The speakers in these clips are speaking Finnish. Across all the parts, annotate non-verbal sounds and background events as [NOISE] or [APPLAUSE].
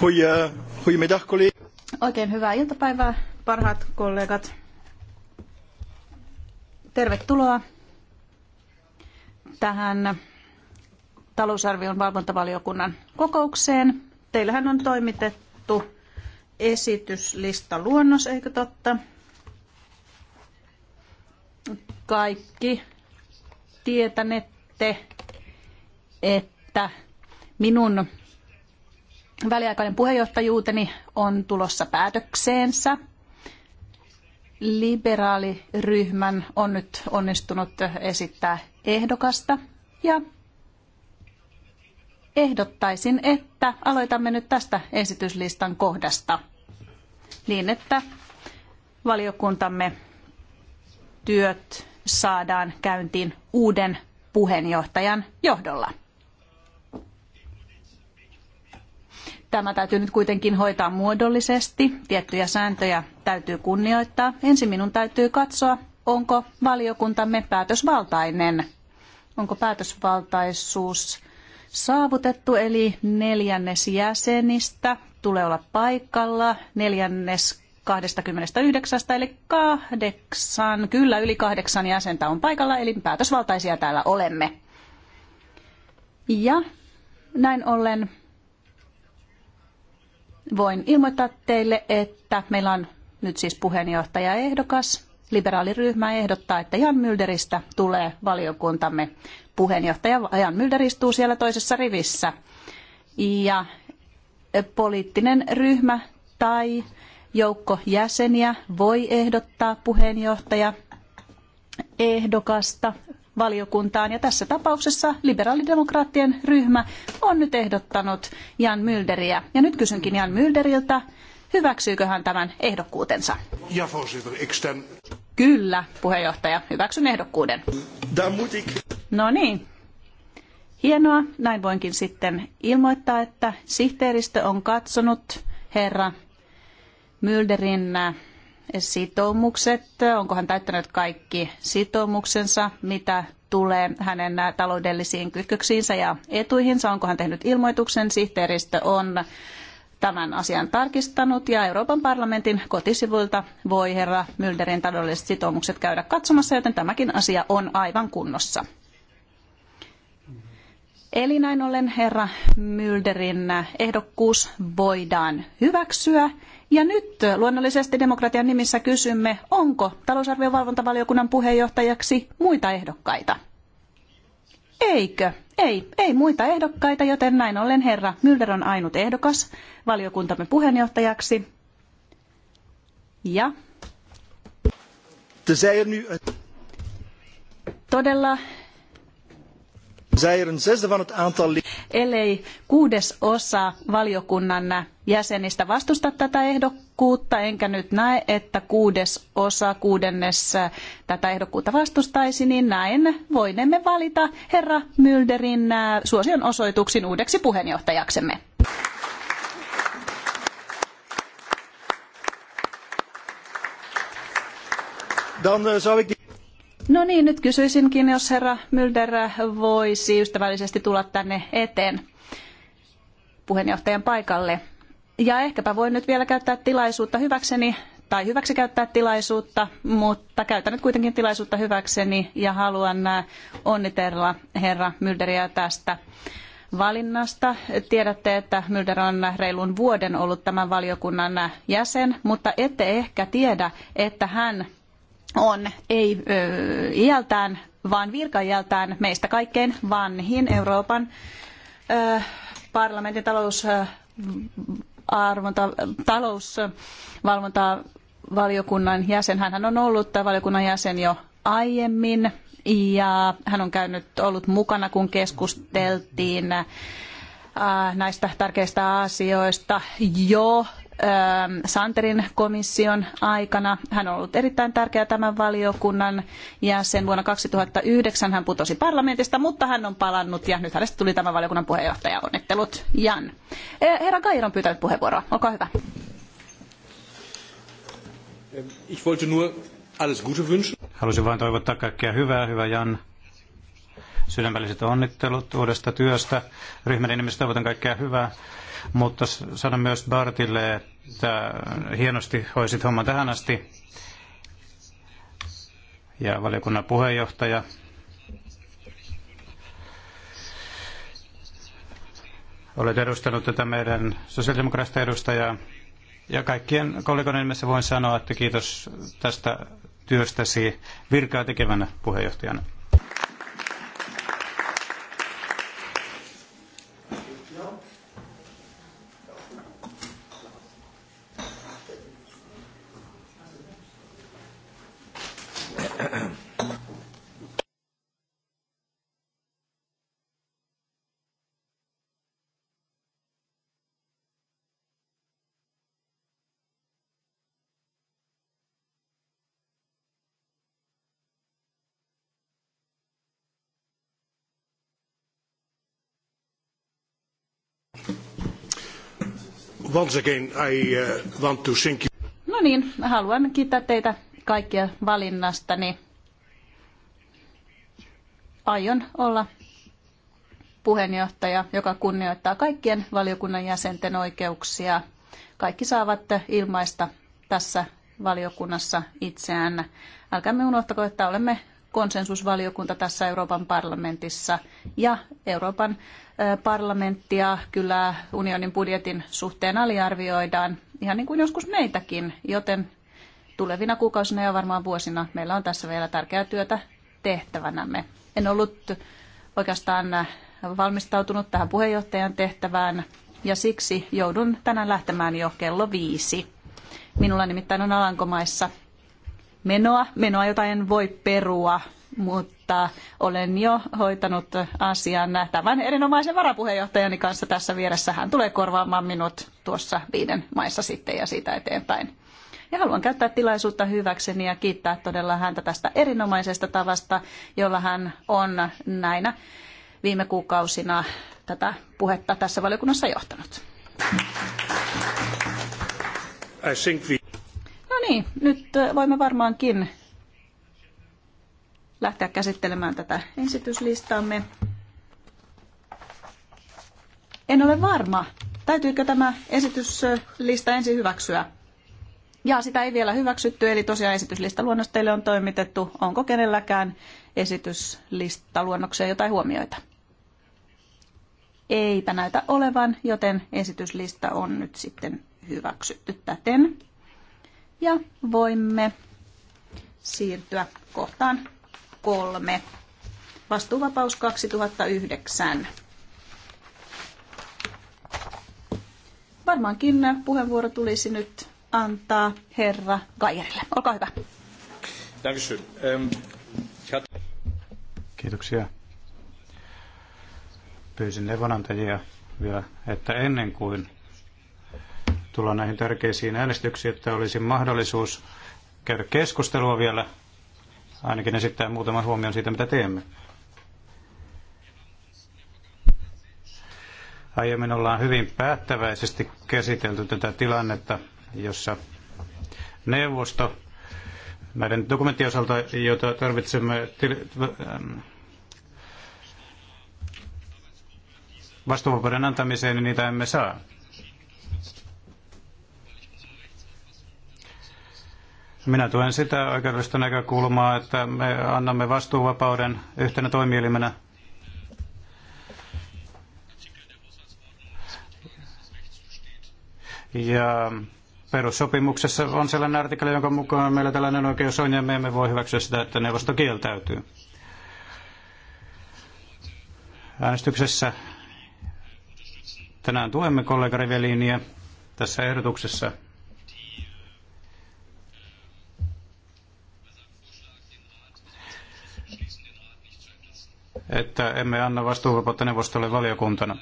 Goedemiddag, collega. Oikein hyvää iltapäivää, parhaat kollegat. Tervetuloa tähän talousarvion valvontavaliokunnan kokoukseen. Teillähän on toimitettu esityslista luonnos, eikö totta? Kaikki tietänette, että minun väliaikainen puheenjohtajuuteni on tulossa päätökseensä. Liberaaliryhmän on nyt onnistunut esittää ehdokasta ja ehdottaisin, että aloitamme nyt tästä esityslistan kohdasta niin, että valiokuntamme työt saadaan käyntiin uuden puheenjohtajan johdolla. Tämä täytyy nyt kuitenkin hoitaa muodollisesti. Tiettyjä sääntöjä täytyy kunnioittaa. Ensin minun täytyy katsoa, onko valiokuntamme päätösvaltainen. Onko päätösvaltaisuus saavutettu, eli neljännes jäsenistä tulee olla paikalla, neljännes 29, eli kahdeksan, kyllä yli kahdeksan jäsentä on paikalla, eli päätösvaltaisia täällä olemme. Ja näin ollen voin ilmoittaa teille, että meillä on nyt siis puheenjohtajaehdokas. Liberaaliryhmä ehdottaa, että Jan Mylderistä tulee valiokuntamme puheenjohtaja. Jan Mylder istuu siellä toisessa rivissä. Ja poliittinen ryhmä tai joukko jäseniä voi ehdottaa puheenjohtaja ehdokasta valiokuntaan. Ja tässä tapauksessa liberaalidemokraattien ryhmä on nyt ehdottanut Jan Mylderiä. Ja nyt kysynkin Jan Mylderiltä, hyväksyykö hän tämän ehdokkuutensa? Ja, Kyllä, puheenjohtaja, hyväksyn ehdokkuuden. No niin, Hienoa, näin voinkin sitten ilmoittaa, että sihteeristö on katsonut herra Mylderin äh, sitoumukset, onko hän täyttänyt kaikki sitoumuksensa, mitä tulee hänen taloudellisiin kytköksiinsä ja etuihinsa. Onko hän tehnyt ilmoituksen? Sihteeristö on tämän asian tarkistanut ja Euroopan parlamentin kotisivuilta voi herra Mylderin taloudelliset sitoumukset käydä katsomassa, joten tämäkin asia on aivan kunnossa. Eli näin ollen herra Mylderin ehdokkuus voidaan hyväksyä ja nyt luonnollisesti demokratian nimissä kysymme, onko talousarvion valvontavaliokunnan puheenjohtajaksi muita ehdokkaita? Eikö? Ei, ei muita ehdokkaita, joten näin ollen herra Mylder on ainut ehdokas valiokuntamme puheenjohtajaksi. Ja Todella ellei kuudes osa valiokunnan jäsenistä vastusta tätä ehdokkuutta, enkä nyt näe, että kuudes osa kuudennes tätä ehdokkuutta vastustaisi, niin näin voinemme valita herra Mylderin äh, suosion osoituksin uudeksi puheenjohtajaksemme. Dan eh, zou ik No niin, nyt kysyisinkin, jos herra Mylder voisi ystävällisesti tulla tänne eteen puheenjohtajan paikalle. Ja ehkäpä voin nyt vielä käyttää tilaisuutta hyväkseni tai hyväksi käyttää tilaisuutta, mutta käytän nyt kuitenkin tilaisuutta hyväkseni ja haluan äh, onnitella herra Mylderiä tästä valinnasta. Tiedätte, että Mylder on reilun vuoden ollut tämän valiokunnan jäsen, mutta ette ehkä tiedä, että hän on ei iältään, vaan virkaiältään meistä kaikkein vanhin Euroopan parlamentin talous arvonta, talousvalvontavaliokunnan jäsen. Hän on ollut valiokunnan jäsen jo aiemmin ja hän on käynyt ollut mukana, kun keskusteltiin näistä tärkeistä asioista jo Ähm, Santerin komission aikana. Hän on ollut erittäin tärkeä tämän valiokunnan ja sen vuonna 2009 hän putosi parlamentista, mutta hän on palannut ja nyt hänestä tuli tämän valiokunnan puheenjohtaja. Onnittelut, Jan. Eh, herra Gair on pyytänyt puheenvuoroa. Olkaa hyvä. Eh, ich wollte nur alles Gute wünschen. Haluaisin vain toivottaa kaikkea hyvää, hyvä Jan. Sydämelliset onnittelut uudesta työstä. Ryhmän nimestä toivotan kaikkea hyvää. Mutta sanon myös Bartille, että hienosti hoisit homma tähän asti. Ja valiokunnan puheenjohtaja. Olet edustanut tätä meidän sosiaalidemokraattista edustajaa. Ja kaikkien kollegoiden nimessä voin sanoa, että kiitos tästä työstäsi virkaa tekevänä puheenjohtajana. once again I uh, want to thank you. No niin, haluan kiittää teitä kaikkia valinnastani. Aion olla puheenjohtaja, joka kunnioittaa kaikkien valiokunnan jäsenten oikeuksia. Kaikki saavat ilmaista tässä valiokunnassa itseään. Älkäämme unohtako, että olemme konsensusvaliokunta tässä Euroopan parlamentissa ja Euroopan parlamenttia kyllä unionin budjetin suhteen aliarvioidaan, ihan niin kuin joskus meitäkin, joten tulevina kuukausina ja varmaan vuosina meillä on tässä vielä tärkeää työtä tehtävänämme. En ollut oikeastaan valmistautunut tähän puheenjohtajan tehtävään ja siksi joudun tänään lähtemään jo kello viisi. Minulla nimittäin on Alankomaissa menoa, menoa jota en voi perua, mutta olen jo hoitanut asian tämän erinomaisen varapuheenjohtajani kanssa tässä vieressä. Hän tulee korvaamaan minut tuossa viiden maissa sitten ja siitä eteenpäin. Ja haluan käyttää tilaisuutta hyväkseni ja kiittää todella häntä tästä erinomaisesta tavasta, jolla hän on näinä viime kuukausina tätä puhetta tässä valiokunnassa johtanut. I think we... No niin, nyt äh, voimme varmaankin lähteä käsittelemään tätä esityslistamme. En ole varma, täytyykö tämä esityslista ensin hyväksyä. Ja sitä ei vielä hyväksytty, eli tosiaan esityslista teille on toimitettu. Onko kenelläkään esityslista luonnokseen jotain huomioita? Eipä näytä olevan, joten esityslista on nyt sitten hyväksytty täten. Ja voimme siirtyä kohtaan kolme. Vastuuvapaus 2009. Varmaankin puheenvuoro tulisi nyt antaa herra Gajerille. Olkaa hyvä. Ähm, Kiitoksia. Pyysin neuvonantajia vielä, että ennen kuin tulla näihin tärkeisiin äänestyksiin, että olisi mahdollisuus käydä keskustelua vielä, ainakin esittää muutaman huomion siitä, mitä teemme. Aiemmin ollaan hyvin päättäväisesti käsitelty tätä tilannetta, jossa neuvosto näiden dokumenttien osalta, joita tarvitsemme ähm, vastuuvapauden antamiseen, niin niitä emme saa. Minä tuen sitä oikeudellista näkökulmaa, että me annamme vastuuvapauden yhtenä toimielimenä Ja perussopimuksessa on sellainen artikkeli, jonka mukaan meillä tällainen oikeus on ja me emme voi hyväksyä sitä, että neuvosto kieltäytyy. Äänestyksessä tänään tuemme kollega Rivelinia tässä ehdotuksessa. että emme anna vastuuvapautta neuvostolle valiokuntana.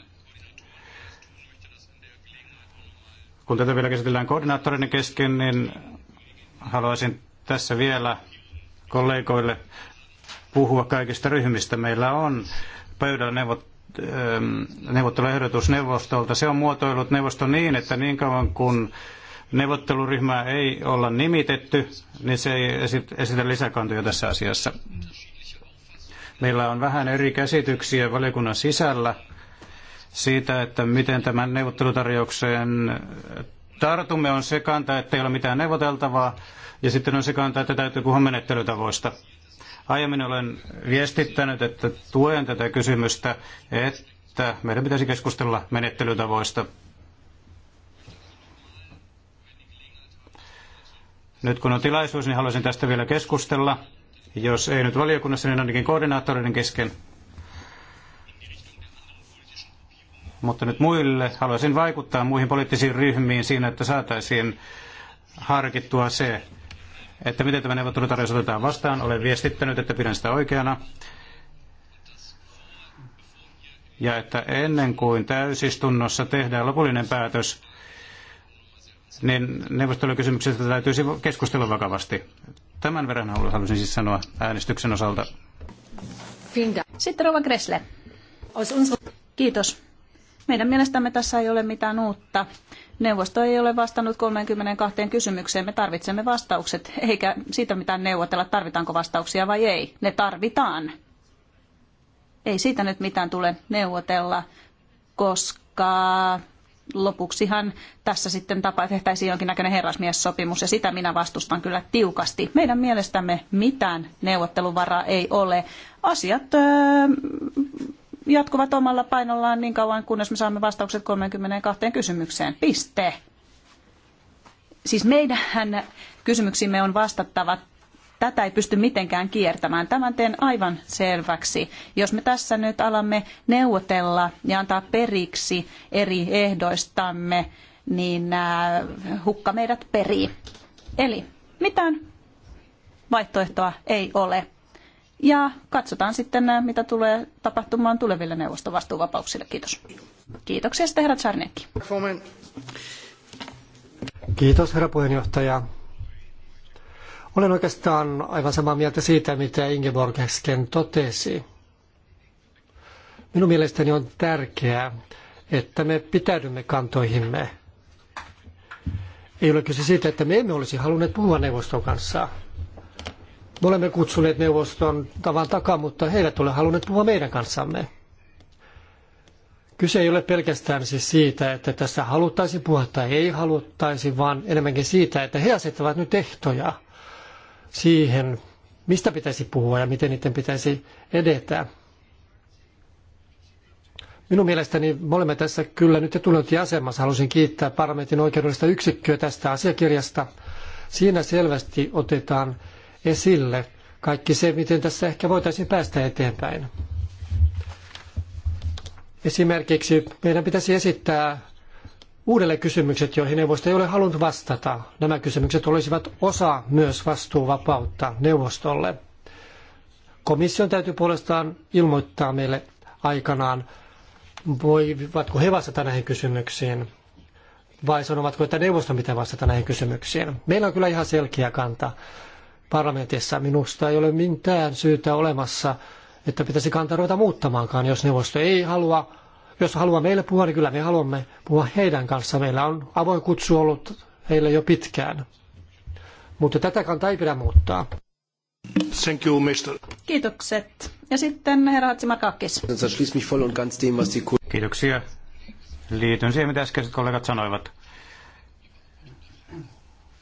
Kun tätä vielä käsitellään koordinaattorin kesken, niin haluaisin tässä vielä kollegoille puhua kaikista ryhmistä. Meillä on pöydällä neuvot, ähm, neuvotteluehdotus neuvostolta. Se on muotoillut neuvosto niin, että niin kauan kun neuvotteluryhmää ei olla nimitetty, niin se ei esitä lisäkantoja tässä asiassa. Meillä on vähän eri käsityksiä valiokunnan sisällä siitä, että miten tämän neuvottelutarjouksen tartumme on se kanta, että ei ole mitään neuvoteltavaa, ja sitten on se kanta, että täytyy puhua menettelytavoista. Aiemmin olen viestittänyt, että tuen tätä kysymystä, että meidän pitäisi keskustella menettelytavoista. Nyt kun on tilaisuus, niin haluaisin tästä vielä keskustella jos ei nyt valiokunnassa, niin ainakin koordinaattoreiden kesken. Mutta nyt muille haluaisin vaikuttaa muihin poliittisiin ryhmiin siinä, että saataisiin harkittua se, että miten tämä neuvottelutarjous otetaan vastaan. Olen viestittänyt, että pidän sitä oikeana. Ja että ennen kuin täysistunnossa tehdään lopullinen päätös, niin neuvostelukysymyksestä täytyisi keskustella vakavasti. Tämän verran haluaisin siis sanoa äänestyksen osalta. Sitten Rova Gressle. Kiitos. Meidän mielestämme tässä ei ole mitään uutta. Neuvosto ei ole vastannut 32 kysymykseen. Me tarvitsemme vastaukset, eikä siitä mitään neuvotella, tarvitaanko vastauksia vai ei. Ne tarvitaan. Ei siitä nyt mitään tule neuvotella, koska lopuksihan tässä sitten tapa, tehtäisiin jonkinnäköinen herrasmiessopimus ja sitä minä vastustan kyllä tiukasti. Meidän mielestämme mitään neuvotteluvaraa ei ole. Asiat öö, jatkuvat omalla painollaan niin kauan, kunnes me saamme vastaukset 32 kysymykseen. Piste. Siis meidän kysymyksimme on vastattava Tätä ei pysty mitenkään kiertämään. Tämän teen aivan selväksi. Jos me tässä nyt alamme neuvotella ja antaa periksi eri ehdoistamme, niin äh, hukka meidät perii. Eli mitään vaihtoehtoa ei ole. Ja katsotaan sitten, äh, mitä tulee tapahtumaan tuleville neuvostovastuuvapauksille. Kiitos. Kiitoksia sitten herra Czarnecki. Kiitos herra puheenjohtaja. Olen oikeastaan aivan samaa mieltä siitä, mitä Ingeborg äsken totesi. Minun mielestäni on tärkeää, että me pitäydymme kantoihimme. Ei ole kyse siitä, että me emme olisi halunneet puhua neuvoston kanssa. Me olemme kutsuneet neuvoston tavan takaa, mutta he eivät ole halunneet puhua meidän kanssamme. Kyse ei ole pelkästään siis siitä, että tässä haluttaisiin puhua tai ei haluttaisi, vaan enemmänkin siitä, että he asettavat nyt ehtoja siihen, mistä pitäisi puhua ja miten niiden pitäisi edetä. Minun mielestäni me olemme tässä kyllä nyt etulyönti asemassa. Haluaisin kiittää parlamentin oikeudellista yksikköä tästä asiakirjasta. Siinä selvästi otetaan esille kaikki se, miten tässä ehkä voitaisiin päästä eteenpäin. Esimerkiksi meidän pitäisi esittää uudelle kysymykset, joihin neuvosto ei ole halunnut vastata. Nämä kysymykset olisivat osa myös vastuuvapautta neuvostolle. Komission täytyy puolestaan ilmoittaa meille aikanaan, voivatko he vastata näihin kysymyksiin vai sanovatko, että neuvosto mitä vastata näihin kysymyksiin. Meillä on kyllä ihan selkeä kanta parlamentissa. Minusta ei ole mitään syytä olemassa, että pitäisi kantaa ruveta muuttamaankaan, jos neuvosto ei halua jos haluaa meille puhua, niin kyllä me haluamme puhua heidän kanssaan. Meillä on avoin kutsu ollut heille jo pitkään. Mutta tätä kantaa ei pidä muuttaa. Thank you, Kiitokset. Ja sitten herra Hatsimakakis. Kiitoksia. Liityn siihen, mitä äskeiset kollegat sanoivat.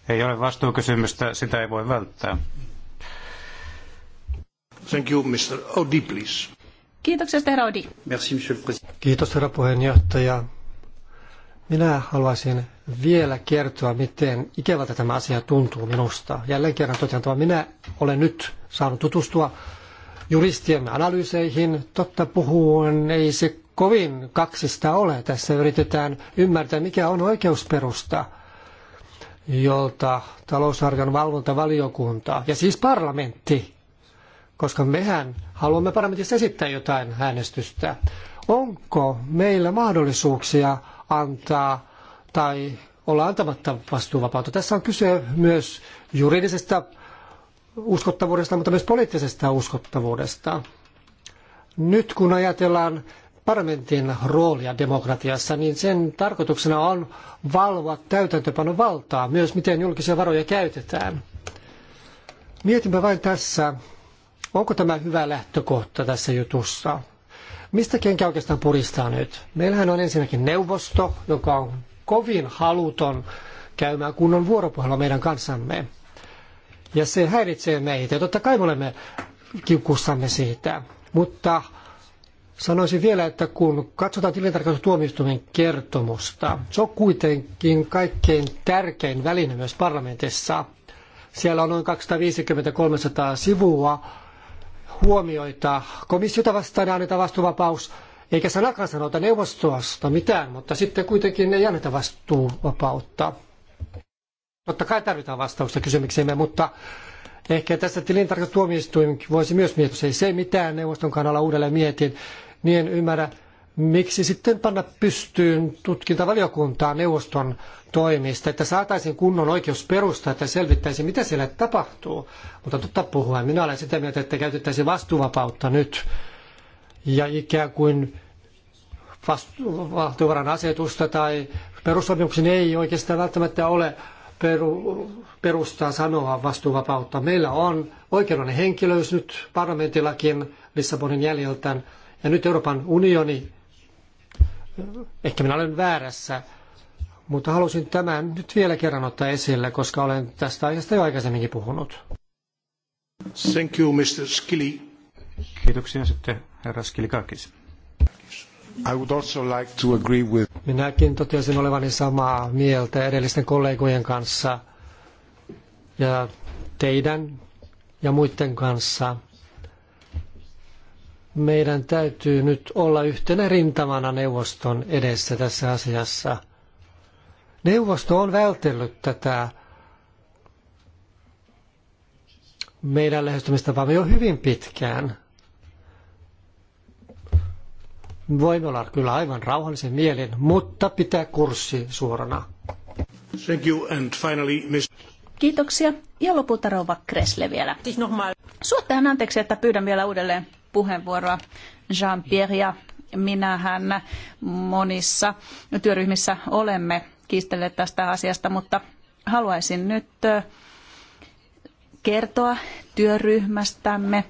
Ei ole vastuukysymystä, sitä ei voi välttää. Thank you, Mr. Audi, oh, please. Kiitoksia herra Kiitos, herra puheenjohtaja. Minä haluaisin vielä kertoa, miten ikävältä tämä asia tuntuu minusta. Jälleen kerran totean, että minä olen nyt saanut tutustua juristien analyyseihin. Totta puhuen ei se kovin kaksista ole. Tässä yritetään ymmärtää, mikä on oikeusperusta, jolta talousarvion valvontavaliokunta ja siis parlamentti koska mehän haluamme parlamentissa esittää jotain äänestystä. Onko meillä mahdollisuuksia antaa tai olla antamatta vastuuvapautta? Tässä on kyse myös juridisesta uskottavuudesta, mutta myös poliittisesta uskottavuudesta. Nyt kun ajatellaan parlamentin roolia demokratiassa, niin sen tarkoituksena on valvoa täytäntöpanon valtaa, myös miten julkisia varoja käytetään. Mietimme vain tässä, Onko tämä hyvä lähtökohta tässä jutussa? Mistä kenkä oikeastaan puristaa nyt? Meillähän on ensinnäkin neuvosto, joka on kovin haluton käymään kunnon vuoropuhelua meidän kanssamme. Ja se häiritsee meitä. Ja totta kai me olemme kiukussamme siitä. Mutta sanoisin vielä, että kun katsotaan tilintarkastustuomioistuimen kertomusta, se on kuitenkin kaikkein tärkein väline myös parlamentissa. Siellä on noin 250-300 sivua, huomioita. Komissiota vastaan anneta vastuuvapaus, eikä sanakaan sanota neuvostosta mitään, mutta sitten kuitenkin ei anneta vastuuvapautta. Totta kai tarvitaan vastausta kysymykseemme, mutta ehkä tässä tilintarkastustuomioistuin voisi myös miettiä, jos ei se mitään neuvoston kannalla uudelleen mietin, niin en ymmärrä, miksi sitten panna pystyyn tutkintavaliokuntaa neuvoston toimista, että saataisiin kunnon oikeusperusta, että selvittäisiin, mitä siellä tapahtuu. Mutta totta puhuen, minä olen sitä mieltä, että käytettäisiin vastuuvapautta nyt ja ikään kuin valtiovaran asetusta tai perussopimuksen ei oikeastaan välttämättä ole peru, perustaa sanoa vastuuvapautta. Meillä on oikeudellinen henkilöys nyt parlamentillakin Lissabonin jäljeltä, ja nyt Euroopan unioni Ehkä minä olen väärässä, mutta halusin tämän nyt vielä kerran ottaa esille, koska olen tästä aiheesta jo aikaisemminkin puhunut. Thank you, Mr. Skilly. Kiitoksia sitten, herra Skilikakis. I would also like to agree with... Minäkin totesin olevani samaa mieltä edellisten kollegojen kanssa ja teidän ja muiden kanssa – meidän täytyy nyt olla yhtenä rintamana neuvoston edessä tässä asiassa. Neuvosto on vältellyt tätä meidän lähestymistapaamme jo hyvin pitkään. Voimme olla kyllä aivan rauhallisen mielin, mutta pitää kurssi suorana. Thank you and finally, Ms. Kiitoksia. Ja lopulta rouva Kresle vielä. Siis Suottehan anteeksi, että pyydän vielä uudelleen puheenvuoroa Jean-Pierre ja minähän monissa työryhmissä olemme kiistelleet tästä asiasta, mutta haluaisin nyt kertoa työryhmästämme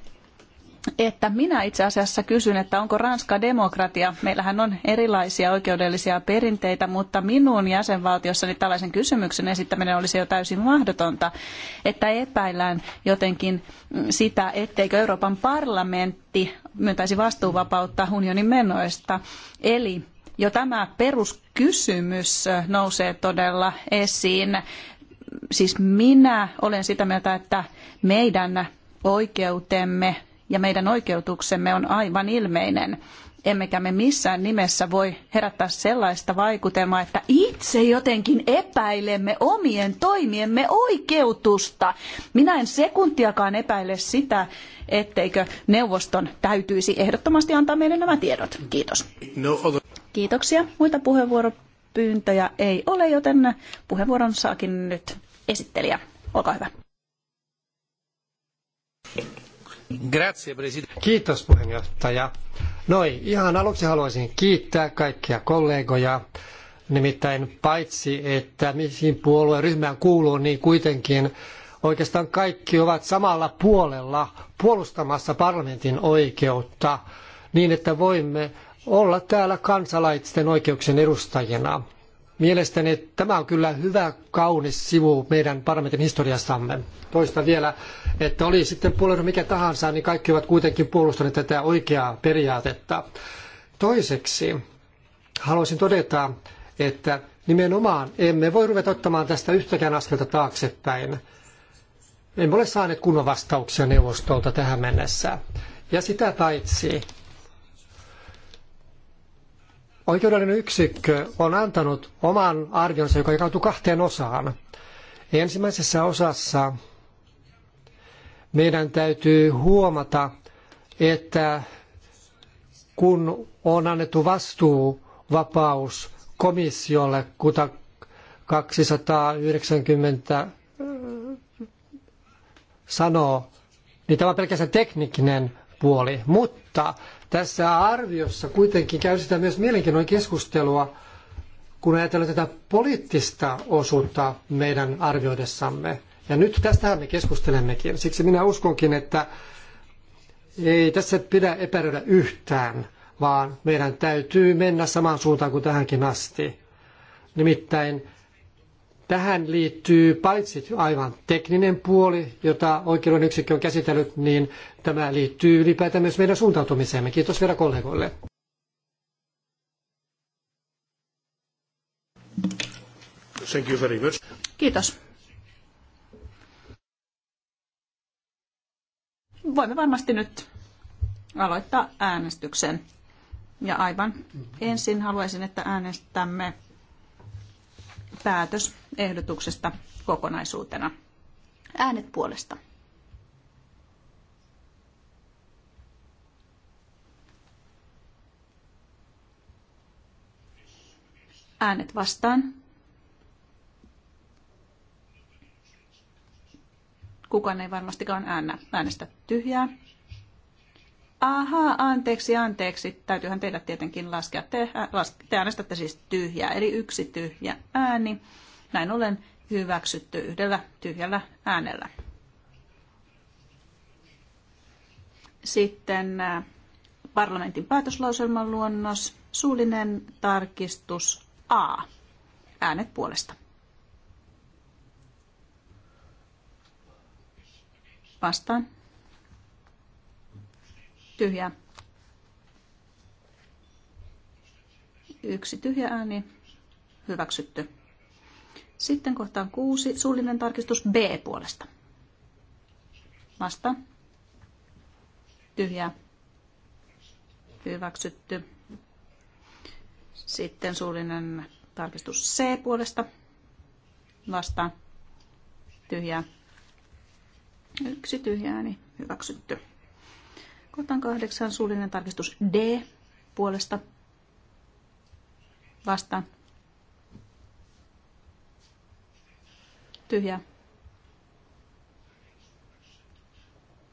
että minä itse asiassa kysyn, että onko Ranska demokratia. Meillähän on erilaisia oikeudellisia perinteitä, mutta minun jäsenvaltiossani tällaisen kysymyksen esittäminen olisi jo täysin mahdotonta, että epäillään jotenkin sitä, etteikö Euroopan parlamentti myöntäisi vastuuvapautta unionin menoista. Eli jo tämä peruskysymys nousee todella esiin. Siis minä olen sitä mieltä, että meidän oikeutemme ja meidän oikeutuksemme on aivan ilmeinen. Emmekä me missään nimessä voi herättää sellaista vaikutelmaa, että itse jotenkin epäilemme omien toimiemme oikeutusta. Minä en sekuntiakaan epäile sitä, etteikö neuvoston täytyisi ehdottomasti antaa meille nämä tiedot. Kiitos. No Kiitoksia. Muita puheenvuoropyyntöjä ei ole, joten puheenvuoron saakin nyt esittelijä. Olkaa hyvä. Grazie, president. Kiitos puheenjohtaja. Noi, ihan aluksi haluaisin kiittää kaikkia kollegoja. Nimittäin paitsi, että mihin puolueen ryhmään kuuluu, niin kuitenkin oikeastaan kaikki ovat samalla puolella puolustamassa parlamentin oikeutta niin, että voimme olla täällä kansalaisten oikeuksien edustajina. Mielestäni tämä on kyllä hyvä, kaunis sivu meidän parlamentin historiastamme. Toista vielä, että oli sitten puolueena mikä tahansa, niin kaikki ovat kuitenkin puolustaneet tätä oikeaa periaatetta. Toiseksi haluaisin todeta, että nimenomaan emme voi ruveta ottamaan tästä yhtäkään askelta taaksepäin. Emme ole saaneet kunnon vastauksia neuvostolta tähän mennessä. Ja sitä paitsi Oikeudellinen yksikkö on antanut oman arvionsa, joka jakautuu kahteen osaan. Ensimmäisessä osassa meidän täytyy huomata, että kun on annettu vastuuvapaus komissiolle, kuta 290 sanoo, niin tämä on pelkästään tekninen puoli, mutta tässä arviossa kuitenkin käydään myös mielenkiintoinen keskustelua, kun ajatellaan tätä poliittista osuutta meidän arvioidessamme. Ja nyt tästähän me keskustelemmekin. Siksi minä uskonkin, että ei tässä pidä epäröidä yhtään, vaan meidän täytyy mennä samaan suuntaan kuin tähänkin asti. Nimittäin Tähän liittyy paitsi aivan tekninen puoli, jota oikeuden yksikkö on käsitellyt, niin tämä liittyy ylipäätään myös meidän suuntautumiseemme. Kiitos vielä kollegoille. Thank you very much. Kiitos. Voimme varmasti nyt aloittaa äänestyksen. Ja aivan ensin haluaisin, että äänestämme päätös ehdotuksesta kokonaisuutena. Äänet puolesta. Äänet vastaan. Kukaan ei varmastikaan äänä, äänestä tyhjää. Aha, anteeksi, anteeksi. Täytyyhän teidät tietenkin laskea. Te, ä, las, te äänestätte siis tyhjää, eli yksi tyhjä ääni. Näin ollen hyväksytty yhdellä tyhjällä äänellä. Sitten parlamentin päätöslauselman luonnos, suullinen tarkistus A. Äänet puolesta. Vastaan tyhjä, Yksi tyhjä ääni hyväksytty. Sitten kohtaan kuusi, suullinen tarkistus B puolesta. Vasta. tyhjä, Hyväksytty. Sitten suullinen tarkistus C puolesta. Vasta. tyhjä, Yksi tyhjä ääni, hyväksytty. Kohtaan kahdeksan suullinen tarkistus D puolesta vastaan. Tyhjää.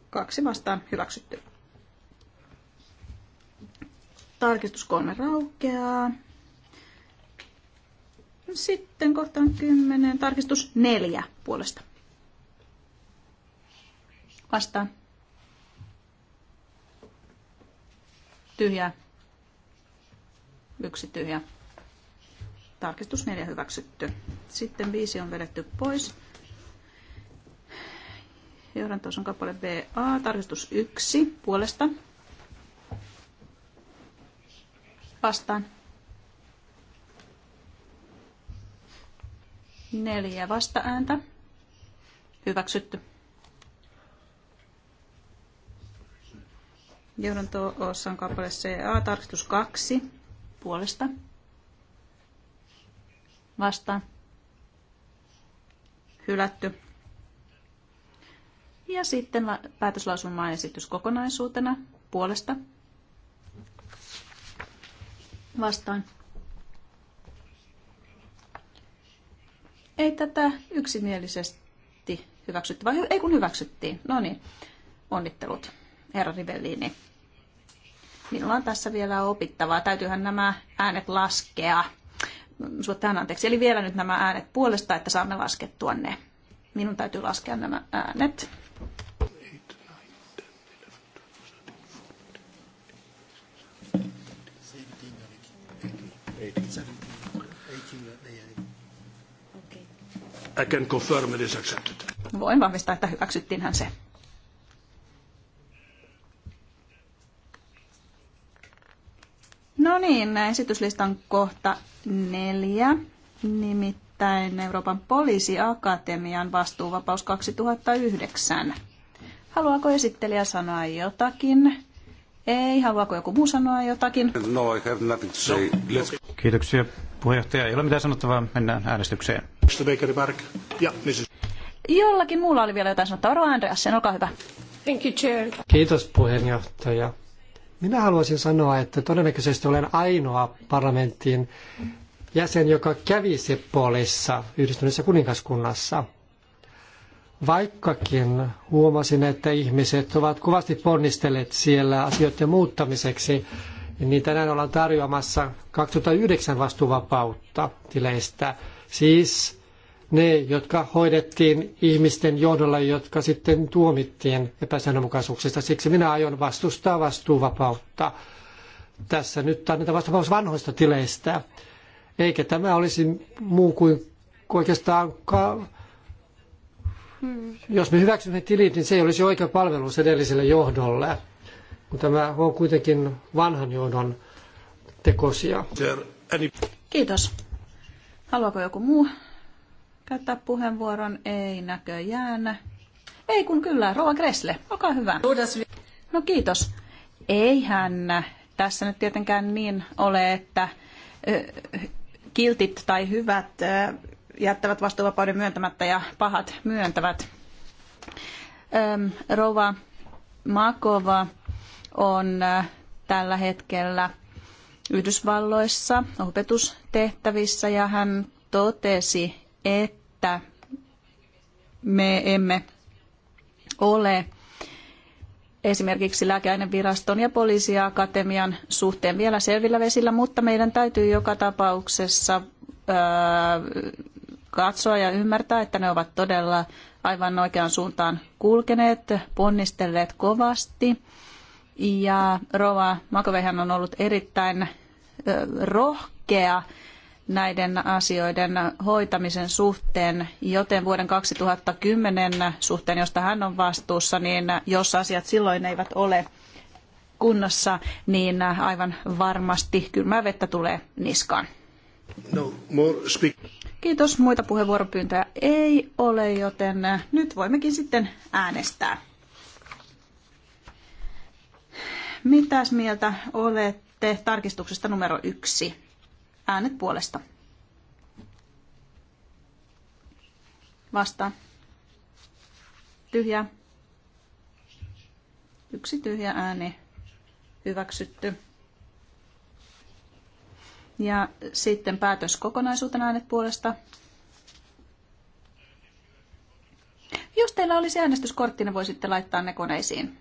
Kaksi vastaan hyväksytty. Tarkistus kolme raukeaa. Sitten kohtaan kymmenen Tarkistus neljä puolesta. Vastaan. tyhjä yksi tyhjä. Tarkistus 4 hyväksytty. Sitten 5 on vedetty pois. Johdantos on kappale BA, tarkistus 1 puolesta. Vastaan. Neljä ääntä Hyväksytty. johdanto on kappale CA, tarkistus 2 puolesta. Vastaan. Hylätty. Ja sitten päätöslausumaan esitys kokonaisuutena puolesta. Vastaan. Ei tätä yksimielisesti hyväksytty, vai ei kun hyväksyttiin. No niin, onnittelut, herra Rivellini. Minulla on tässä vielä opittavaa. Täytyyhän nämä äänet laskea. Suot anteeksi. Eli vielä nyt nämä äänet puolesta, että saamme laskettua ne. Minun täytyy laskea nämä äänet. I can confirm it is accepted. Voin vahvistaa, että hyväksyttiinhän se. No niin, esityslistan kohta neljä, nimittäin Euroopan poliisiakatemian vastuuvapaus 2009. Haluaako esittelijä sanoa jotakin? Ei, haluaako joku muu sanoa jotakin? No, I have nothing to say. No, Let's... Kiitoksia puheenjohtaja. Ei ole mitään sanottavaa, mennään äänestykseen. Mr. Baker, Mark. Ja, Mrs. Jollakin muulla oli vielä jotain sanottavaa. Andreas, sen olkaa hyvä. Thank you, Chair. Kiitos puheenjohtaja. Minä haluaisin sanoa, että todennäköisesti olen ainoa parlamentin jäsen, joka kävi Seppolissa yhdistyneessä kuningaskunnassa. Vaikkakin huomasin, että ihmiset ovat kovasti ponnistelleet siellä asioiden muuttamiseksi, niin tänään ollaan tarjoamassa 2009 vastuuvapautta tileistä. Siis ne, jotka hoidettiin ihmisten johdolla, jotka sitten tuomittiin epäsäännönmukaisuuksista. Siksi minä aion vastustaa vastuuvapautta. Tässä nyt annetaan vastuuvapaus vanhoista tileistä. Eikä tämä olisi muu kuin oikeastaan, hmm. jos me hyväksymme tilit, niin se ei olisi oikea palvelus edelliselle johdolle. Mutta tämä on kuitenkin vanhan johdon tekosia. Kiitos. Haluaako joku muu käyttää puheenvuoron? Ei näköjään. Ei kun kyllä, Rova Gressle, olkaa hyvä. No kiitos. Eihän tässä nyt tietenkään niin ole, että kiltit tai hyvät jättävät vastuuvapauden myöntämättä ja pahat myöntävät. Rova Makova on tällä hetkellä Yhdysvalloissa opetustehtävissä ja hän totesi, että että me emme ole esimerkiksi lääkeaineviraston ja poliisiakatemian suhteen vielä selvillä vesillä, mutta meidän täytyy joka tapauksessa katsoa ja ymmärtää, että ne ovat todella aivan oikeaan suuntaan kulkeneet, ponnistelleet kovasti. Ja Rova Makovehan on ollut erittäin rohkea näiden asioiden hoitamisen suhteen, joten vuoden 2010 suhteen, josta hän on vastuussa, niin jos asiat silloin eivät ole kunnossa, niin aivan varmasti kylmää vettä tulee niskaan. No, Kiitos. Muita puheenvuoropyyntöjä ei ole, joten nyt voimmekin sitten äänestää. Mitäs mieltä olette tarkistuksesta numero yksi? Äänet puolesta. Vastaan. Tyhjä. Yksi tyhjä ääni. Hyväksytty. Ja sitten päätös kokonaisuutena äänet puolesta. Jos teillä olisi äänestyskortti, niin voisitte laittaa ne koneisiin.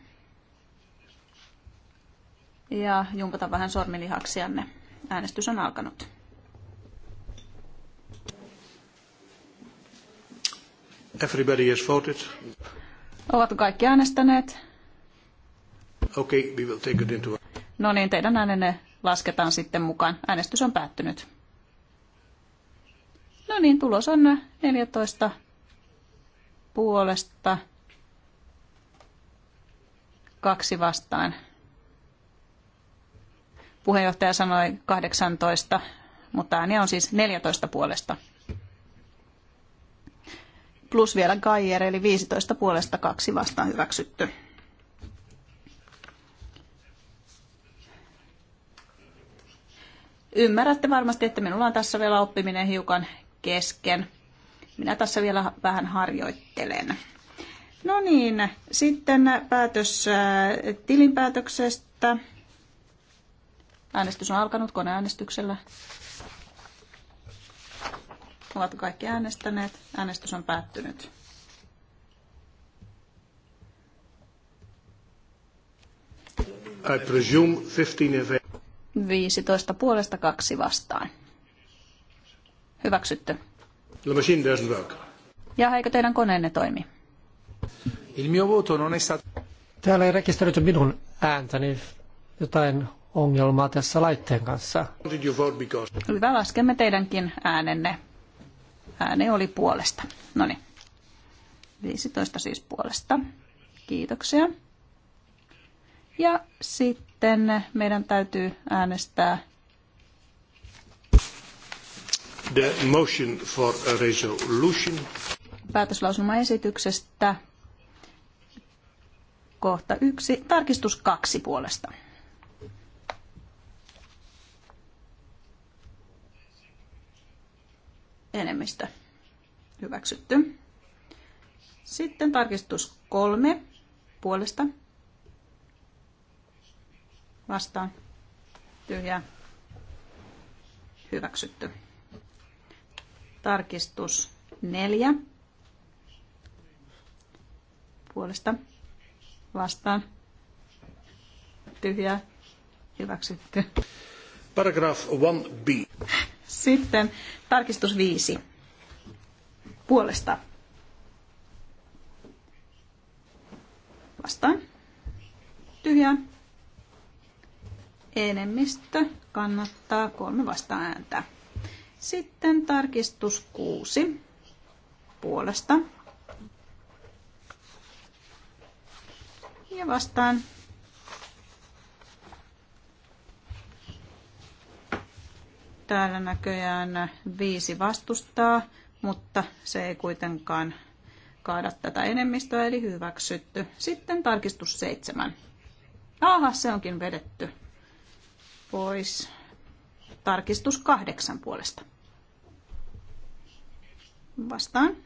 Ja jumpata vähän sormilihaksianne. Äänestys on alkanut. Everybody has voted. kaikki äänestäneet? Okay, we will take it into... No niin, teidän äänenne lasketaan sitten mukaan. Äänestys on päättynyt. No niin, tulos on 14 puolesta, kaksi vastaan. Puheenjohtaja sanoi 18, mutta ääniä on siis 14 puolesta plus vielä Gaier, eli 15 puolesta kaksi vastaan hyväksytty. Ymmärrätte varmasti, että minulla on tässä vielä oppiminen hiukan kesken. Minä tässä vielä vähän harjoittelen. No niin, sitten päätös äh, tilinpäätöksestä. Äänestys on alkanut koneäänestyksellä. Ovatko kaikki äänestäneet? Äänestys on päättynyt. I presume 15 15 puolesta kaksi vastaan. Hyväksytty. The machine doesn't work. Ja eikö teidän koneenne toimi? Il mio voto non è stato... Täällä ei rekisteröity minun ääntäni. Jotain ongelmaa tässä laitteen kanssa. Hyvä, laskemme teidänkin äänenne ääni oli puolesta. No niin. 15 siis puolesta. Kiitoksia. Ja sitten meidän täytyy äänestää The motion for a resolution. Päätöslausumaesityksestä kohta yksi, tarkistus kaksi puolesta. enemmistö hyväksytty. Sitten tarkistus kolme puolesta vastaan tyhjä. hyväksytty. Tarkistus neljä puolesta vastaan tyhjä. hyväksytty. Paragraf 1b. Sitten tarkistus viisi Puolesta. Vastaan. Tyhjää. Enemmistö kannattaa kolme vastaan ääntä. Sitten tarkistus kuusi Puolesta. Ja vastaan Täällä näköjään viisi vastustaa, mutta se ei kuitenkaan kaada tätä enemmistöä, eli hyväksytty. Sitten tarkistus seitsemän. Aha, se onkin vedetty pois. Tarkistus kahdeksan puolesta. Vastaan.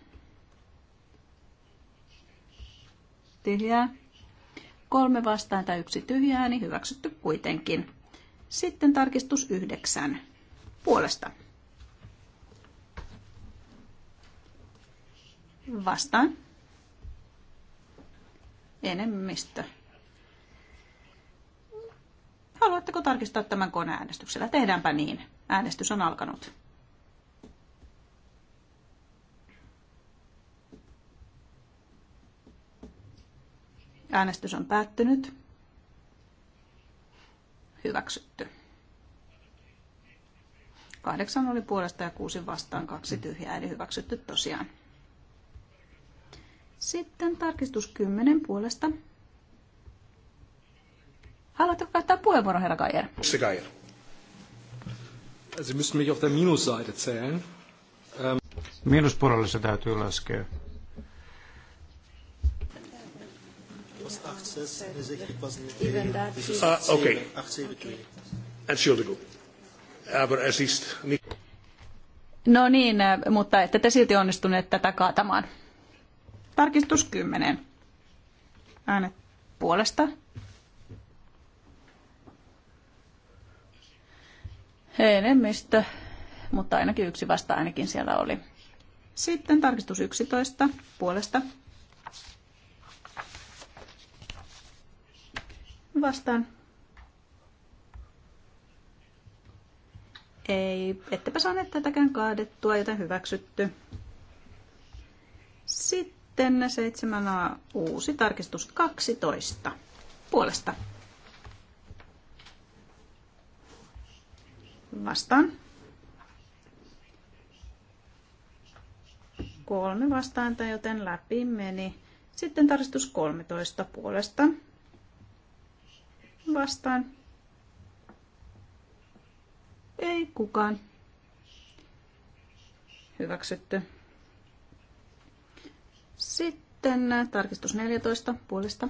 Tyhjää. Kolme vastaan tai yksi tyhjää, niin hyväksytty kuitenkin. Sitten tarkistus yhdeksän puolesta. Vastaan. Enemmistö. Haluatteko tarkistaa tämän koneäänestyksellä? Tehdäänpä niin. Äänestys on alkanut. Äänestys on päättynyt. Hyväksytty. Kahdeksan oli puolesta ja kuusi vastaan, kaksi tyhjää, eli hyväksytty tosiaan. Sitten tarkistus kymmenen puolesta. Haluatteko käyttää puheenvuoron, herra Kajer? Se Kajer. Se myöskin johtaa auf der Minusseite zählen. Ähm, se täytyy laskea. Ah, okei. Okay. Entschuldigung. No niin, äh, mutta ette te silti onnistuneet tätä kaatamaan. Tarkistus 10. Äänet puolesta. Enemmistö, mutta ainakin yksi vasta ainakin siellä oli. Sitten tarkistus 11 puolesta. Vastaan Ei, ettepä saaneet tätäkään kaadettua, joten hyväksytty. Sitten 7 uusi tarkistus 12 puolesta. Vastaan. Kolme vastaanta, joten läpi meni. Sitten tarkistus 13 puolesta. Vastaan ei kukaan. Hyväksytty. Sitten tarkistus 14 puolesta.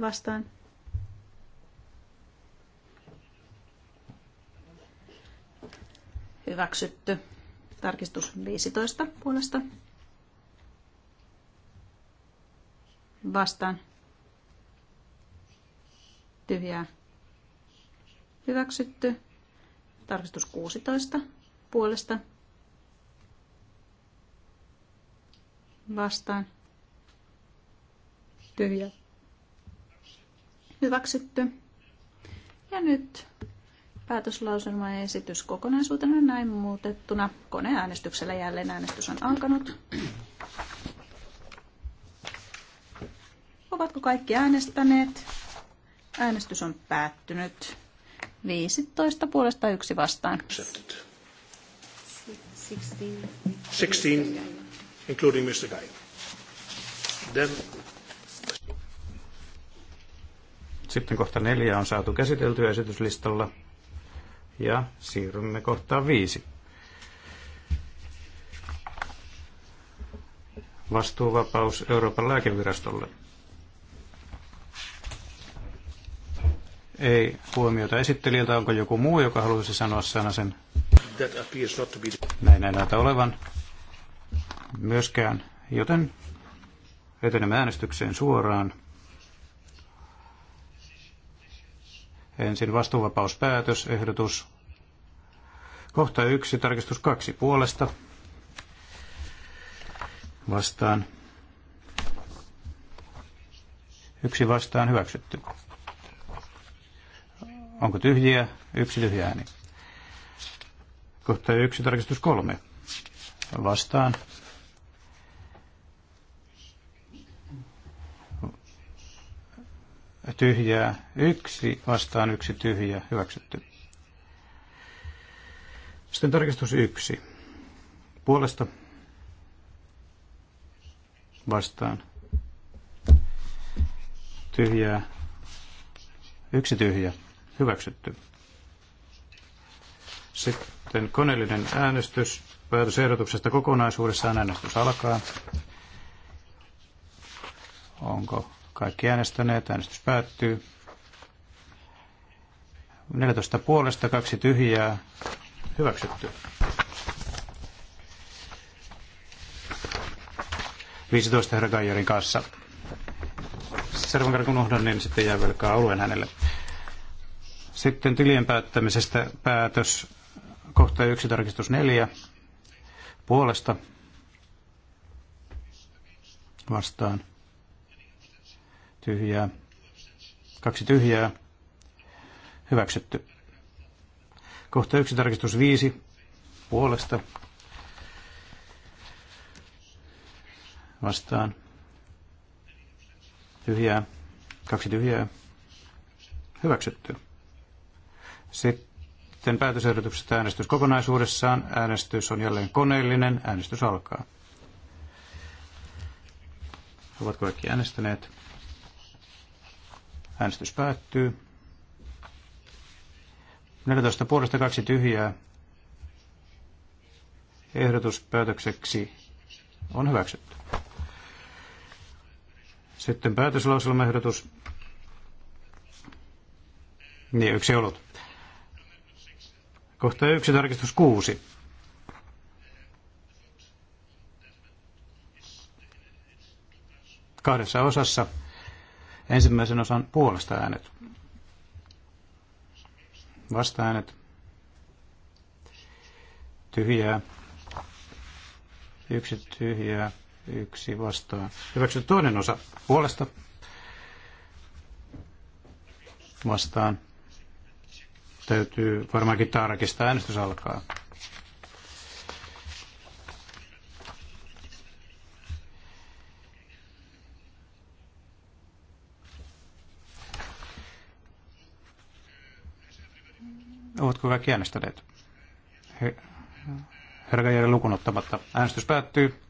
Vastaan. Hyväksytty. Tarkistus 15 puolesta. Vastaan. Tyhjää Hyväksytty. Tarkistus 16 puolesta. Vastaan. Tyhjä. Hyväksytty. Ja nyt päätöslauselma ja esitys kokonaisuutena näin muutettuna. Koneäänestyksellä jälleen äänestys on alkanut. Ovatko kaikki äänestäneet? Äänestys on päättynyt. 15 puolesta yksi vastaan. 16, including Mr. Guy. Then... Sitten kohta neljä on saatu käsiteltyä esityslistalla ja siirrymme kohtaan viisi. Vastuuvapaus Euroopan lääkevirastolle. Ei huomiota esittelijältä. Onko joku muu, joka haluaisi sanoa sana sen? Näin ei näytä olevan myöskään, joten etenemme äänestykseen suoraan. Ensin vastuuvapauspäätös, ehdotus. Kohta yksi, tarkistus kaksi puolesta. Vastaan. Yksi vastaan hyväksytty. Onko tyhjiä? Yksi tyhjä ääni. Kohta yksi, tarkistus kolme. Vastaan. Tyhjää. Yksi vastaan yksi tyhjä. Hyväksytty. Sitten tarkistus yksi. Puolesta vastaan. Tyhjää. Yksi tyhjä. Hyväksytty. Sitten koneellinen äänestys päätösehdotuksesta kokonaisuudessaan äänestys alkaa. Onko kaikki äänestäneet? Äänestys päättyy. 14 puolesta, kaksi tyhjää. Hyväksytty. 15 herra Gaijarin kanssa. Servankarkun unohdan, niin sitten jää velkaa oluen hänelle. Sitten tilien päättämisestä päätös kohta 1 tarkistus 4 puolesta vastaan tyhjää. Kaksi tyhjää. Hyväksytty. Kohta 1 tarkistus 5 puolesta vastaan tyhjää. Kaksi tyhjää. Hyväksytty. Sitten päätösehdotuksesta äänestys kokonaisuudessaan. Äänestys on jälleen koneellinen. Äänestys alkaa. Ovat kaikki äänestäneet. Äänestys päättyy. 14 puolesta kaksi tyhjää. Ehdotus päätökseksi on hyväksytty. Sitten päätöslauselmaehdotus. Niin, yksi ollut. Kohta yksi tarkistus kuusi. Kahdessa osassa ensimmäisen osan puolesta äänet. Vasta äänet. Tyhjää. Yksi tyhjää, yksi vastaan. Hyväksytty toinen osa puolesta. Vastaan Täytyy varmaankin tarkistaa. Äänestys alkaa. Ovatko kaikki äänestäneet? Herra Gajari lukuun ottamatta. Äänestys päättyy.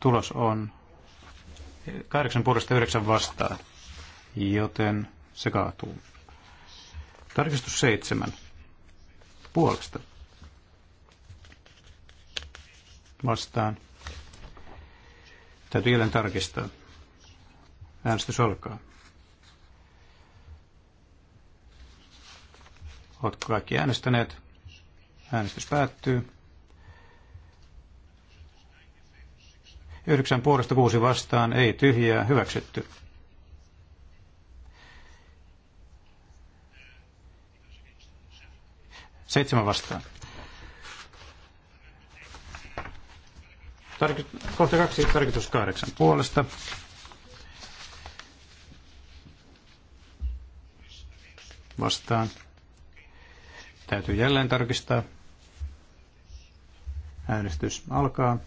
Tulos on 8 puolesta 9 vastaan, joten se kaatuu. Tarkistus seitsemän. Puolesta. Vastaan. Täytyy jälleen tarkistaa. Äänestys alkaa. Oletko kaikki äänestäneet? Äänestys päättyy. Yhdeksän puolesta kuusi vastaan, ei tyhjää, hyväksytty. Seitsemän vastaan. Tarki, kohta kaksi, tarkoitus kahdeksan puolesta. Vastaan. Täytyy jälleen tarkistaa. Äänestys alkaa.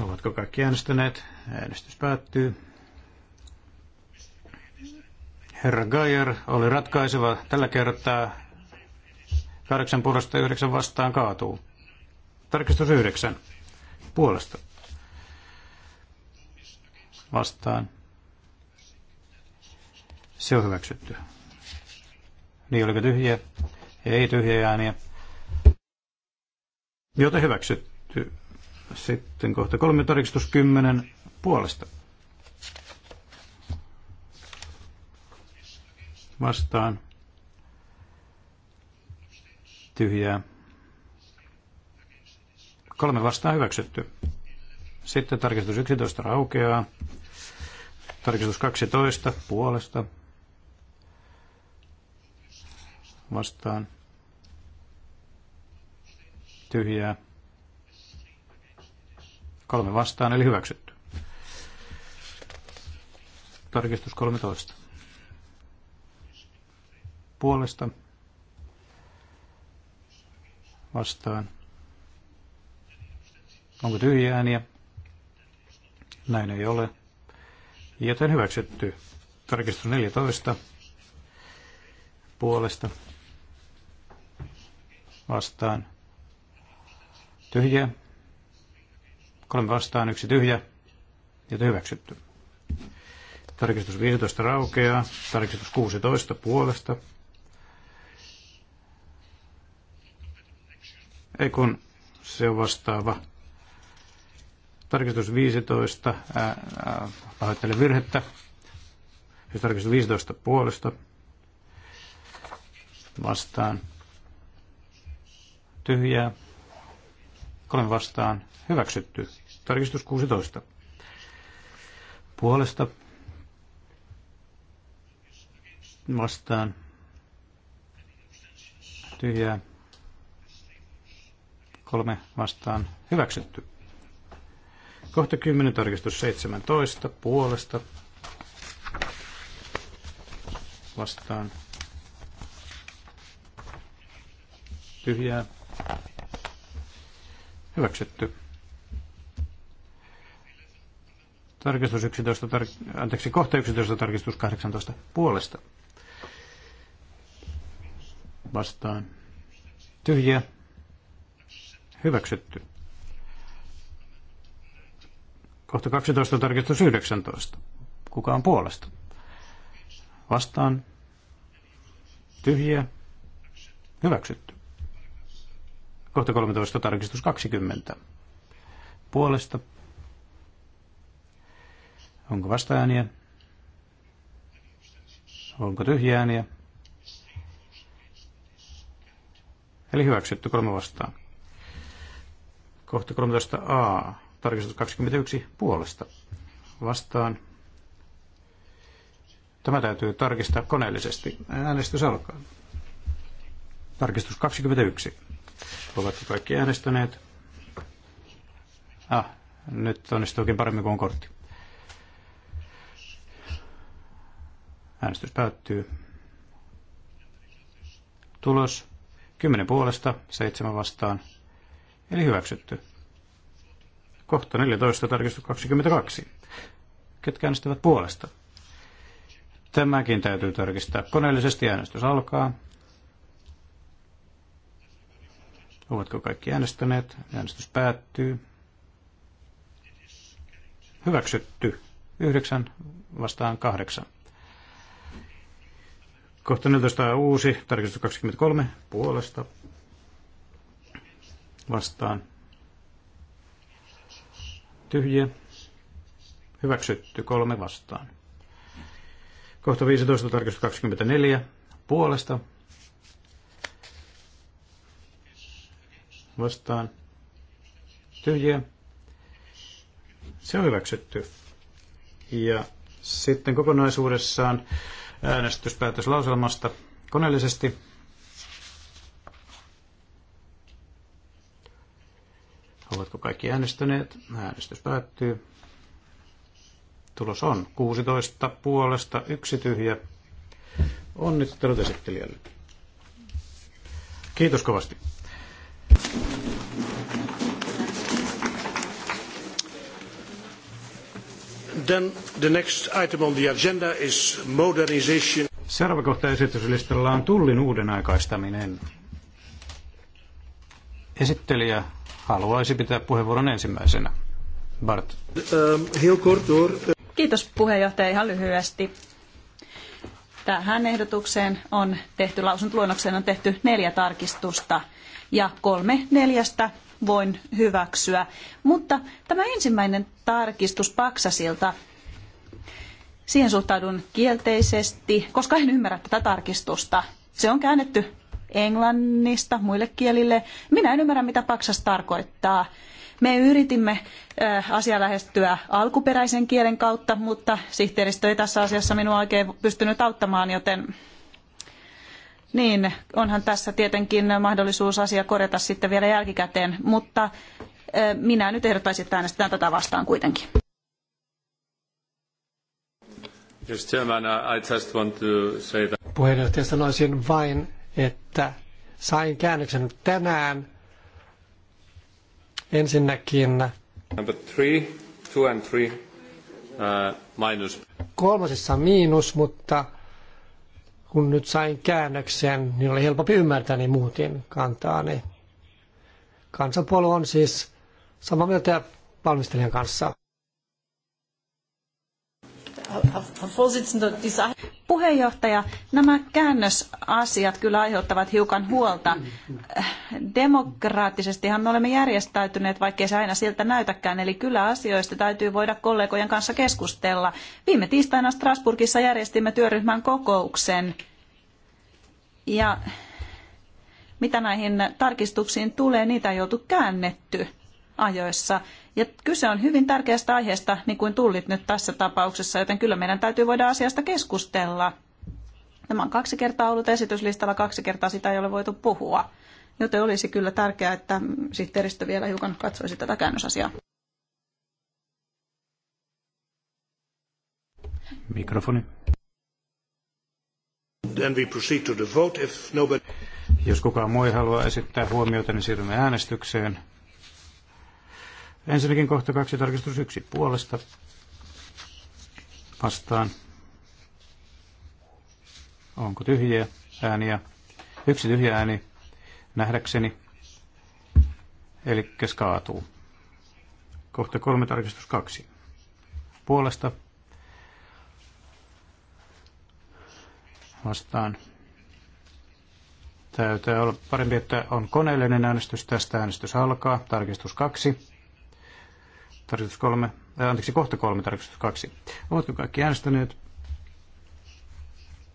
Ovatko kaikki äänestäneet? Äänestys päättyy herra Geyer oli ratkaiseva. Tällä kertaa kahdeksan puolesta yhdeksän vastaan kaatuu. Tarkistus yhdeksän puolesta vastaan. Se on hyväksytty. Niin oliko tyhjiä? Ei tyhjiä ääniä. Joten hyväksytty. Sitten kohta kolme tarkistus kymmenen puolesta vastaan tyhjää. Kolme vastaan hyväksytty. Sitten tarkistus 11 raukeaa. Tarkistus 12 puolesta vastaan tyhjää. Kolme vastaan eli hyväksytty. Tarkistus 13 puolesta vastaan. Onko tyhjä ääniä? Näin ei ole. Joten hyväksytty. Tarkistus 14 puolesta vastaan. tyhjä, Kolme vastaan, yksi tyhjä. Joten hyväksytty. Tarkistus 15 raukeaa. Tarkistus 16 puolesta ei kun se on vastaava. Tarkistus 15, pahoittelen virhettä. Siis tarkistus 15 puolesta vastaan. Tyhjää. Kolme vastaan. Hyväksytty. Tarkistus 16. Puolesta vastaan. Tyhjää kolme vastaan hyväksytty. Kohta 10 tarkistus 17 puolesta vastaan tyhjää hyväksytty. Tarkistus 11, tar- anteeksi, kohta 11, tarkistus 18 puolesta vastaan tyhjää Hyväksytty. Kohta 12 tarkistus 19. Kuka on puolesta? Vastaan. Tyhjiä. Hyväksytty. Kohta 13 tarkistus 20. Puolesta. Onko vastaääniä? Onko tyhjääniä? Eli hyväksytty kolme vastaan. Kohta 13a, tarkistus 21 puolesta vastaan. Tämä täytyy tarkistaa koneellisesti. Äänestys alkaa. Tarkistus 21. Ovatko kaikki äänestäneet? Ah, nyt onnistuukin paremmin kuin on kortti. Äänestys päättyy. Tulos 10 puolesta, 7 vastaan, Eli hyväksytty. Kohta 14, tarkistus 22. Ketkä äänestävät puolesta? Tämäkin täytyy tarkistaa. Koneellisesti äänestys alkaa. Ovatko kaikki äänestäneet? Äänestys päättyy. Hyväksytty. Yhdeksän vastaan kahdeksan. Kohta 14 uusi, tarkistus 23 puolesta vastaan tyhjiä. Hyväksytty kolme vastaan. Kohta 15 tarkistus 24 puolesta vastaan tyhjiä. Se on hyväksytty. Ja sitten kokonaisuudessaan äänestyspäätöslauselmasta koneellisesti. kaikki äänestäneet? Äänestys päättyy. Tulos on 16 puolesta, yksi tyhjä. Onnittelut esittelijälle. Kiitos kovasti. Then the next item on the agenda is modernization. Seuraava kohta esityslistalla on tullin uuden aikaistaminen. Esittelijä haluaisi pitää puheenvuoron ensimmäisenä. Bart. Ähm, Kiitos puheenjohtaja ihan lyhyesti. Tähän ehdotukseen on tehty, lausuntoluonnokseen on tehty neljä tarkistusta ja kolme neljästä voin hyväksyä. Mutta tämä ensimmäinen tarkistus Paksasilta, siihen suhtaudun kielteisesti, koska en ymmärrä tätä tarkistusta. Se on käännetty englannista muille kielille. Minä en ymmärrä, mitä paksas tarkoittaa. Me yritimme asiaa lähestyä alkuperäisen kielen kautta, mutta sihteeristö ei tässä asiassa minua oikein pystynyt auttamaan, joten niin, onhan tässä tietenkin mahdollisuus asia korjata sitten vielä jälkikäteen, mutta minä nyt ehdottaisin, että äänestetään tätä vastaan kuitenkin. Puheenjohtaja sanoisin vain, että sain käännöksen tänään. Ensinnäkin number three, two and three, uh, minus. kolmosessa on miinus, mutta kun nyt sain käännöksen, niin oli helpompi ymmärtää, niin muutin kantaani. Kansanpuolue on siis samaa mieltä valmistelijan kanssa. Puheenjohtaja, nämä käännösasiat kyllä aiheuttavat hiukan huolta. Demokraattisestihan me olemme järjestäytyneet, vaikkei se aina siltä näytäkään, eli kyllä asioista täytyy voida kollegojen kanssa keskustella. Viime tiistaina Strasbourgissa järjestimme työryhmän kokouksen. Ja mitä näihin tarkistuksiin tulee, niitä ei joutu käännetty ajoissa. Ja kyse on hyvin tärkeästä aiheesta, niin kuin tullit nyt tässä tapauksessa, joten kyllä meidän täytyy voida asiasta keskustella. Tämä on kaksi kertaa ollut esityslistalla, kaksi kertaa sitä ei ole voitu puhua. Joten olisi kyllä tärkeää, että sihteeristö vielä hiukan katsoisi tätä käännösasiaa. Mikrofoni. Then we proceed to the vote if nobody... Jos kukaan muu ei halua esittää huomiota, niin siirrymme äänestykseen. Ensinnäkin kohta kaksi tarkistus yksi puolesta vastaan. Onko tyhjiä ääniä? Yksi tyhjä ääni nähdäkseni, eli kaatuu. Kohta kolme tarkistus kaksi puolesta vastaan. Täytyy olla parempi, että on koneellinen äänestys. Tästä äänestys alkaa. Tarkistus kaksi. Tarkistus kolme, äh, anteeksi, kohta kolme, tarkistus kaksi. Ovatko kaikki äänestäneet?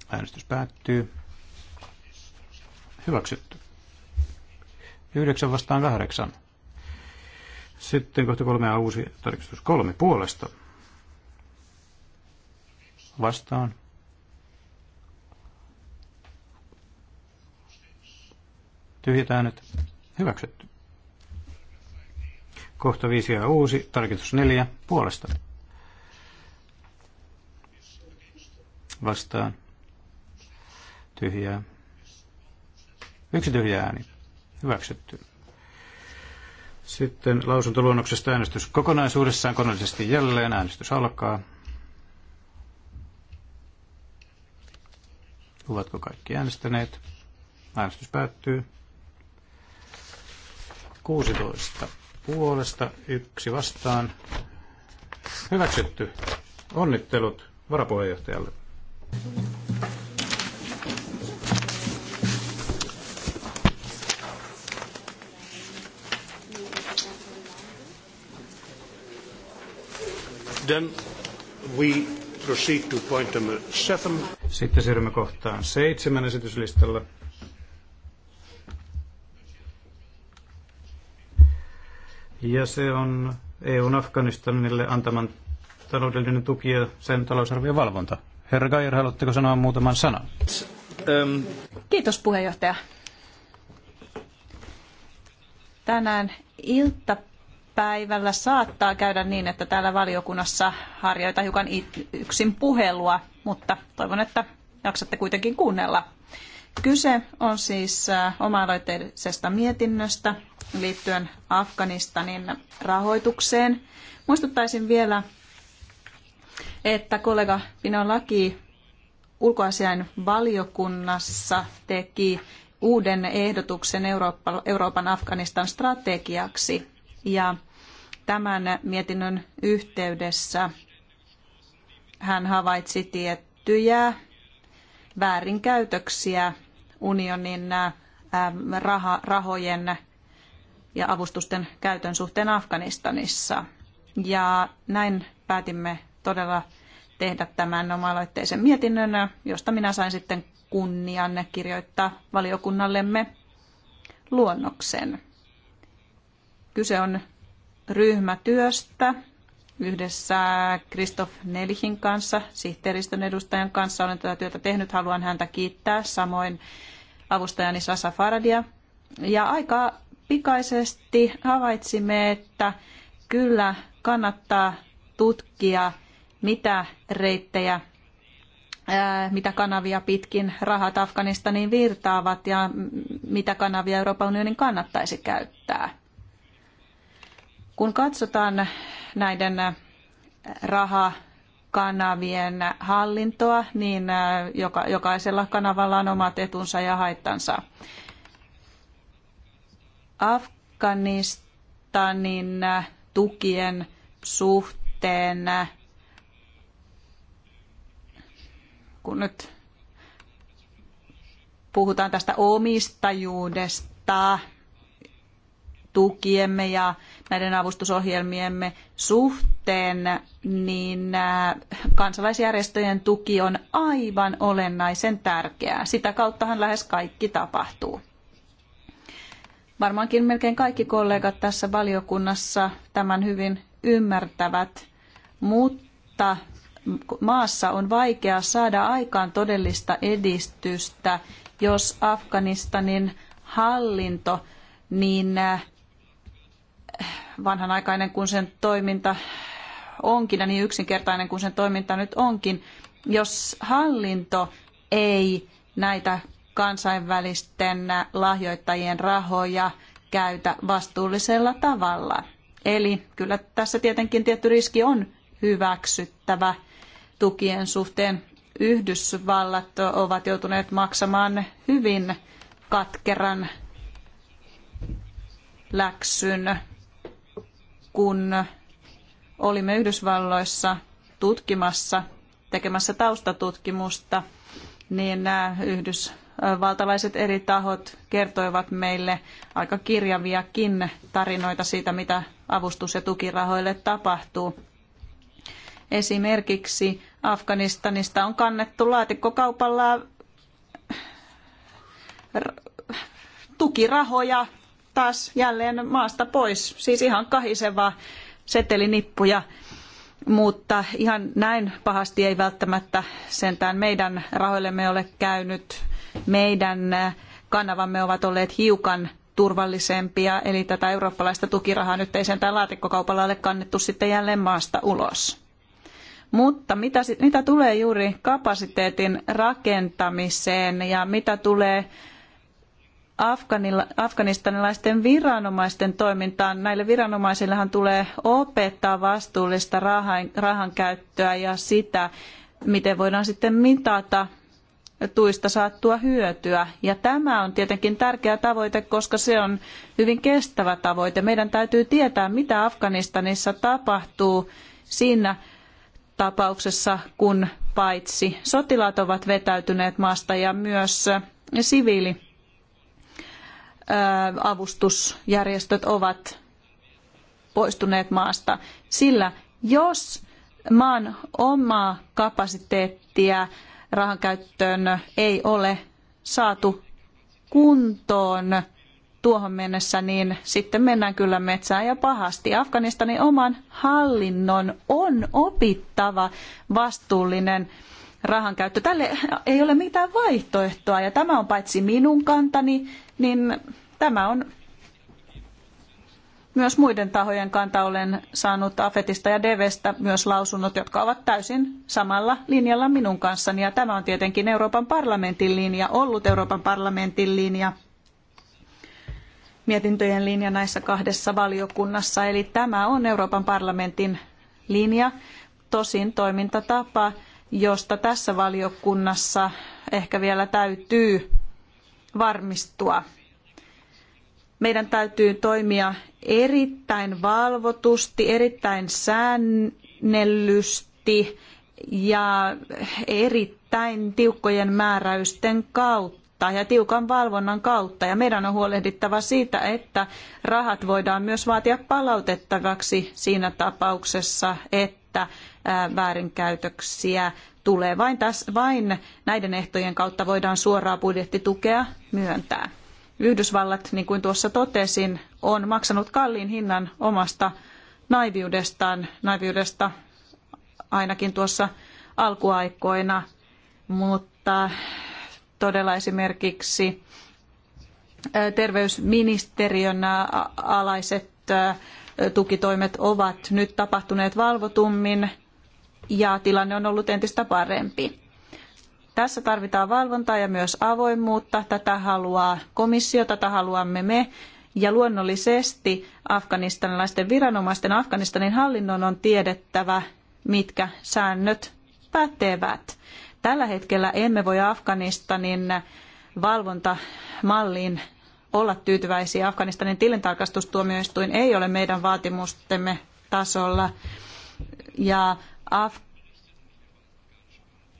Äänestys päättyy. Hyväksytty. Yhdeksän vastaan kahdeksan. Sitten kohta kolme ja uusi tarkistus kolme puolesta. Vastaan. Tyhjät äänet. Hyväksytty. Kohta 5 ja uusi, tarkistus 4 puolesta. Vastaan. Tyhjää. Yksi tyhjä ääni. Hyväksytty. Sitten lausuntoluonnoksesta äänestys kokonaisuudessaan koneellisesti jälleen. Äänestys alkaa. Ovatko kaikki äänestäneet? Äänestys päättyy. 16 puolesta, yksi vastaan. Hyväksytty. Onnittelut varapuheenjohtajalle. Then we proceed to point number seven. Sitten siirrymme kohtaan seitsemän esityslistalla. Ja se on EUn Afganistanille antaman taloudellinen tuki ja sen talousarvion valvonta. Herra Gajer, haluatteko sanoa muutaman sanan? Ähm. Kiitos puheenjohtaja. Tänään iltapäivällä saattaa käydä niin, että täällä valiokunnassa harjoita hiukan yksin puhelua, mutta toivon, että jaksatte kuitenkin kuunnella Kyse on siis äh, oma-aloitteisesta mietinnöstä liittyen Afganistanin rahoitukseen. Muistuttaisin vielä, että kollega Pino Laki ulkoasian valiokunnassa teki uuden ehdotuksen Eurooppa, Euroopan Afganistan strategiaksi. Ja tämän mietinnön yhteydessä hän havaitsi tiettyjä väärinkäytöksiä unionin raha, rahojen ja avustusten käytön suhteen Afganistanissa. Ja näin päätimme todella tehdä tämän oma-aloitteisen mietinnön, josta minä sain sitten kunnian kirjoittaa valiokunnallemme luonnoksen. Kyse on ryhmätyöstä, yhdessä Kristoff Nelihin kanssa, sihteeristön edustajan kanssa olen tätä työtä tehnyt. Haluan häntä kiittää, samoin avustajani Sasa Faradia. Ja aika pikaisesti havaitsimme, että kyllä kannattaa tutkia, mitä reittejä mitä kanavia pitkin rahat Afganistaniin virtaavat ja mitä kanavia Euroopan unionin kannattaisi käyttää. Kun katsotaan näiden äh, rahakanavien hallintoa, niin äh, joka, jokaisella kanavalla on omat etunsa ja haittansa. Afganistanin äh, tukien suhteen, kun nyt puhutaan tästä omistajuudesta, tukiemme ja näiden avustusohjelmiemme suhteen, niin äh, kansalaisjärjestöjen tuki on aivan olennaisen tärkeää. Sitä kauttahan lähes kaikki tapahtuu. Varmaankin melkein kaikki kollegat tässä valiokunnassa tämän hyvin ymmärtävät, mutta maassa on vaikea saada aikaan todellista edistystä, jos Afganistanin hallinto niin äh, vanhanaikainen kuin sen toiminta onkin ja niin yksinkertainen kuin sen toiminta nyt onkin, jos hallinto ei näitä kansainvälisten lahjoittajien rahoja käytä vastuullisella tavalla. Eli kyllä tässä tietenkin tietty riski on hyväksyttävä tukien suhteen. Yhdysvallat ovat joutuneet maksamaan hyvin katkeran läksyn kun olimme Yhdysvalloissa tutkimassa, tekemässä taustatutkimusta, niin nämä yhdysvaltalaiset eri tahot kertoivat meille aika kirjaviakin tarinoita siitä, mitä avustus- ja tukirahoille tapahtuu. Esimerkiksi Afganistanista on kannettu laatikkokaupalla tukirahoja taas jälleen maasta pois. Siis ihan kahiseva setelinippuja, mutta ihan näin pahasti ei välttämättä sentään meidän rahoillemme ole käynyt. Meidän äh, kanavamme ovat olleet hiukan turvallisempia, eli tätä eurooppalaista tukirahaa nyt ei sentään laatikkokaupalla ole kannettu sitten jälleen maasta ulos. Mutta mitä, mitä tulee juuri kapasiteetin rakentamiseen ja mitä tulee afganistanilaisten viranomaisten toimintaan. Näille viranomaisillehan tulee opettaa vastuullista rahan, rahan käyttöä ja sitä, miten voidaan sitten mitata tuista saattua hyötyä. Ja tämä on tietenkin tärkeä tavoite, koska se on hyvin kestävä tavoite. Meidän täytyy tietää, mitä Afganistanissa tapahtuu siinä tapauksessa, kun paitsi sotilaat ovat vetäytyneet maasta ja myös siviili avustusjärjestöt ovat poistuneet maasta. Sillä jos maan omaa kapasiteettia rahankäyttöön ei ole saatu kuntoon tuohon mennessä, niin sitten mennään kyllä metsään ja pahasti. Afganistanin oman hallinnon on opittava vastuullinen rahankäyttö. Tälle ei ole mitään vaihtoehtoa ja tämä on paitsi minun kantani, niin tämä on myös muiden tahojen kanta olen saanut Afetista ja Devestä myös lausunnot, jotka ovat täysin samalla linjalla minun kanssani. Ja tämä on tietenkin Euroopan parlamentin linja, ollut Euroopan parlamentin linja, mietintöjen linja näissä kahdessa valiokunnassa. Eli tämä on Euroopan parlamentin linja, tosin toimintatapa josta tässä valiokunnassa ehkä vielä täytyy varmistua. Meidän täytyy toimia erittäin valvotusti, erittäin säännellysti ja erittäin tiukkojen määräysten kautta ja tiukan valvonnan kautta. Ja meidän on huolehdittava siitä, että rahat voidaan myös vaatia palautettavaksi siinä tapauksessa, että väärinkäytöksiä tulee. Vain, täs, vain näiden ehtojen kautta voidaan suoraa budjettitukea myöntää. Yhdysvallat, niin kuin tuossa totesin, on maksanut kalliin hinnan omasta naiviudestaan, naiviudesta ainakin tuossa alkuaikoina, mutta todella esimerkiksi terveysministeriön alaiset tukitoimet ovat nyt tapahtuneet valvotummin ja tilanne on ollut entistä parempi. Tässä tarvitaan valvontaa ja myös avoimuutta. Tätä haluaa komissio, tätä haluamme me. Ja luonnollisesti afganistanilaisten viranomaisten Afganistanin hallinnon on tiedettävä, mitkä säännöt pätevät. Tällä hetkellä emme voi Afganistanin valvontamalliin olla tyytyväisiä. Afganistanin tilintarkastustuomioistuin ei ole meidän vaatimustemme tasolla. Ja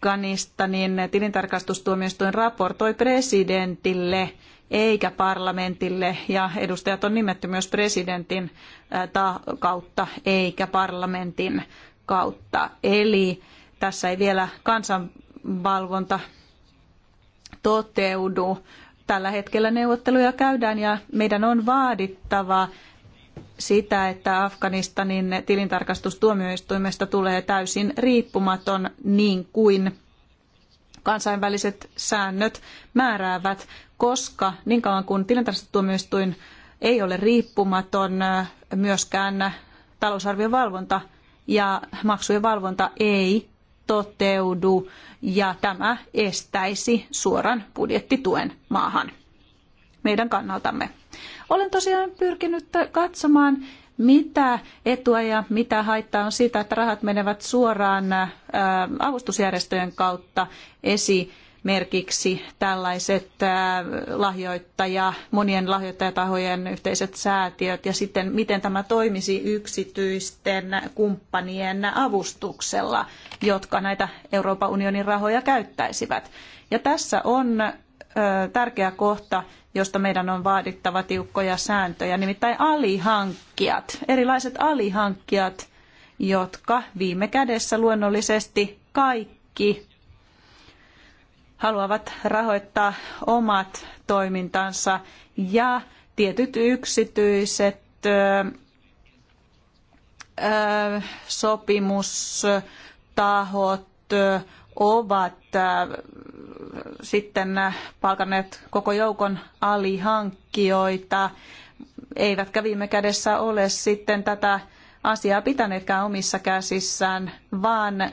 Afganistanin tilintarkastustuomioistuin raportoi presidentille eikä parlamentille ja edustajat on nimetty myös presidentin kautta eikä parlamentin kautta. Eli tässä ei vielä kansanvalvonta toteudu. Tällä hetkellä neuvotteluja käydään ja meidän on vaadittava sitä, että Afganistanin tilintarkastustuomioistuimesta tulee täysin riippumaton niin kuin kansainväliset säännöt määräävät, koska niin kauan kuin tilintarkastustuomioistuin ei ole riippumaton myöskään talousarvion valvonta ja maksujen valvonta ei toteudu ja tämä estäisi suoran budjettituen maahan meidän kannaltamme. Olen tosiaan pyrkinyt katsomaan, mitä etua ja mitä haittaa on siitä, että rahat menevät suoraan äh, avustusjärjestöjen kautta esi merkiksi tällaiset äh, lahjoittaja, monien lahjoittajatahojen yhteiset säätiöt ja sitten miten tämä toimisi yksityisten kumppanien avustuksella, jotka näitä Euroopan unionin rahoja käyttäisivät. Ja tässä on äh, tärkeä kohta josta meidän on vaadittava tiukkoja sääntöjä, nimittäin alihankkijat, erilaiset alihankkijat, jotka viime kädessä luonnollisesti kaikki haluavat rahoittaa omat toimintansa ja tietyt yksityiset sopimustahot ovat äh, sitten äh, palkanneet koko joukon alihankkijoita, eivätkä viime kädessä ole sitten tätä asiaa pitäneetkään omissa käsissään, vaan äh,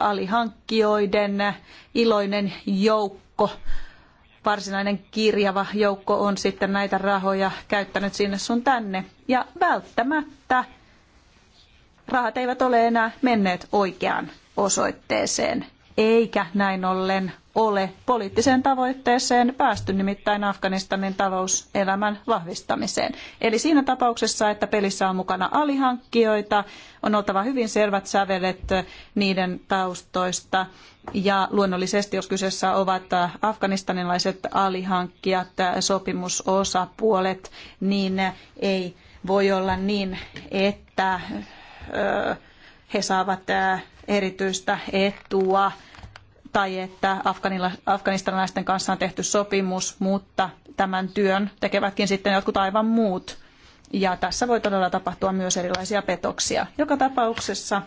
alihankkijoiden iloinen joukko, varsinainen kirjava joukko on sitten näitä rahoja käyttänyt sinne sun tänne. Ja välttämättä rahat eivät ole enää menneet oikeaan osoitteeseen, eikä näin ollen ole poliittiseen tavoitteeseen päästy, nimittäin Afganistanin talouselämän vahvistamiseen. Eli siinä tapauksessa, että pelissä on mukana alihankkijoita, on oltava hyvin selvät sävelet niiden taustoista. Ja luonnollisesti, jos kyseessä ovat afganistanilaiset alihankkijat, sopimusosapuolet, niin ei voi olla niin, että... Öö, he saavat erityistä etua tai että afganistanilaisten kanssa on tehty sopimus, mutta tämän työn tekevätkin sitten jotkut aivan muut. Ja tässä voi todella tapahtua myös erilaisia petoksia. Joka tapauksessa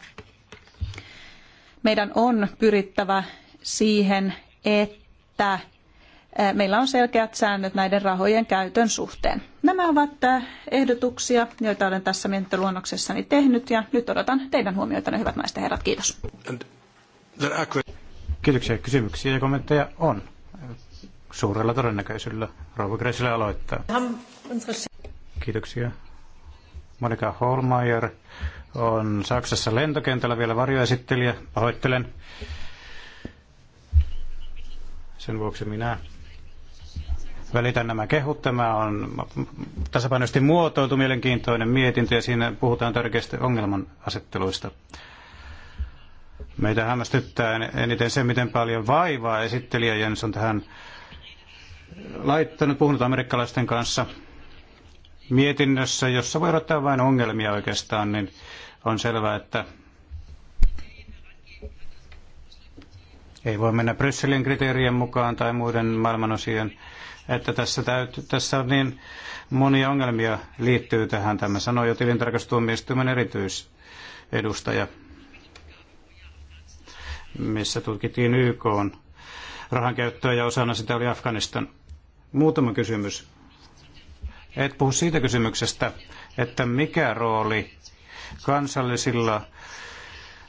meidän on pyrittävä siihen, että meillä on selkeät säännöt näiden rahojen käytön suhteen. Nämä ovat ehdotuksia, joita olen tässä mietintöluonnoksessani tehnyt ja nyt odotan teidän huomioitanne, hyvät naiset ja herrat. Kiitos. Kiitoksia. Kysymyksiä ja kommentteja on. Suurella todennäköisyydellä Rouva Gressille aloittaa. Kiitoksia. Monika Holmeier on Saksassa lentokentällä vielä varjoesittelijä. Pahoittelen. Sen vuoksi minä välitän nämä kehut. Tämä on tasapainoisesti muotoiltu mielenkiintoinen mietintö ja siinä puhutaan tärkeistä ongelman asetteluista. Meitä hämmästyttää eniten se, miten paljon vaivaa esittelijä Jens on tähän laittanut, puhunut amerikkalaisten kanssa mietinnössä, jossa voi odottaa vain ongelmia oikeastaan, niin on selvää, että ei voi mennä Brysselin kriteerien mukaan tai muiden maailmanosien että tässä, täytyy, tässä on niin monia ongelmia liittyy tähän. Tämä sanoi jo tilintarkastustuomioistuimen erityisedustaja, missä tutkittiin YK on rahankäyttöä ja osana sitä oli Afganistan. Muutama kysymys. Et puhu siitä kysymyksestä, että mikä rooli kansallisilla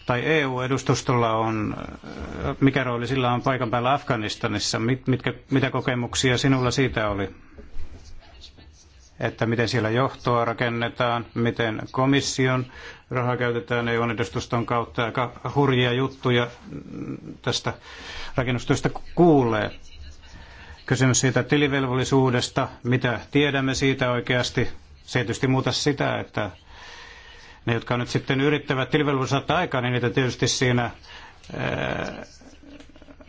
tai EU-edustustolla on, äh, mikä rooli sillä on paikan päällä Afganistanissa? Mit, mitkä, mitä kokemuksia sinulla siitä oli? Että miten siellä johtoa rakennetaan, miten komission rahaa käytetään EU-edustuston kautta. Aika hurjia juttuja tästä rakennustyöstä kuulee. Kysymys siitä tilivelvollisuudesta, mitä tiedämme siitä oikeasti. Se ei tietysti muuta sitä, että ne, jotka nyt sitten yrittävät tilivelvollisuus aikaan, niin niitä tietysti siinä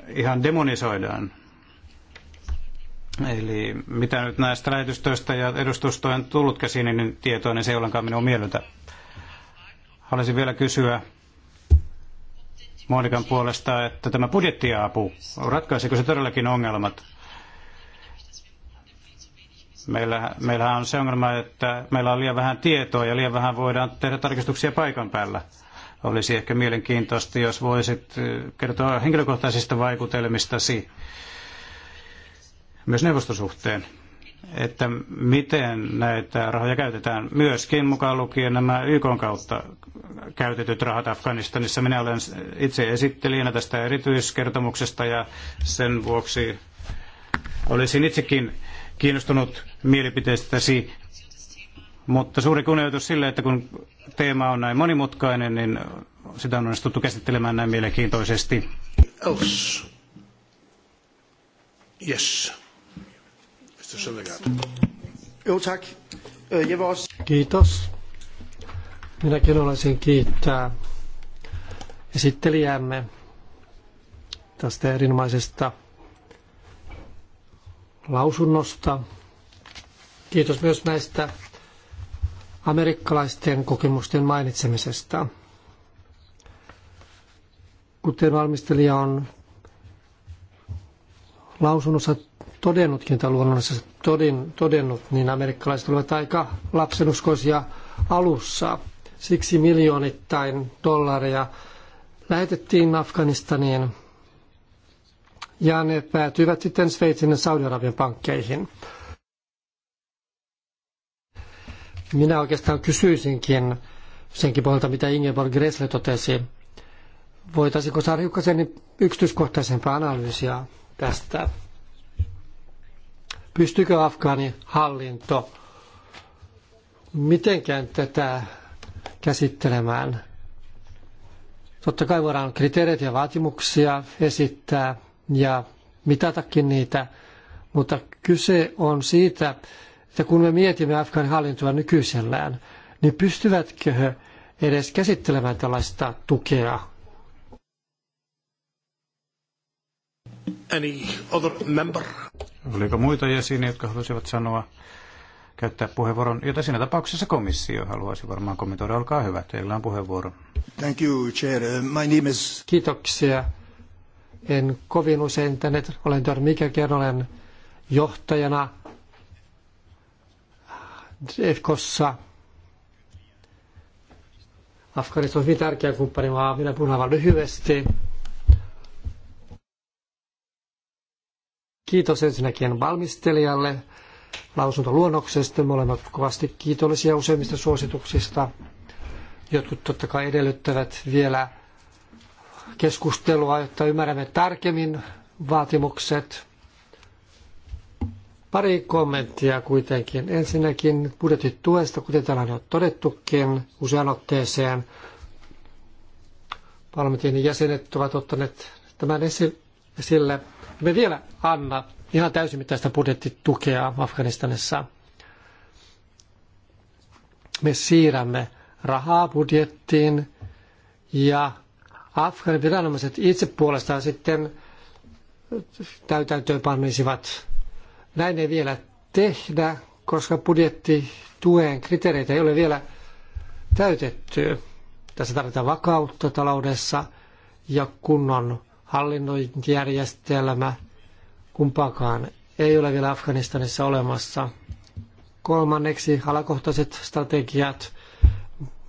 ihan demonisoidaan. Eli mitä nyt näistä lähetystöistä ja edustustojen tullut käsiin, niin tietoa, niin se ei ollenkaan minua miellytä. Haluaisin vielä kysyä Monikan puolesta, että tämä budjettiapu, ratkaisiko se todellakin ongelmat? Meillä, meillähän on se ongelma, että meillä on liian vähän tietoa ja liian vähän voidaan tehdä tarkistuksia paikan päällä. Olisi ehkä mielenkiintoista, jos voisit eh, kertoa henkilökohtaisista vaikutelmistasi myös neuvostosuhteen, että miten näitä rahoja käytetään myöskin mukaan lukien nämä YK kautta käytetyt rahat Afganistanissa. Minä olen itse esittelijänä tästä erityiskertomuksesta ja sen vuoksi olisin itsekin kiinnostunut mielipiteestäsi, mutta suuri kunnioitus sille, että kun teema on näin monimutkainen, niin sitä on onnistuttu käsittelemään näin mielenkiintoisesti. Else. Yes. Kiitos. Minäkin haluaisin kiittää esittelijämme tästä erinomaisesta lausunnosta. Kiitos myös näistä amerikkalaisten kokemusten mainitsemisesta. Kuten valmistelija on lausunnossa todennutkin tai luonnollisesti todennut, niin amerikkalaiset olivat aika lapsenuskoisia alussa. Siksi miljoonittain dollaria lähetettiin Afganistaniin ja ne päätyivät sitten Sveitsin ja Saudi-Arabian pankkeihin. Minä oikeastaan kysyisinkin senkin pohjalta, mitä Ingeborg Gressle totesi. Voitaisiinko saada hiukkasen niin yksityiskohtaisempaa analyysiä tästä? Pystyykö Afgaani hallinto mitenkään tätä käsittelemään? Totta kai voidaan kriteereitä ja vaatimuksia esittää, ja mitatakin niitä, mutta kyse on siitä, että kun me mietimme Afganin hallintoa nykyisellään, niin pystyvätkö he edes käsittelemään tällaista tukea? Any other member? Oliko muita jäseniä, jotka haluaisivat sanoa, käyttää puheenvuoron, jota siinä tapauksessa komissio haluaisi varmaan kommentoida. Olkaa hyvä, teillä on puheenvuoro. Thank you, chair. Uh, my name is... Kiitoksia. En kovin usein tänne olen törmännyt, mikä kerran olen johtajana EFKossa. Afganistan on hyvin tärkeä vaan minä puhun aivan lyhyesti. Kiitos ensinnäkin valmistelijalle lausuntoluonnoksesta. Me olemme kovasti kiitollisia useimmista suosituksista. Jotkut totta kai edellyttävät vielä keskustelua, jotta ymmärrämme tarkemmin vaatimukset. Pari kommenttia kuitenkin. Ensinnäkin budjettituesta, kuten täällä on jo todettukin usean otteeseen. Parlamentin jäsenet ovat ottaneet tämän esille. Me vielä anna ihan täysimittaista budjettitukea Afganistanissa. Me siirrämme rahaa budjettiin ja Afganin viranomaiset itse puolestaan sitten täytäntöön panisivat. Näin ei vielä tehdä, koska budjettituen kriteereitä ei ole vielä täytetty. Tässä tarvitaan vakautta taloudessa ja kunnon hallinnointijärjestelmä. Kumpaakaan ei ole vielä Afganistanissa olemassa. Kolmanneksi alakohtaiset strategiat,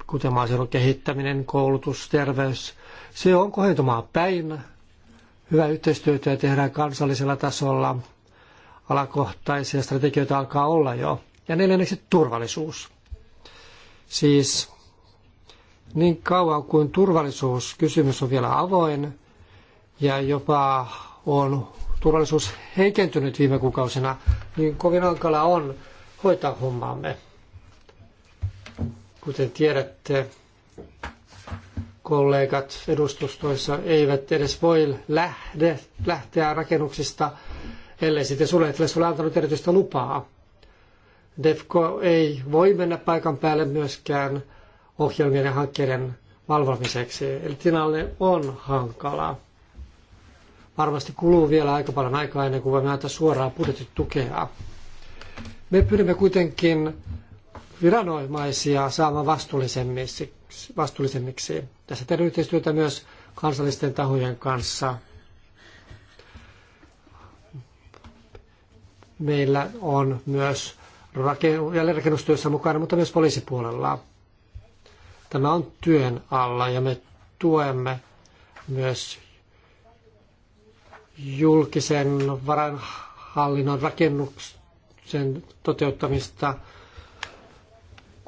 kuten maaseudun kehittäminen, koulutus, terveys, se on kohentumaan päin. Hyvää yhteistyötä tehdään kansallisella tasolla. Alakohtaisia strategioita alkaa olla jo. Ja neljänneksi turvallisuus. Siis niin kauan kuin turvallisuuskysymys on vielä avoin ja jopa on turvallisuus heikentynyt viime kuukausina, niin kovin hankala on hoitaa hommaamme. Kuten tiedätte, kollegat edustustoissa eivät edes voi lähde, lähteä rakennuksista, ellei sitten suljettele ole antanut erityistä lupaa. DEFCO ei voi mennä paikan päälle myöskään ohjelmien ja hankkeiden valvomiseksi. Eli tilanne on hankala. Varmasti kuluu vielä aika paljon aikaa ennen kuin voimme antaa suoraa budjettitukea. Me pyrimme kuitenkin viranomaisia saamaan vastuullisemmiksi vastuullisemmiksi. Tässä tehdään yhteistyötä myös kansallisten tahojen kanssa. Meillä on myös jälleenrakennustyössä mukana, mutta myös poliisipuolella. Tämä on työn alla ja me tuemme myös julkisen varanhallinnon rakennuksen toteuttamista –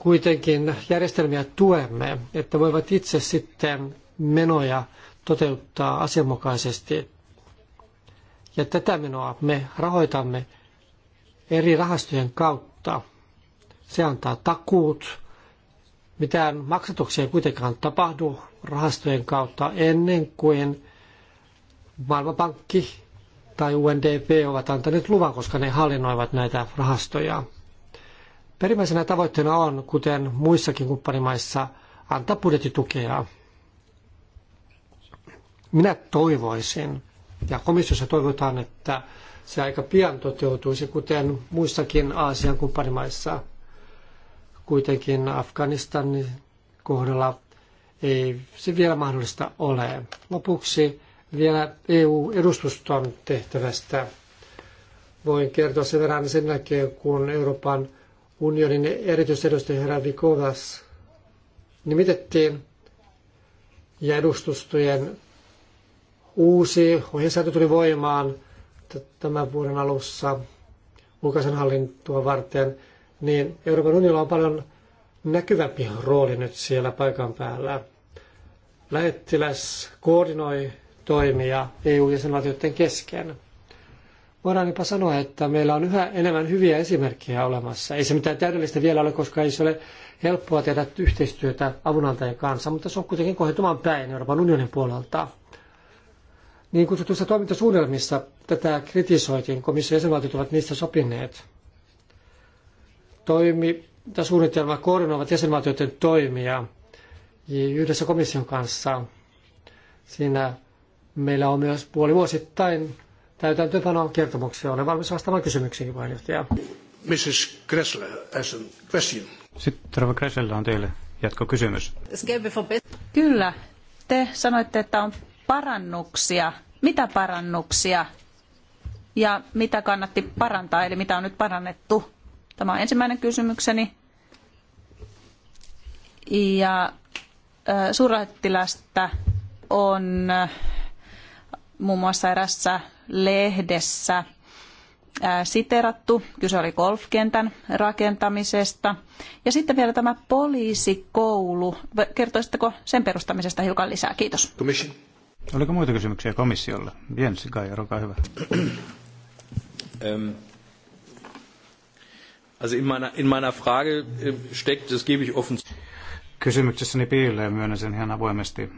kuitenkin järjestelmiä tuemme, että voivat itse sitten menoja toteuttaa asianmukaisesti. Ja tätä menoa me rahoitamme eri rahastojen kautta. Se antaa takuut. Mitään maksatuksia ei kuitenkaan tapahdu rahastojen kautta ennen kuin Maailmanpankki tai UNDP ovat antaneet luvan, koska ne hallinnoivat näitä rahastoja. Perimmäisenä tavoitteena on, kuten muissakin kumppanimaissa, antaa budjettitukea. Minä toivoisin, ja komissiossa toivotaan, että se aika pian toteutuisi, kuten muissakin Aasian kumppanimaissa. Kuitenkin Afganistanin kohdalla ei se vielä mahdollista ole. Lopuksi vielä EU-edustuston tehtävästä voin kertoa sen verran sen jälkeen, kun Euroopan unionin erityisedustaja herra Vikovas nimitettiin ja edustustojen uusi ohjesäätö tuli voimaan tämän vuoden alussa Lukasen hallintoa varten, niin Euroopan unionilla on paljon näkyvämpi rooli nyt siellä paikan päällä. Lähettiläs koordinoi toimia EU-jäsenvaltioiden kesken. Voidaan jopa sanoa, että meillä on yhä enemmän hyviä esimerkkejä olemassa. Ei se mitään täydellistä vielä ole, koska ei se ole helppoa tehdä yhteistyötä avunantajien kanssa, mutta se on kuitenkin kohentumaan päin Euroopan unionin puolelta. Niin kutsutuissa toimintasuunnitelmissa tätä kritisoitiin, komission jäsenvaltiot ovat niistä sopineet. Toimi tai suunnitelma koordinoivat jäsenvaltioiden toimia yhdessä komission kanssa. Siinä meillä on myös puolivuosittain täytäntöönpanon kertomuksia. Olen valmis vastaamaan kysymyksiin, puheenjohtaja. Mrs. Gressler has a question. Sitten Rova Gressler on teille jatkokysymys. Kyllä. Te sanoitte, että on parannuksia. Mitä parannuksia? Ja mitä kannatti parantaa, eli mitä on nyt parannettu? Tämä on ensimmäinen kysymykseni. Ja suurlähettilästä on muun muassa erässä lehdessä siterattu. Kyse oli golfkentän rakentamisesta. Ja sitten vielä tämä poliisikoulu. Kertoisitteko sen perustamisesta hiukan lisää? Kiitos. Commission. Oliko muita kysymyksiä komissiolle? Jens Geijer, olkaa hyvä. [CLEARS THROAT] ähm. Also in meiner, in meiner Frage äh, steckt, das gebe ich offen. Kysymyksessäni piilee, myönnän sen ihan avoimesti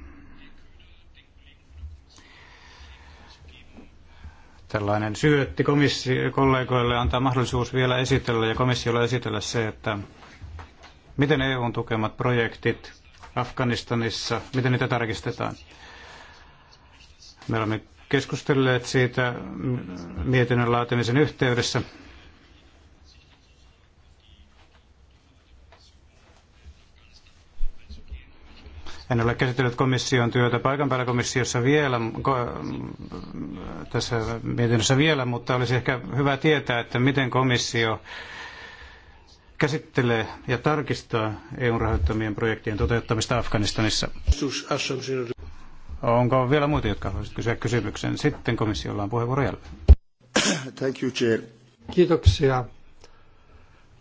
tällainen syötti kollegoille antaa mahdollisuus vielä esitellä ja komissiolle esitellä se, että miten EUn tukemat projektit Afganistanissa, miten niitä tarkistetaan. Me olemme keskustelleet siitä mietinnön laatimisen yhteydessä En ole käsitellyt komission työtä paikan päällä komissiossa vielä, tässä mietinnössä vielä, mutta olisi ehkä hyvä tietää, että miten komissio käsittelee ja tarkistaa EUn rahoittamien projektien toteuttamista Afganistanissa. Onko vielä muita, jotka haluaisivat kysyä kysymyksen? Sitten komissiolla on puheenvuoro jälleen. Thank you, Chair. Kiitoksia.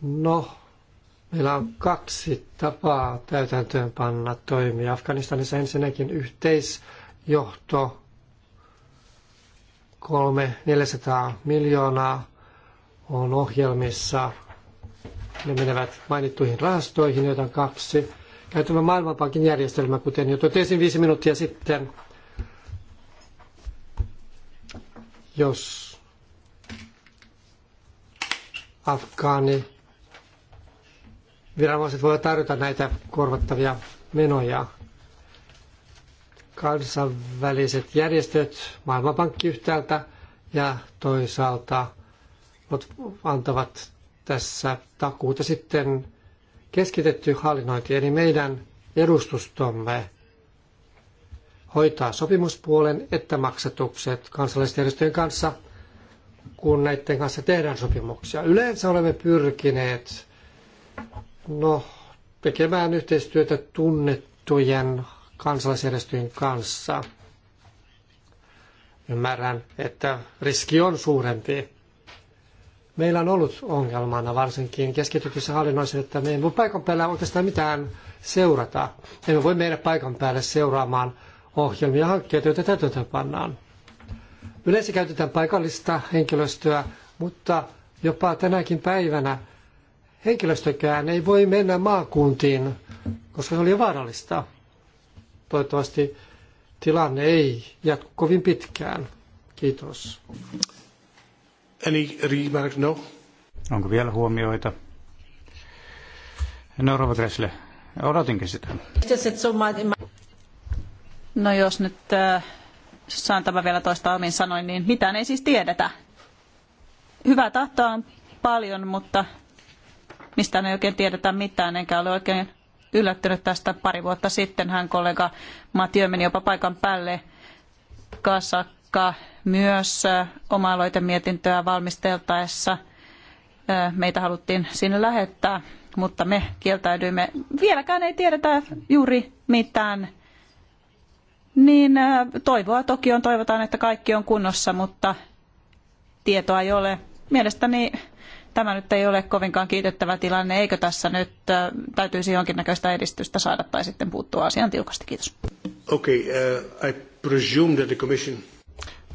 No, Meillä on kaksi tapaa täytäntöönpanna toimia. Afganistanissa ensinnäkin yhteisjohto 3 400 miljoonaa on ohjelmissa. Ne menevät mainittuihin rahastoihin, joita on kaksi. Käytämme Maailmanpankin järjestelmä, kuten jo totesin viisi minuuttia sitten. Jos afgaani viranomaiset voivat tarjota näitä korvattavia menoja. Kansainväliset järjestöt, Maailmanpankki yhtäältä ja toisaalta antavat tässä takuuta sitten keskitetty hallinnointi, eli meidän edustustomme hoitaa sopimuspuolen että maksatukset kansalaisjärjestöjen kanssa, kun näiden kanssa tehdään sopimuksia. Yleensä olemme pyrkineet No, tekemään yhteistyötä tunnettujen kansalaisjärjestöjen kanssa. Ymmärrän, että riski on suurempi. Meillä on ollut ongelmana varsinkin keskitytyssä hallinnoissa, että me ei voi paikan päällä oikeastaan mitään seurata. Emme voi mennä paikan päälle seuraamaan ohjelmia ja hankkeita, joita täytäntöön pannaan. Yleensä käytetään paikallista henkilöstöä, mutta jopa tänäkin päivänä – henkilöstökään ei voi mennä maakuntiin, koska se oli vaarallista. Toivottavasti tilanne ei jatku kovin pitkään. Kiitos. Any remarks? No. Onko vielä huomioita? No, Rova Gressle, odotinkin sitä. No jos nyt äh, saan tämä vielä toista omin sanoin, niin mitään ei siis tiedetä. Hyvää tahtoa on paljon, mutta mistä ei oikein tiedetä mitään, enkä ole oikein yllättynyt tästä pari vuotta sitten. Hän kollega Mathieu meni jopa paikan päälle Kasakka myös oma-aloitemietintöä valmisteltaessa. Meitä haluttiin sinne lähettää, mutta me kieltäydyimme. Vieläkään ei tiedetä juuri mitään. Niin toivoa toki on, toivotaan, että kaikki on kunnossa, mutta tietoa ei ole. Mielestäni Tämä nyt ei ole kovinkaan kiitettävä tilanne. Eikö tässä nyt täytyisi jonkinnäköistä edistystä saada tai sitten puuttua asiaan tiukasti? Kiitos. Okay, uh, I presume that the commission...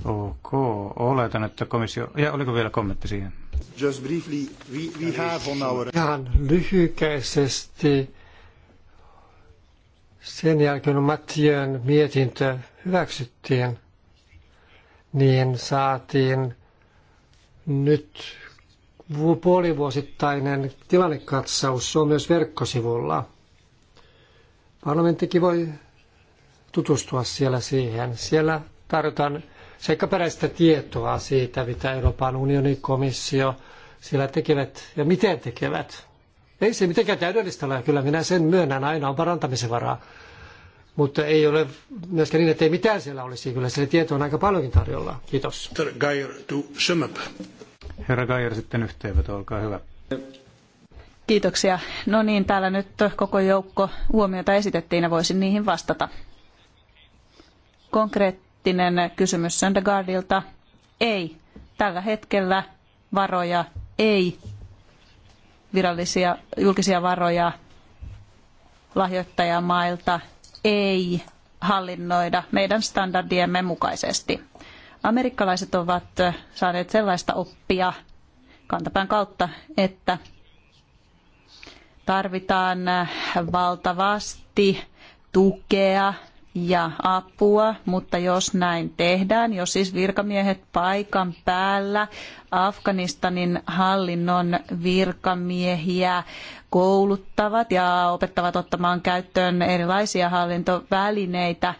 Ok, oletan, että komissio... Ja oliko vielä kommentti siihen? Just briefly, we, we have on our... Ihan lyhykäisesti sen jälkeen, kun Mattiön mietintö hyväksyttiin, niin saatiin nyt puolivuosittainen tilannekatsaus on myös verkkosivulla. Parlamenttikin voi tutustua siellä siihen. Siellä tarjotaan seikkaperäistä tietoa siitä, mitä Euroopan unionin komissio siellä tekevät ja miten tekevät. Ei se mitenkään täydellistä ole, kyllä minä sen myönnän, aina on parantamisen varaa. Mutta ei ole myöskään niin, että ei mitään siellä olisi. Kyllä se tieto on aika paljonkin tarjolla. Kiitos. Herra Kajer, sitten yhteenveto, olkaa hyvä. Kiitoksia. No niin, täällä nyt koko joukko huomiota esitettiin ja voisin niihin vastata. Konkreettinen kysymys Söndergaardilta. Ei. Tällä hetkellä varoja ei virallisia julkisia varoja lahjoittajamailta ei hallinnoida meidän standardiemme mukaisesti. Amerikkalaiset ovat saaneet sellaista oppia kantapään kautta, että tarvitaan valtavasti tukea ja apua, mutta jos näin tehdään, jos siis virkamiehet paikan päällä, Afganistanin hallinnon virkamiehiä kouluttavat ja opettavat ottamaan käyttöön erilaisia hallintovälineitä,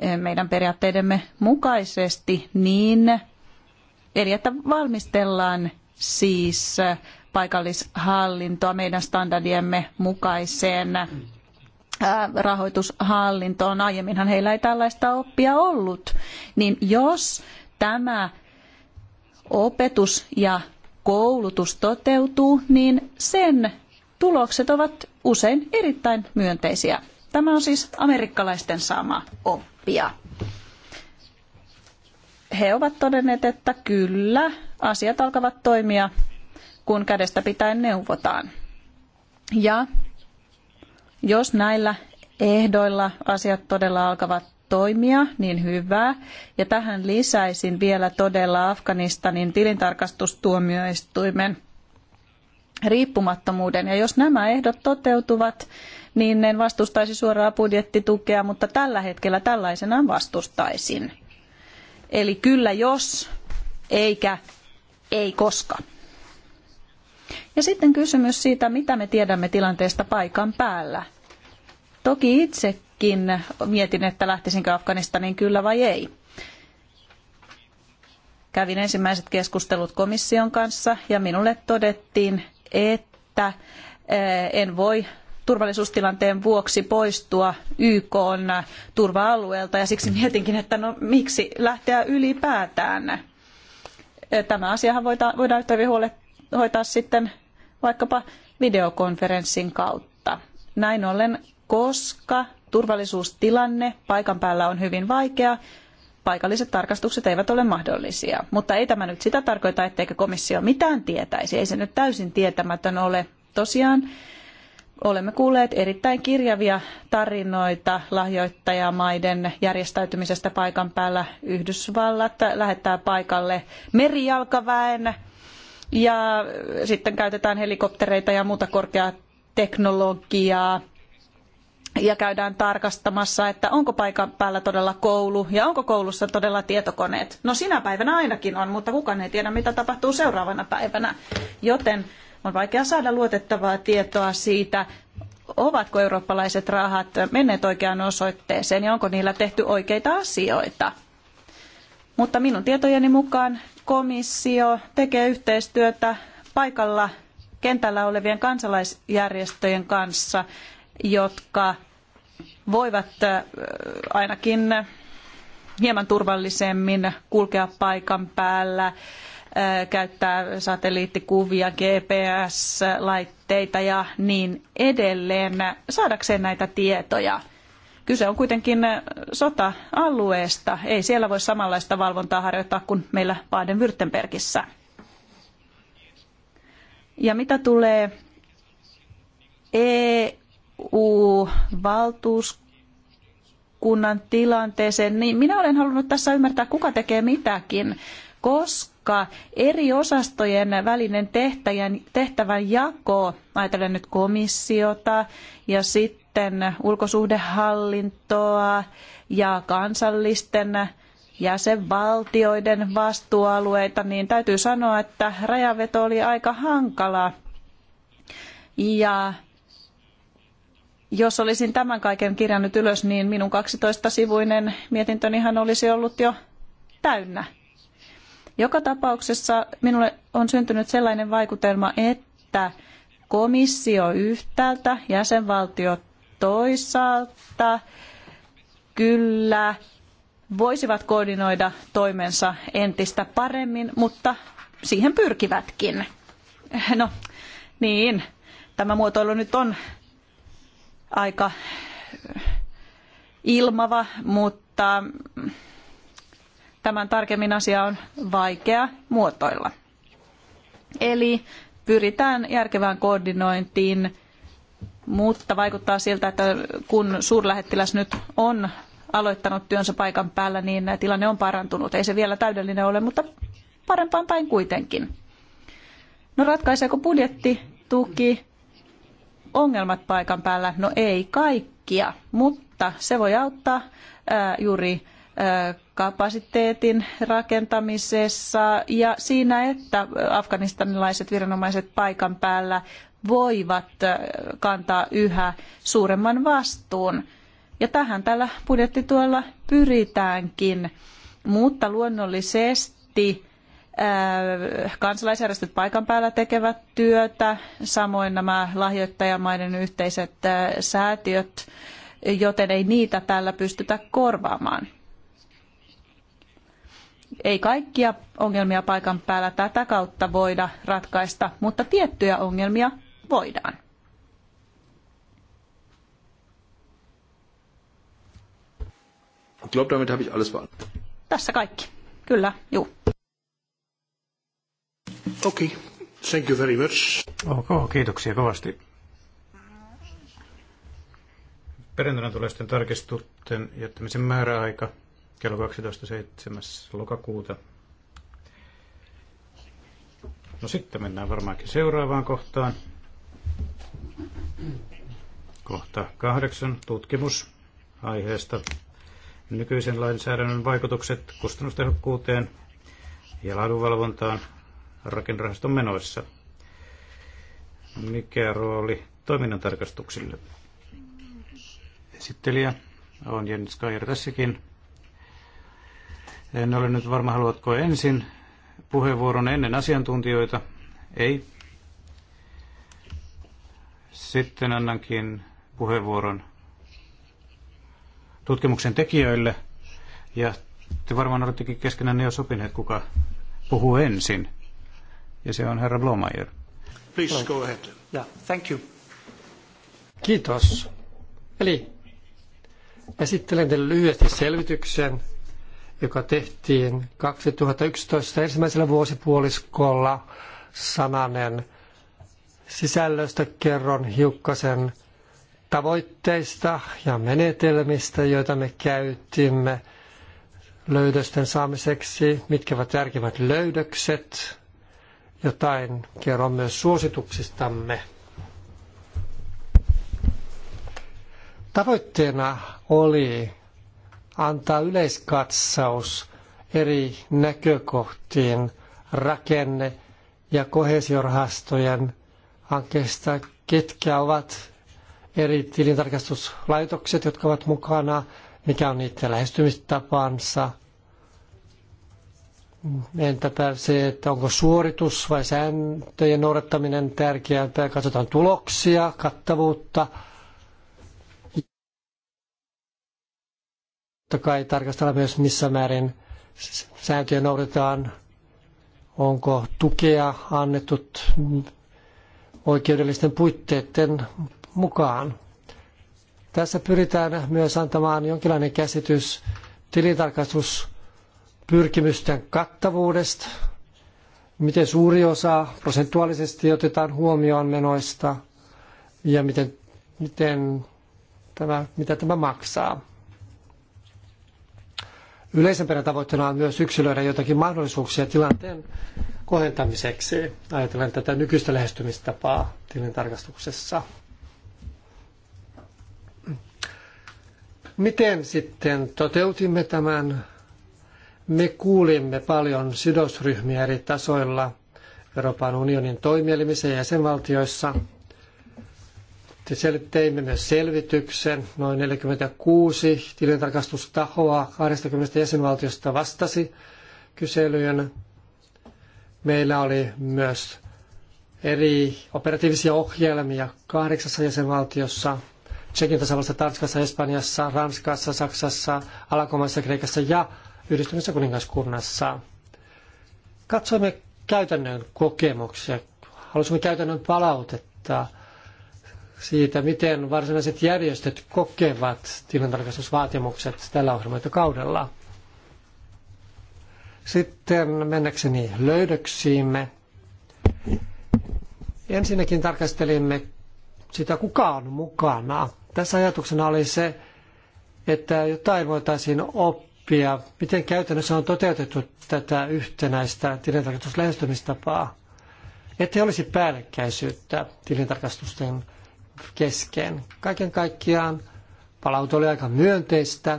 Eh, meidän periaatteidemme mukaisesti niin, eli että valmistellaan siis paikallishallintoa meidän standardiemme mukaiseen rahoitushallintoon. Aiemminhan heillä ei tällaista oppia ollut. Niin jos tämä opetus ja koulutus toteutuu, niin sen tulokset ovat usein erittäin myönteisiä. Tämä on siis amerikkalaisten saamaa. oppi oppia. He ovat todenneet, että kyllä, asiat alkavat toimia, kun kädestä pitäen neuvotaan. Ja jos näillä ehdoilla asiat todella alkavat toimia, niin hyvä. Ja tähän lisäisin vielä todella Afganistanin tilintarkastustuomioistuimen riippumattomuuden. Ja jos nämä ehdot toteutuvat, niin en vastustaisi suoraa budjettitukea, mutta tällä hetkellä tällaisenaan vastustaisin. Eli kyllä jos, eikä ei koska. Ja sitten kysymys siitä, mitä me tiedämme tilanteesta paikan päällä. Toki itsekin mietin, että lähtisinkö Afganistaniin kyllä vai ei. Kävin ensimmäiset keskustelut komission kanssa ja minulle todettiin, että eh, en voi turvallisuustilanteen vuoksi poistua YK turva-alueelta ja siksi mietinkin, että no miksi lähteä ylipäätään. E, tämä asiahan voidaan, yhtä hyvin hoitaa sitten vaikkapa videokonferenssin kautta. Näin ollen, koska turvallisuustilanne paikan päällä on hyvin vaikea, paikalliset tarkastukset eivät ole mahdollisia. Mutta ei tämä nyt sitä tarkoita, etteikö komissio mitään tietäisi. Ei se nyt täysin tietämätön ole. Tosiaan Olemme kuulleet erittäin kirjavia tarinoita lahjoittajamaiden järjestäytymisestä paikan päällä. Yhdysvallat lähettää paikalle merijalkaväen ja sitten käytetään helikoptereita ja muuta korkeaa teknologiaa ja käydään tarkastamassa, että onko paikan päällä todella koulu ja onko koulussa todella tietokoneet. No sinä päivänä ainakin on, mutta kukaan ei tiedä, mitä tapahtuu seuraavana päivänä. Joten on vaikea saada luotettavaa tietoa siitä, ovatko eurooppalaiset rahat menneet oikeaan osoitteeseen ja onko niillä tehty oikeita asioita. Mutta minun tietojeni mukaan komissio tekee yhteistyötä paikalla kentällä olevien kansalaisjärjestöjen kanssa, jotka voivat ainakin hieman turvallisemmin kulkea paikan päällä Äh, käyttää satelliittikuvia, GPS-laitteita ja niin edelleen saadakseen näitä tietoja. Kyse on kuitenkin sota-alueesta. Ei siellä voi samanlaista valvontaa harjoittaa kuin meillä Baden-Württembergissä. Ja mitä tulee EU-valtuuskunnan tilanteeseen, niin minä olen halunnut tässä ymmärtää, kuka tekee mitäkin, koska koska eri osastojen välinen tehtäjän, tehtävän jako, ajatellen nyt komissiota ja sitten ulkosuhdehallintoa ja kansallisten jäsenvaltioiden vastuualueita, niin täytyy sanoa, että rajaveto oli aika hankala. Ja jos olisin tämän kaiken kirjannut ylös, niin minun 12-sivuinen mietintönihan olisi ollut jo täynnä. Joka tapauksessa minulle on syntynyt sellainen vaikutelma, että komissio yhtäältä, jäsenvaltio toisaalta kyllä voisivat koordinoida toimensa entistä paremmin, mutta siihen pyrkivätkin. No niin, tämä muotoilu nyt on aika ilmava, mutta tämän tarkemmin asia on vaikea muotoilla. Eli pyritään järkevään koordinointiin, mutta vaikuttaa siltä, että kun suurlähettiläs nyt on aloittanut työnsä paikan päällä, niin tilanne on parantunut. Ei se vielä täydellinen ole, mutta parempaan päin kuitenkin. No ratkaiseeko budjetti, tuki, ongelmat paikan päällä? No ei kaikkia, mutta se voi auttaa juuri kapasiteetin rakentamisessa ja siinä, että afganistanilaiset viranomaiset paikan päällä voivat kantaa yhä suuremman vastuun. Ja tähän tällä budjettituella pyritäänkin, mutta luonnollisesti äh, kansalaisjärjestöt paikan päällä tekevät työtä, samoin nämä lahjoittajamaiden yhteiset äh, säätiöt, joten ei niitä tällä pystytä korvaamaan ei kaikkia ongelmia paikan päällä tätä kautta voida ratkaista, mutta tiettyjä ongelmia voidaan. Glaub damit habe ich alles beantwortet. Tässä kaikki. Kyllä, juu. Okei. Okay. Thank you very much. Ok, kiitoksia kovasti. Perjantaina tulee sitten tarkistusten jättämisen määräaika kello 12.7. lokakuuta. No sitten mennään varmaankin seuraavaan kohtaan. Kohta kahdeksan, tutkimus aiheesta. Nykyisen lainsäädännön vaikutukset kustannustehokkuuteen ja laadunvalvontaan rakennerahaston menoissa. Mikä rooli tarkastuksille? Esittelijä on Jens Kajer tässäkin. En ole nyt varma, haluatko ensin puheenvuoron ennen asiantuntijoita? Ei. Sitten annankin puheenvuoron tutkimuksen tekijöille. Ja te varmaan olettekin keskenään jo sopineet, kuka puhuu ensin. Ja se on herra Blomayer. Please go ahead. Yeah, thank you. Kiitos. Eli esittelen teille lyhyesti selvityksen joka tehtiin 2011 ensimmäisellä vuosipuoliskolla sananen sisällöstä kerron hiukkasen tavoitteista ja menetelmistä, joita me käytimme löydösten saamiseksi, mitkä ovat järkevät löydökset. Jotain kerron myös suosituksistamme. Tavoitteena oli antaa yleiskatsaus eri näkökohtiin rakenne- ja kohesiorahastojen hankkeista, ketkä ovat eri tilintarkastuslaitokset, jotka ovat mukana, mikä on niiden lähestymistapansa, entäpä se, että onko suoritus vai sääntöjen noudattaminen tärkeämpää, katsotaan tuloksia, kattavuutta – Totta kai tarkastella myös missä määrin sääntöjä noudatetaan, onko tukea annettu oikeudellisten puitteiden mukaan. Tässä pyritään myös antamaan jonkinlainen käsitys tilintarkastuspyrkimysten kattavuudesta, miten suuri osa prosentuaalisesti otetaan huomioon menoista ja miten, miten tämä, mitä tämä maksaa. Yleisempänä tavoitteena on myös yksilöidä jotakin mahdollisuuksia tilanteen kohentamiseksi. ajatellen tätä nykyistä lähestymistapaa tilintarkastuksessa. Miten sitten toteutimme tämän? Me kuulimme paljon sidosryhmiä eri tasoilla Euroopan unionin toimielimissä ja jäsenvaltioissa – Teimme myös selvityksen. Noin 46 tilintarkastustahoa 20 jäsenvaltiosta vastasi kyselyyn. Meillä oli myös eri operatiivisia ohjelmia kahdeksassa jäsenvaltiossa, Tsekin tasavallassa, Tanskassa, Espanjassa, Ranskassa, Saksassa, Alakomaissa, Kreikassa ja Yhdistyneessä kuningaskunnassa. Katsoimme käytännön kokemuksia, halusimme käytännön palautetta – siitä, miten varsinaiset järjestöt kokevat tilintarkastusvaatimukset tällä ohjelmointokaudella. Sitten mennäkseni löydöksiimme. Ensinnäkin tarkastelimme sitä, kuka on mukana. Tässä ajatuksena oli se, että jotain voitaisiin oppia, miten käytännössä on toteutettu tätä yhtenäistä tilintarkastuslähestymistapaa. Ettei olisi päällekkäisyyttä tilintarkastusten kesken. Kaiken kaikkiaan palaute oli aika myönteistä.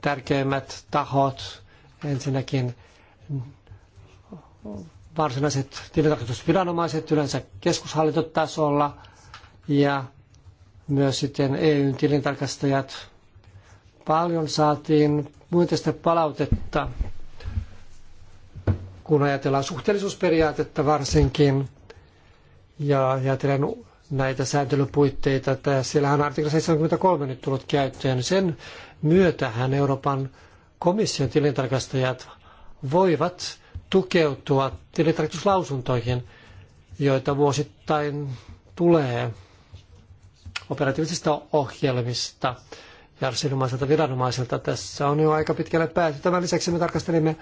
Tärkeimmät tahot, ensinnäkin varsinaiset tilintarkastusviranomaiset yleensä keskushallintotasolla ja myös sitten EUn tilintarkastajat. Paljon saatiin myönteistä palautetta, kun ajatellaan suhteellisuusperiaatetta varsinkin ja ajatellen näitä sääntelypuitteita. Siellähän on artikla 73 nyt tullut käyttöön. Niin sen myötähän Euroopan komission tilintarkastajat voivat tukeutua tilintarkastuslausuntoihin, joita vuosittain tulee operatiivisista ohjelmista ja sinomaiselta viranomaiselta. Tässä on jo aika pitkälle päästy. Tämän lisäksi me tarkastelimme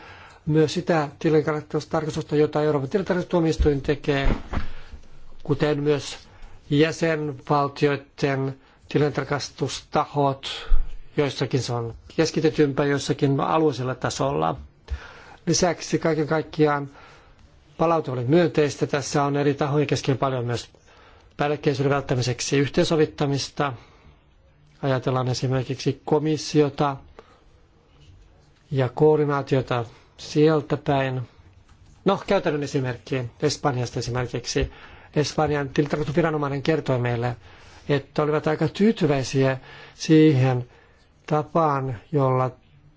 myös sitä tilintarkastusta, jota Euroopan tilintarkastustuomioistuin tekee, kuten myös jäsenvaltioiden tilintarkastustahot, joissakin se on keskitetympää, joissakin alueellisella tasolla. Lisäksi kaiken kaikkiaan palaute oli myönteistä. Tässä on eri tahojen kesken paljon myös päällekkäisyyden välttämiseksi yhteensovittamista. Ajatellaan esimerkiksi komissiota ja koordinaatiota sieltä päin. No, käytännön esimerkki Espanjasta esimerkiksi Espanjan tilintarkastusviranomainen kertoi meille, että olivat aika tyytyväisiä siihen tapaan, jolla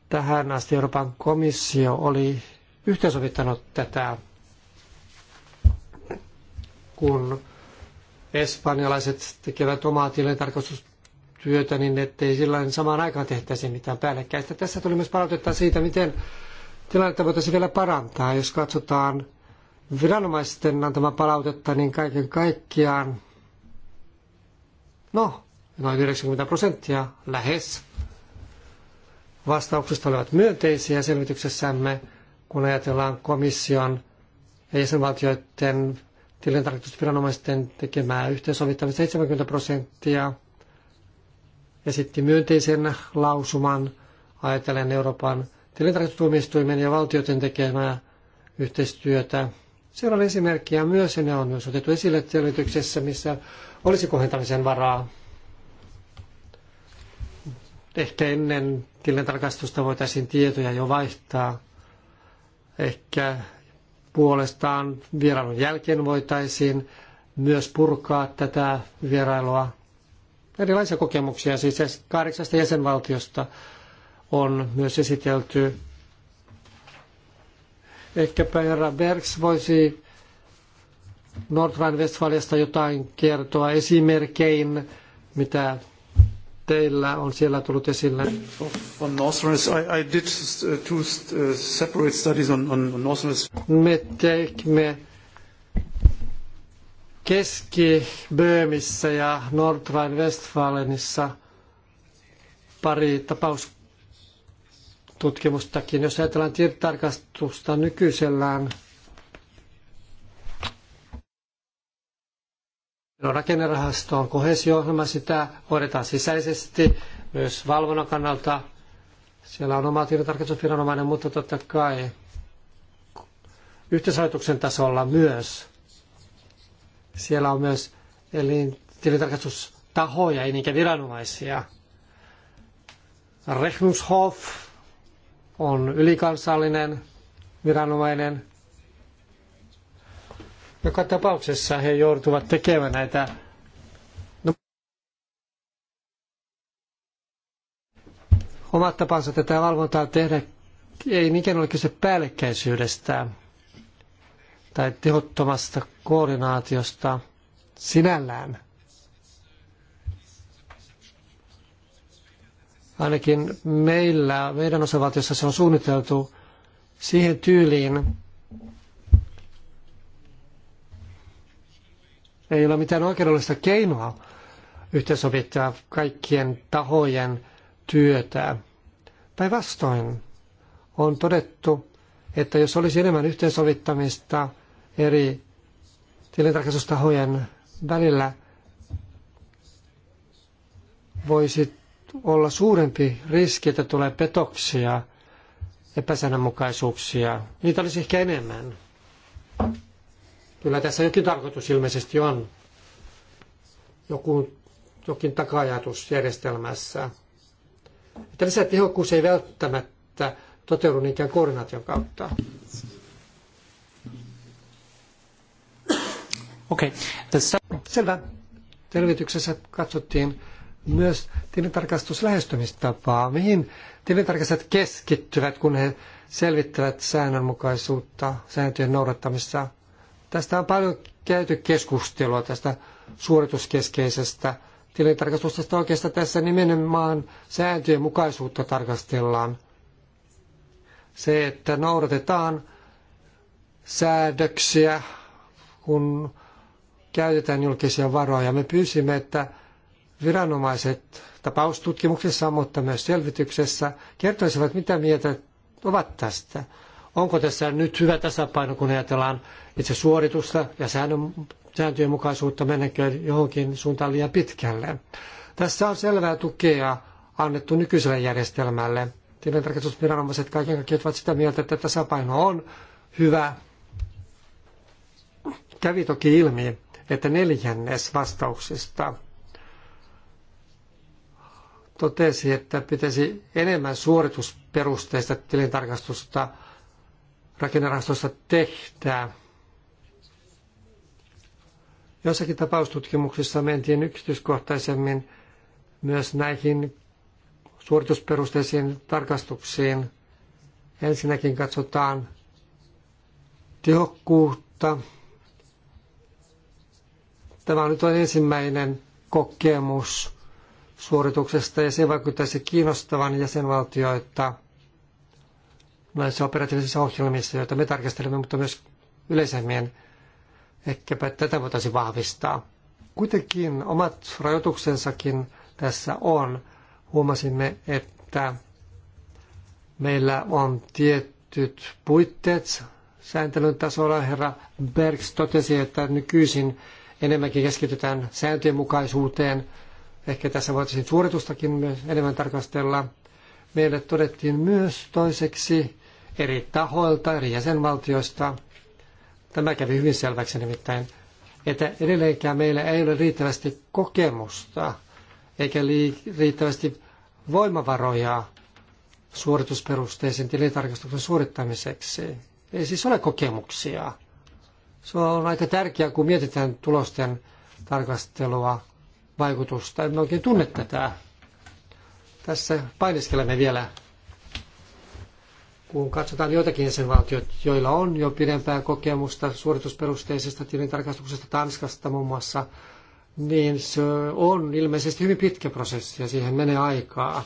tähän asti Euroopan komissio oli yhteensovittanut tätä, kun espanjalaiset tekevät omaa tilintarkastustyötä, niin ettei sillä samaan aikaan tehtäisi mitään päällekkäistä. Tässä tuli myös palautetta siitä, miten tilannetta voitaisiin vielä parantaa, jos katsotaan viranomaisten antama palautetta, niin kaiken kaikkiaan, no, noin 90 prosenttia lähes vastauksista olivat myönteisiä selvityksessämme, kun ajatellaan komission ja jäsenvaltioiden tilintarkastusviranomaisten tekemää yhteensovittamista 70 prosenttia esitti myönteisen lausuman ajatellen Euroopan tilintarkastustuomioistuimen ja valtioiden tekemää yhteistyötä siellä on esimerkkiä myös, ja ne on myös otettu esille selvityksessä, missä olisi kohentamisen varaa. Ehkä ennen tilintarkastusta voitaisiin tietoja jo vaihtaa. Ehkä puolestaan vierailun jälkeen voitaisiin myös purkaa tätä vierailua. Erilaisia kokemuksia siis kahdeksasta jäsenvaltiosta on myös esitelty Ehkäpä herra Bergs voisi Nordrhein-Westfaliasta jotain kertoa esimerkein, mitä teillä on siellä tullut esille? On I, I did uh, two uh, separate studies on, on Northerners. Me teimme Keski-Böömissä ja Nordrhein-Westfalenissa pari tapausta tutkimustakin. Jos ajatellaan tietotarkastusta nykyisellään, No, rakennerahasto on kohesio-ohjelma, sitä hoidetaan sisäisesti myös valvonnan kannalta. Siellä on oma tiedontarkastusviranomainen, mutta totta kai yhteisrahoituksen tasolla myös. Siellä on myös tilintarkastustahoja, ei niinkään viranomaisia. Rechnungshof on ylikansallinen viranomainen. Joka tapauksessa he joutuvat tekemään näitä no, omat tapansa tätä valvontaa tehdä. Ei niinkään ole kyse päällekkäisyydestä tai tehottomasta koordinaatiosta sinällään – Ainakin meillä, meidän osavaltiossa se on suunniteltu siihen tyyliin, ei ole mitään oikeudellista keinoa yhteensovittaa kaikkien tahojen työtä. Päinvastoin on todettu, että jos olisi enemmän yhteensovittamista eri tilintarkastustahojen välillä, voisi olla suurempi riski, että tulee petoksia, epäsäännönmukaisuuksia. Niitä olisi ehkä enemmän. Kyllä tässä jokin tarkoitus ilmeisesti on. Joku, jokin takajatus järjestelmässä. Että lisätehokkuus ei välttämättä toteudu niinkään koordinaation kautta. Okei. Okay. Selvä. Selvityksessä katsottiin myös tilintarkastuslähestymistapaa? Mihin tilintarkastajat keskittyvät, kun he selvittävät säännönmukaisuutta sääntöjen noudattamissa? Tästä on paljon käyty keskustelua tästä suorituskeskeisestä tilintarkastuksesta. Oikeastaan tässä nimenomaan sääntöjen mukaisuutta tarkastellaan. Se, että noudatetaan säädöksiä, kun käytetään julkisia varoja. Me pyysimme, että viranomaiset tapaustutkimuksessa, mutta myös selvityksessä kertoisivat, mitä mieltä ovat tästä. Onko tässä nyt hyvä tasapaino, kun ajatellaan itse suoritusta ja säännön, sääntöjen mukaisuutta mennäkö johonkin suuntaan liian pitkälle. Tässä on selvää tukea annettu nykyiselle järjestelmälle. Tilintarkastusviranomaiset kaiken kaikkiaan ovat sitä mieltä, että tasapaino on hyvä. Kävi toki ilmi, että neljännes vastauksista – totesi, että pitäisi enemmän suoritusperusteista tilintarkastusta rakennerahastossa tehdä. Jossakin tapaustutkimuksissa mentiin yksityiskohtaisemmin myös näihin suoritusperusteisiin tarkastuksiin. Ensinnäkin katsotaan tehokkuutta. Tämä on nyt on ensimmäinen kokemus suorituksesta ja se vaikuttaisi kiinnostavan jäsenvaltioita näissä operatiivisissa ohjelmissa, joita me tarkastelemme, mutta myös yleisemmin. Ehkäpä tätä voitaisiin vahvistaa. Kuitenkin omat rajoituksensakin tässä on. Huomasimme, että meillä on tietyt puitteet sääntelyn tasolla. Herra Bergs totesi, että nykyisin enemmänkin keskitytään sääntöjen mukaisuuteen – Ehkä tässä voitaisiin suoritustakin myös enemmän tarkastella. Meille todettiin myös toiseksi eri tahoilta, eri jäsenvaltioista. Tämä kävi hyvin selväksi nimittäin, että edelleenkään meillä ei ole riittävästi kokemusta eikä riittävästi voimavaroja suoritusperusteisen tilintarkastuksen suorittamiseksi. Ei siis ole kokemuksia. Se on aika tärkeää, kun mietitään tulosten tarkastelua vaikutusta. En oikein tunne tätä. Tässä painiskelemme vielä, kun katsotaan joitakin jäsenvaltioita, joilla on jo pidempää kokemusta suoritusperusteisesta tilintarkastuksesta Tanskasta muun muassa, niin se on ilmeisesti hyvin pitkä prosessi ja siihen menee aikaa.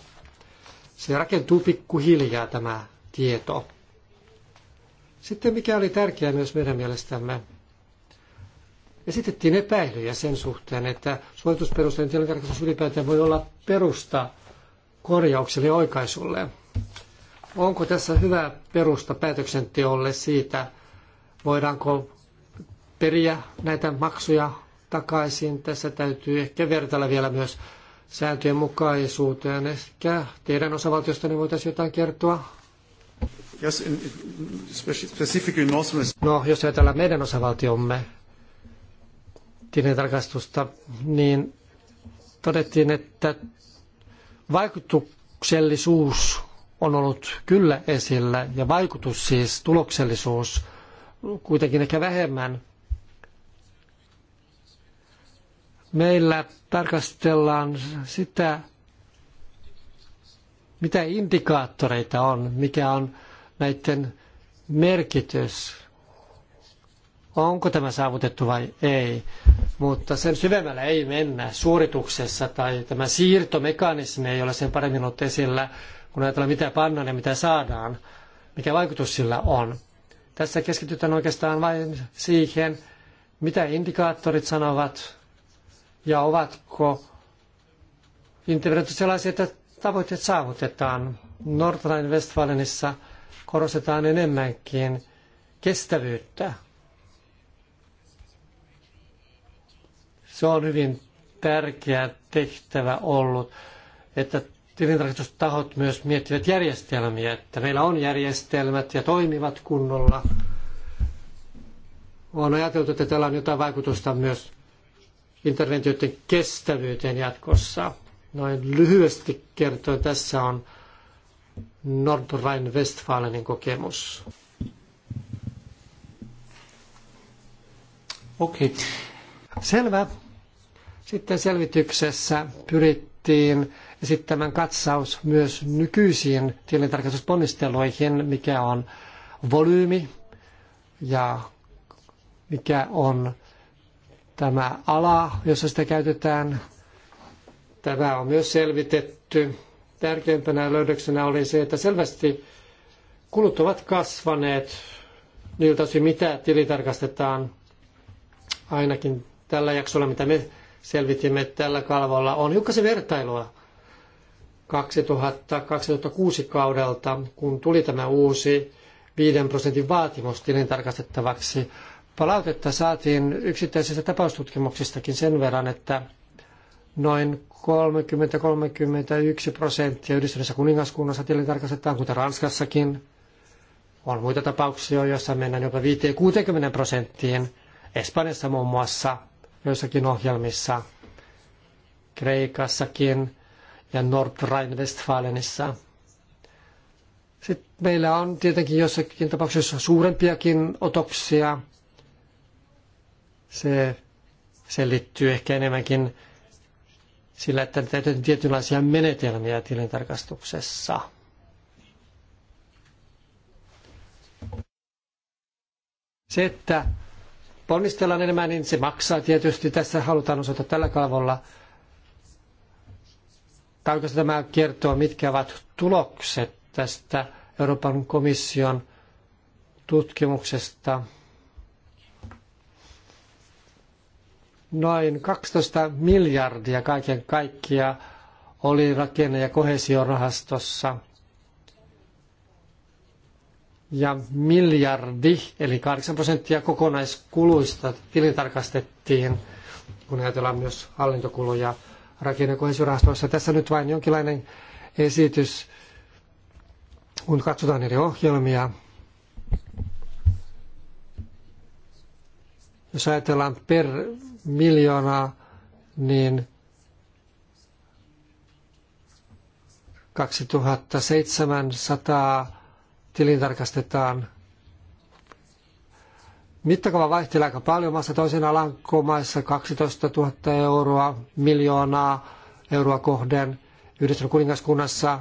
Se rakentuu pikkuhiljaa tämä tieto. Sitten mikä oli tärkeää myös meidän mielestämme, Esitettiin epäilyjä sen suhteen, että suoritusperusteinen tilintarkastus ylipäätään voi olla perusta korjaukselle ja oikaisulle. Onko tässä hyvä perusta päätöksenteolle siitä, voidaanko periä näitä maksuja takaisin. Tässä täytyy ehkä vertailla vielä myös sääntöjen mukaisuuteen. Ehkä teidän osavaltiosta ne voitaisiin jotain kertoa. Yes, in, specifically No, jos ajatellaan meidän osavaltiomme, tilintarkastusta, niin todettiin, että vaikutuksellisuus on ollut kyllä esillä ja vaikutus siis tuloksellisuus kuitenkin ehkä vähemmän. Meillä tarkastellaan sitä, mitä indikaattoreita on, mikä on näiden merkitys onko tämä saavutettu vai ei. Mutta sen syvemmällä ei mennä suorituksessa tai tämä siirtomekanismi ei ole sen paremmin ollut esillä, kun ajatellaan mitä pannaan ja mitä saadaan, mikä vaikutus sillä on. Tässä keskitytään oikeastaan vain siihen, mitä indikaattorit sanovat ja ovatko interventiot sellaisia, että tavoitteet saavutetaan. Nordrhein-Westfalenissa korostetaan enemmänkin kestävyyttä Se on hyvin tärkeä tehtävä ollut, että tilintarkastustahot myös miettivät järjestelmiä, että meillä on järjestelmät ja toimivat kunnolla. On ajateltu, että tällä on jotain vaikutusta myös interventioiden kestävyyteen jatkossa. Noin lyhyesti kertoen tässä on Nordrhein-Westfalenin kokemus. Okei. Okay. Selvä. Sitten selvityksessä pyrittiin esittämään katsaus myös nykyisiin tilintarkastusponnisteluihin, mikä on volyymi ja mikä on tämä ala, jossa sitä käytetään. Tämä on myös selvitetty. Tärkeimpänä löydöksenä oli se, että selvästi kulut ovat kasvaneet niiltä osin, mitä tilitarkastetaan ainakin tällä jaksolla, mitä me selvitimme tällä kalvolla, on hiukkasen vertailua 2000-2006 kaudelta, kun tuli tämä uusi 5 prosentin vaatimus tilintarkastettavaksi. Palautetta saatiin yksittäisistä tapaustutkimuksistakin sen verran, että noin 30-31 prosenttia yhdistyneessä kuningaskunnassa tilintarkastetaan, kuten Ranskassakin. On muita tapauksia, joissa mennään jopa 5-60 prosenttiin. Espanjassa muun muassa joissakin ohjelmissa, Kreikassakin ja Nordrhein-Westfalenissa. Sitten meillä on tietenkin jossakin tapauksessa suurempiakin otoksia. Se selittyy ehkä enemmänkin sillä, että täytyy tietynlaisia menetelmiä tilintarkastuksessa. Se, että ponnistellaan enemmän, niin se maksaa tietysti. Tässä halutaan osoittaa tällä kalvolla. Tai tämä kertoo, mitkä ovat tulokset tästä Euroopan komission tutkimuksesta. Noin 12 miljardia kaiken kaikkiaan oli rakenne- ja kohesiorahastossa – ja miljardi, eli 8 prosenttia kokonaiskuluista tilintarkastettiin, kun ajatellaan myös hallintokuluja rakennekohesiorahastoissa. Tässä nyt vain jonkinlainen esitys, kun katsotaan eri ohjelmia. Jos ajatellaan per miljoonaa, niin 2700 tilintarkastetaan. Mittakaava vaihtelee aika paljon. Maassa toisen alankomaissa 12 000 euroa, miljoonaa euroa kohden. Yhdessä kuningaskunnassa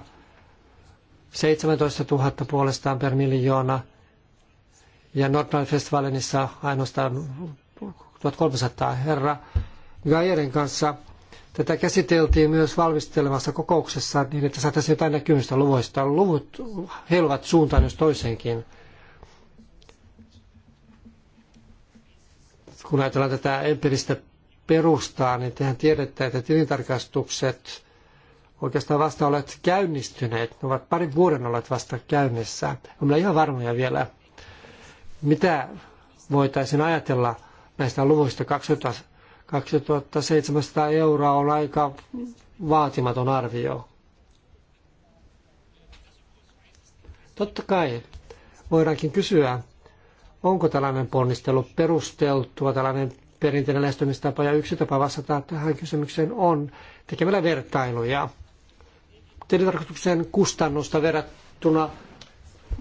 17 000 puolestaan per miljoona. Ja Nordland Festivalinissa ainoastaan 1300 herra. Gaierin kanssa Tätä käsiteltiin myös valmistelevassa kokouksessa niin, että saataisiin jotain näkymistä luvuista. Luvut heiluvat suuntaan jos toiseenkin. Kun ajatellaan tätä empiiristä perustaa, niin tehän tiedätte, että tilintarkastukset oikeastaan vasta olet käynnistyneet. Ne ovat parin vuoden olleet vasta käynnissä. Olen ihan varmoja vielä, mitä voitaisiin ajatella näistä luvuista 2000 2700 euroa on aika vaatimaton arvio. Totta kai voidaankin kysyä, onko tällainen ponnistelu perusteltua, tällainen perinteinen lähestymistapa ja yksi tapa vastata tähän kysymykseen on tekemällä vertailuja. Tilitarkastuksen kustannusta verrattuna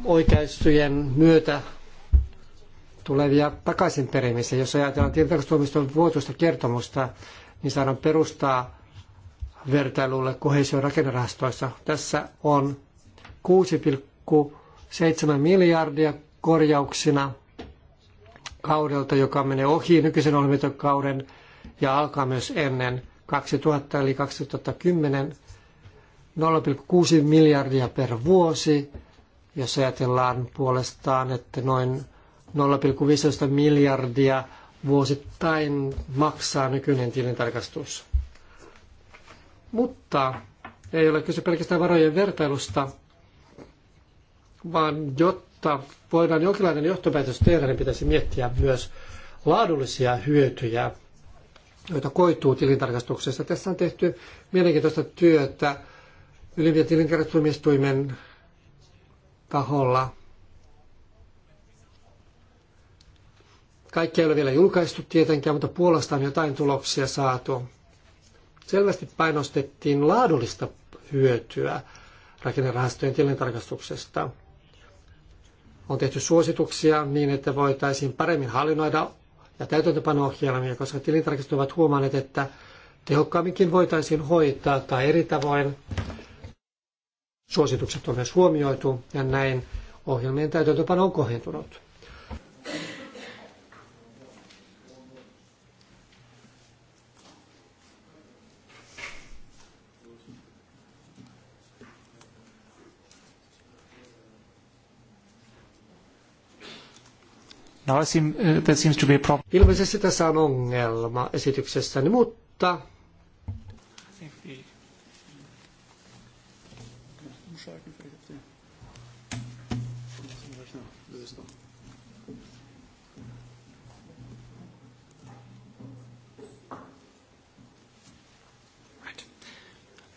oikeistujen myötä tulevia takaisin perimisiä. Jos ajatellaan tilintarkastustuomiston vuotuista kertomusta, niin saadaan perustaa vertailulle kohesion rakennerahastoissa. Tässä on 6,7 miljardia korjauksina kaudelta, joka menee ohi nykyisen ohjelmitokauden ja alkaa myös ennen 2000 eli 2010 0,6 miljardia per vuosi. Jos ajatellaan puolestaan, että noin 0,15 miljardia vuosittain maksaa nykyinen tilintarkastus. Mutta ei ole kyse pelkästään varojen vertailusta, vaan jotta voidaan jonkinlainen johtopäätös tehdä, niin pitäisi miettiä myös laadullisia hyötyjä, joita koituu tilintarkastuksessa Tässä on tehty mielenkiintoista työtä ylimpien tilintarkastustuomioistuimen taholla Kaikki ei ole vielä julkaistu tietenkään, mutta Puolasta on jotain tuloksia saatu. Selvästi painostettiin laadullista hyötyä rakennerahastojen tilintarkastuksesta. On tehty suosituksia niin, että voitaisiin paremmin hallinnoida ja täytäntöpano-ohjelmia, koska tilintarkastajat ovat huomanneet, että tehokkaamminkin voitaisiin hoitaa tai eri tavoin. Suositukset on myös huomioitu ja näin ohjelmien täytäntöpano on kohentunut. Now seem, uh, that seems to be a problem. Ilmeisesti tässä on ongelma esityksessäni, mutta...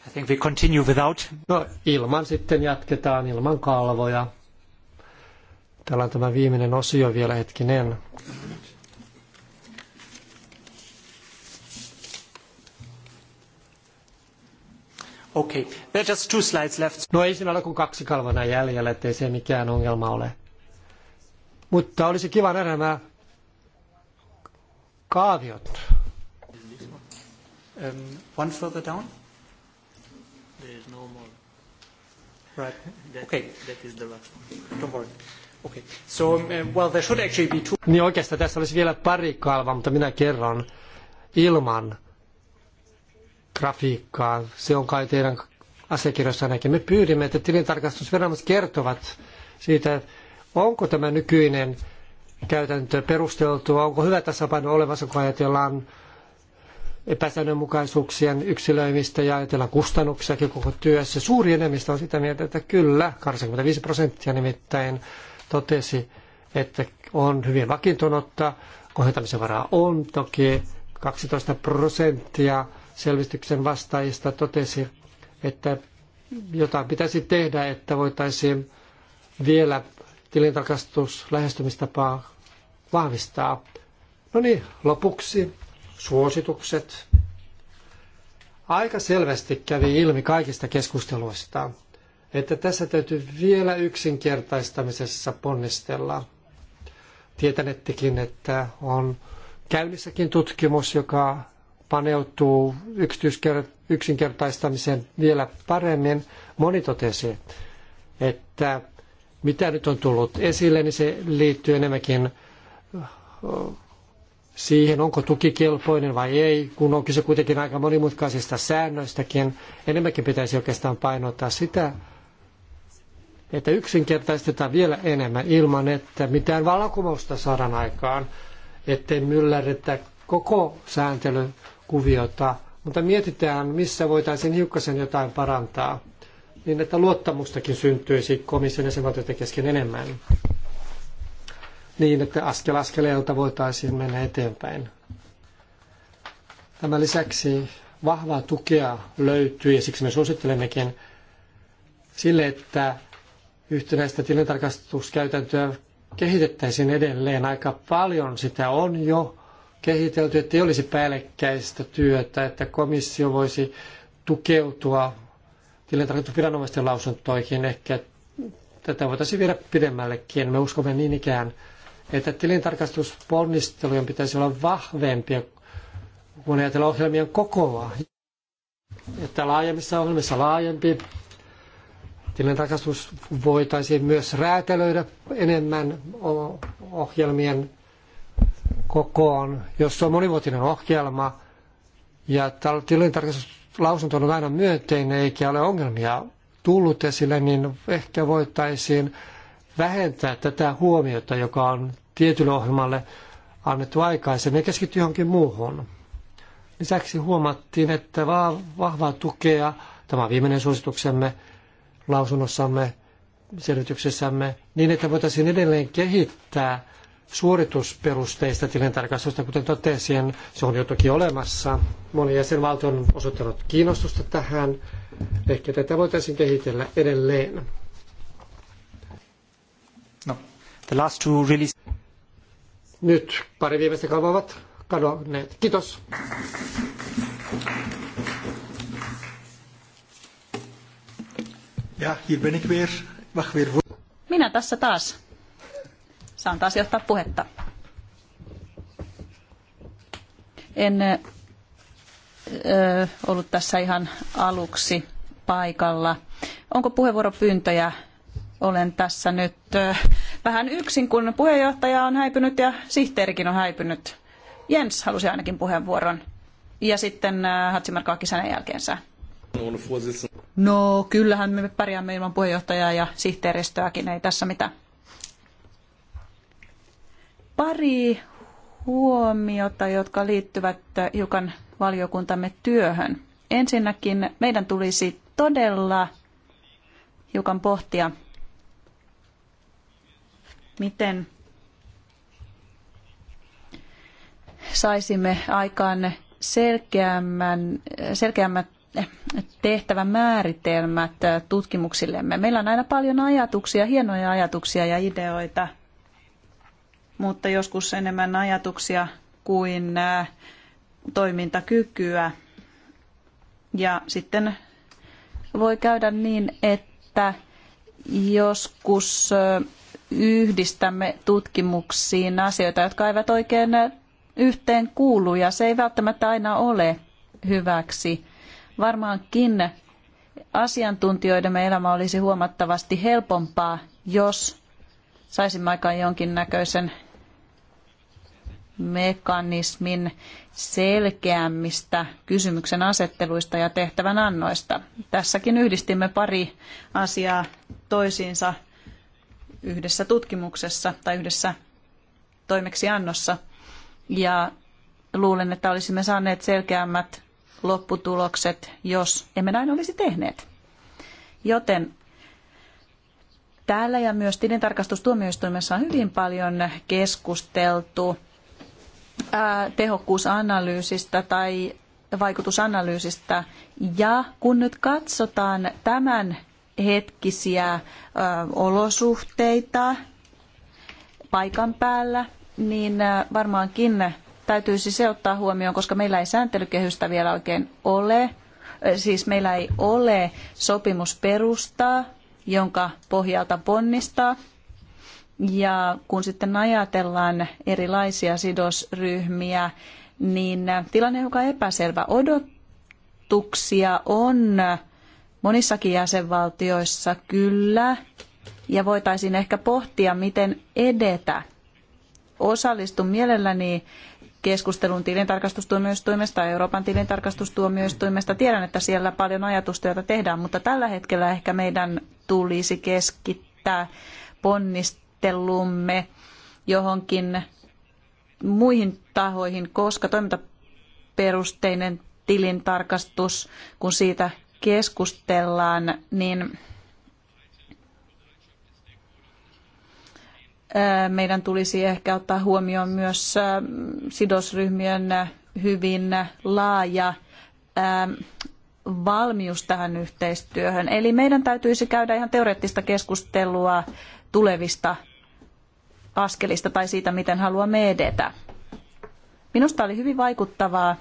I think we continue without... No, ilman sitten jatketaan, ilman kalvoja. Täällä on tämä viimeinen osio vielä hetkinen. Okay, there are just two slides left. No ei siinä ole kuin kaksi kalvana jäljellä, ettei se mikään ongelma ole. Mutta olisi kiva nähdä nämä kaaviot. Um, one further down? There is no more. Right. That, okay. That is the last one. Don't worry. Okay. So, um, well, there should actually be two... Niin oikeastaan tässä olisi vielä pari kalvaa, mutta minä kerron ilman grafiikkaa. Se on kai teidän asiakirjoissannekin. Me pyydimme, että tilintarkastusviranomaiset kertovat siitä, onko tämä nykyinen käytäntö perusteltua, onko hyvä tasapaino olemassa, kun ajatellaan epäsäännönmukaisuuksien yksilöimistä ja ajatellaan kustannuksiakin koko työssä. Suuri enemmistö on sitä mieltä, että kyllä, 85 prosenttia nimittäin totesi, että on hyvin vakiintunutta, kohentamisen varaa on toki. 12 prosenttia selvityksen vastaajista totesi, että jotain pitäisi tehdä, että voitaisiin vielä tilintarkastus lähestymistapaa vahvistaa. No niin, lopuksi suositukset. Aika selvästi kävi ilmi kaikista keskusteluista, että tässä täytyy vielä yksinkertaistamisessa ponnistella. Tietänettekin, että on käynnissäkin tutkimus, joka paneutuu yksinkertaistamiseen vielä paremmin. Moni totesi, että mitä nyt on tullut esille, niin se liittyy enemmänkin siihen, onko tukikelpoinen vai ei, kun on kyse kuitenkin aika monimutkaisista säännöistäkin. Enemmänkin pitäisi oikeastaan painottaa sitä että yksinkertaistetaan vielä enemmän ilman, että mitään vallankumousta saadaan aikaan, ettei myllärretä koko sääntelykuviota, mutta mietitään, missä voitaisiin hiukkasen jotain parantaa, niin että luottamustakin syntyisi komission jäsenvaltioiden kesken enemmän. Niin, että askel askeleelta voitaisiin mennä eteenpäin. Tämän lisäksi vahvaa tukea löytyy, ja siksi me suosittelemmekin sille, että yhtenäistä tilintarkastuskäytäntöä kehitettäisiin edelleen. Aika paljon sitä on jo kehitelty, ettei olisi päällekkäistä työtä, että komissio voisi tukeutua tilintarkastusviranomaisten lausuntoihin. Ehkä tätä voitaisiin viedä pidemmällekin. Me uskomme niin ikään, että tilintarkastusponnistelujen pitäisi olla vahvempia, kun ajatellaan ohjelmien kokoa. Että laajemmissa ohjelmissa laajempi tilintarkastus voitaisiin myös räätälöidä enemmän ohjelmien kokoon. Jos se on monivuotinen ohjelma ja tilintarkastuslausunto on aina myönteinen eikä ole ongelmia tullut esille, niin ehkä voitaisiin vähentää tätä huomiota, joka on tietylle ohjelmalle annettu aikaisemmin ja keskittyä johonkin muuhun. Lisäksi huomattiin, että vahvaa tukea, tämä on viimeinen suosituksemme, lausunnossamme, selityksessämme, niin että voitaisiin edelleen kehittää suoritusperusteista tilintarkastusta, kuten totesin, se on jo toki olemassa. Moni jäsenvaltio on osoittanut kiinnostusta tähän. Ehkä tätä voitaisiin kehitellä edelleen. No, the last two really... Nyt pari viimeistä kalvaa ovat kadonneet. Kiitos. Ja, hier ben ik weer. Wacht weer voor. Minä tässä taas. Saan taas johtaa puhetta. En ö, ollut tässä ihan aluksi paikalla. Onko puheenvuoropyyntöjä? Olen tässä nyt ö, vähän yksin, kun puheenjohtaja on häipynyt ja sihteerikin on häipynyt. Jens halusi ainakin puheenvuoron. Ja sitten Hatsimarkaakin hänen jälkeensä. No kyllähän me pärjäämme ilman puheenjohtajaa ja sihteeristöäkin, ei tässä mitään. Pari huomiota, jotka liittyvät hiukan valiokuntamme työhön. Ensinnäkin meidän tulisi todella hiukan pohtia, miten saisimme aikaan selkeämmän, selkeämmät tehtävä määritelmät tutkimuksillemme. Meillä on aina paljon ajatuksia, hienoja ajatuksia ja ideoita, mutta joskus enemmän ajatuksia kuin äh, toimintakykyä. Ja sitten voi käydä niin, että joskus äh, yhdistämme tutkimuksiin asioita, jotka eivät oikein äh, yhteen kuulu ja se ei välttämättä aina ole hyväksi varmaankin asiantuntijoidemme elämä olisi huomattavasti helpompaa, jos saisimme aikaan jonkinnäköisen mekanismin selkeämmistä kysymyksen asetteluista ja tehtävän annoista. Tässäkin yhdistimme pari asiaa toisiinsa yhdessä tutkimuksessa tai yhdessä toimeksiannossa. Ja luulen, että olisimme saaneet selkeämmät lopputulokset, jos emme näin olisi tehneet. Joten täällä ja myös tilintarkastustuomioistuimessa on hyvin paljon keskusteltu ää, tehokkuusanalyysistä tai vaikutusanalyysistä. Ja kun nyt katsotaan tämän hetkisiä ä, olosuhteita paikan päällä, niin varmaankin täytyisi se ottaa huomioon, koska meillä ei sääntelykehystä vielä oikein ole. Siis meillä ei ole sopimusperustaa, jonka pohjalta ponnistaa. Ja kun sitten ajatellaan erilaisia sidosryhmiä, niin tilanne, joka on epäselvä, odotuksia on monissakin jäsenvaltioissa kyllä, ja voitaisiin ehkä pohtia, miten edetä. Osallistun mielelläni keskustelun tilintarkastustuomioistuimesta, Euroopan tilintarkastustuomioistuimesta. Tiedän, että siellä paljon ajatustyötä tehdään, mutta tällä hetkellä ehkä meidän tulisi keskittää ponnistelumme johonkin muihin tahoihin, koska toimintaperusteinen tilintarkastus, kun siitä keskustellaan, niin meidän tulisi ehkä ottaa huomioon myös sidosryhmien hyvin laaja valmius tähän yhteistyöhön. Eli meidän täytyisi käydä ihan teoreettista keskustelua tulevista askelista tai siitä, miten haluamme edetä. Minusta oli hyvin vaikuttavaa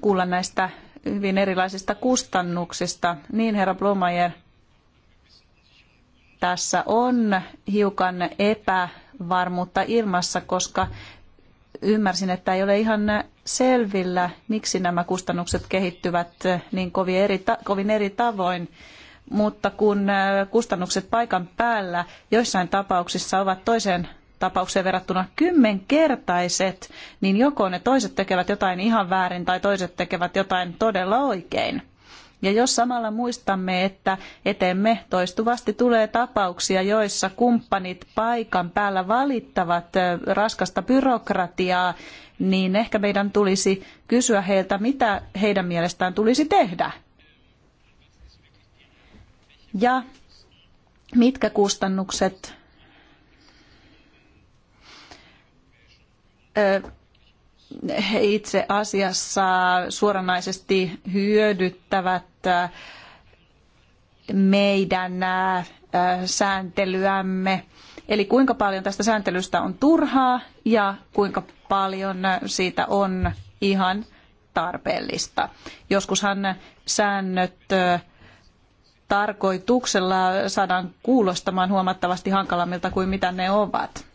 kuulla näistä hyvin erilaisista kustannuksista. Niin, herra Blomayer, tässä on hiukan epävarmuutta ilmassa, koska ymmärsin, että ei ole ihan selvillä, miksi nämä kustannukset kehittyvät niin kovin eri, kovin eri tavoin. Mutta kun äh, kustannukset paikan päällä joissain tapauksissa ovat toiseen tapaukseen verrattuna kymmenkertaiset, niin joko ne toiset tekevät jotain ihan väärin tai toiset tekevät jotain todella oikein. Ja jos samalla muistamme, että eteemme toistuvasti tulee tapauksia, joissa kumppanit paikan päällä valittavat raskasta byrokratiaa, niin ehkä meidän tulisi kysyä heiltä, mitä heidän mielestään tulisi tehdä. Ja mitkä kustannukset he itse asiassa suoranaisesti hyödyttävät äh, meidän äh, sääntelyämme. Eli kuinka paljon tästä sääntelystä on turhaa ja kuinka paljon siitä on ihan tarpeellista. Joskushan säännöt äh, tarkoituksella saadaan kuulostamaan huomattavasti hankalammilta kuin mitä ne ovat.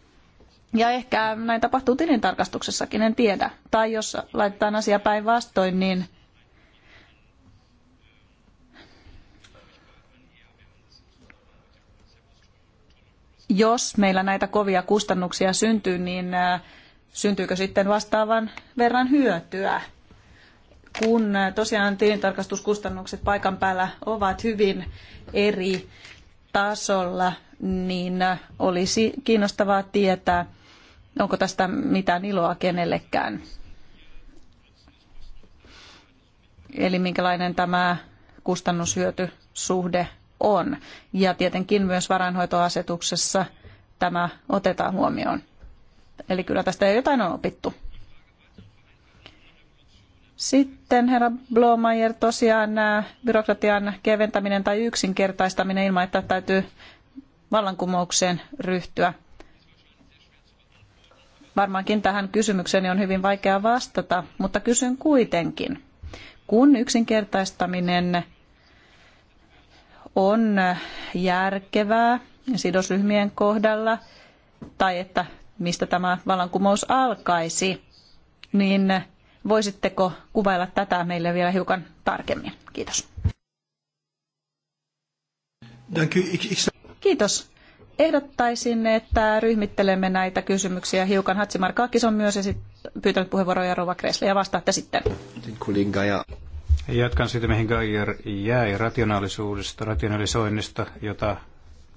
Ja ehkä näin tapahtuu tilintarkastuksessakin, en tiedä. Tai jos laitetaan asia päinvastoin, niin jos meillä näitä kovia kustannuksia syntyy, niin äh, syntyykö sitten vastaavan verran hyötyä? Kun äh, tosiaan tilintarkastuskustannukset paikan päällä ovat hyvin eri tasolla, niin äh, olisi kiinnostavaa tietää, onko tästä mitään iloa kenellekään. Eli minkälainen tämä kustannushyötysuhde on. Ja tietenkin myös varainhoitoasetuksessa tämä otetaan huomioon. Eli kyllä tästä jotain on opittu. Sitten herra Blomayer, tosiaan äh, byrokratian keventäminen tai yksinkertaistaminen ilman, että täytyy vallankumoukseen ryhtyä? Varmaankin tähän kysymykseen on hyvin vaikea vastata, mutta kysyn kuitenkin. Kun yksinkertaistaminen on järkevää sidosryhmien kohdalla, tai että mistä tämä vallankumous alkaisi, niin voisitteko kuvailla tätä meille vielä hiukan tarkemmin? Kiitos. Kiitos. Ehdottaisin, että ryhmittelemme näitä kysymyksiä hiukan. Hatsimar Kaakis on myös pyytänyt puheenvuoroja Rova Kresli ja vastaatte sitten. Jatkan siitä, mihin Geiger jäi rationaalisuudesta, rationalisoinnista, jota,